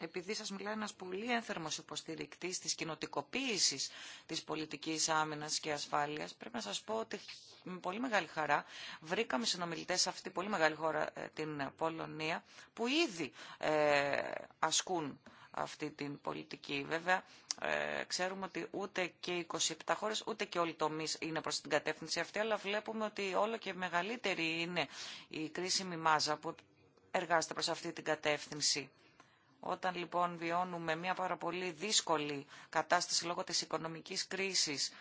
επειδή σας μιλάει ένας πολύ ένθερμος υποστηρικτής της κοινοτικοποίησης της πολιτικής άμυνας και ασφάλειας, πρέπει να σας πω ότι με πολύ μεγάλη χαρά βρήκαμε συνομιλητές σε αυτή τη πολύ μεγάλη χώρα, ε, την Πολωνία, που ήδη ε, ασκούν αυτή την πολιτική. Βέβαια, ε, ξέρουμε ότι ούτε και οι 27 χώρες, ούτε και όλοι οι τομείς είναι προς την κατεύθυνση αυτή, αλλά βλέπουμε ότι όλο και μεγαλύτερη είναι η κρίσιμη μάζα που εργάζεται προς αυτή την κατεύθυνση. Όταν λοιπόν βιώνουμε μια πάρα πολύ δύσκολη κατάσταση λόγω της οικονομικής κρίσης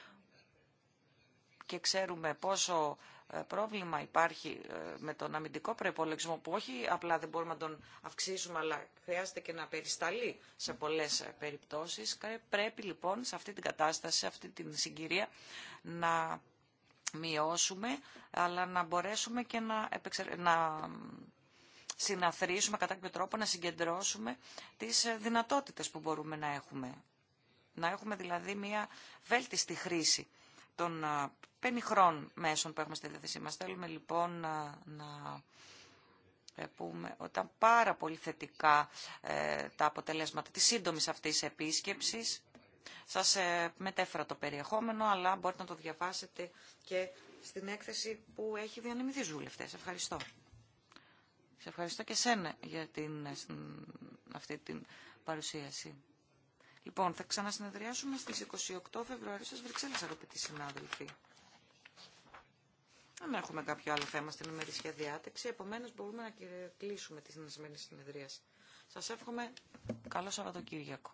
και ξέρουμε πόσο ε, πρόβλημα υπάρχει ε, με τον αμυντικό προϋπολογισμό, που όχι απλά δεν μπορούμε να τον αυξήσουμε αλλά χρειάζεται και να περισταλεί σε πολλές ε, περιπτώσεις. Πρέπει λοιπόν σε αυτή την κατάσταση, σε αυτή την συγκυρία να μειώσουμε αλλά να μπορέσουμε και να, να συναθρήσουμε κατά κάποιο τρόπο, να συγκεντρώσουμε τις ε, δυνατότητες που μπορούμε να έχουμε. Να έχουμε δηλαδή μια βέλτιστη χρήση των ε, πενιχρών μέσων που έχουμε στη διάθεσή μας. Θέλουμε λοιπόν να, ε, πούμε ότι ήταν πάρα πολύ θετικά τα αποτελέσματα της σύντομης αυτής επίσκεψης. Σας ε, μετέφερα το περιεχόμενο, αλλά μπορείτε να το διαβάσετε και στην έκθεση που έχει διανεμηθεί ζούλευτες. Ευχαριστώ. Σε ευχαριστώ και σένα για την, αυτή την παρουσίαση. Λοιπόν, θα ξανασυνεδριάσουμε στις 28 Φεβρουαρίου στις Βρυξέλλες, αγαπητοί συνάδελφοι. Δεν έχουμε κάποιο άλλο θέμα στην ημερησία διάταξη, επομένως μπορούμε να κλείσουμε τη συνεδρία. Σας εύχομαι καλό Σαββατοκύριακο.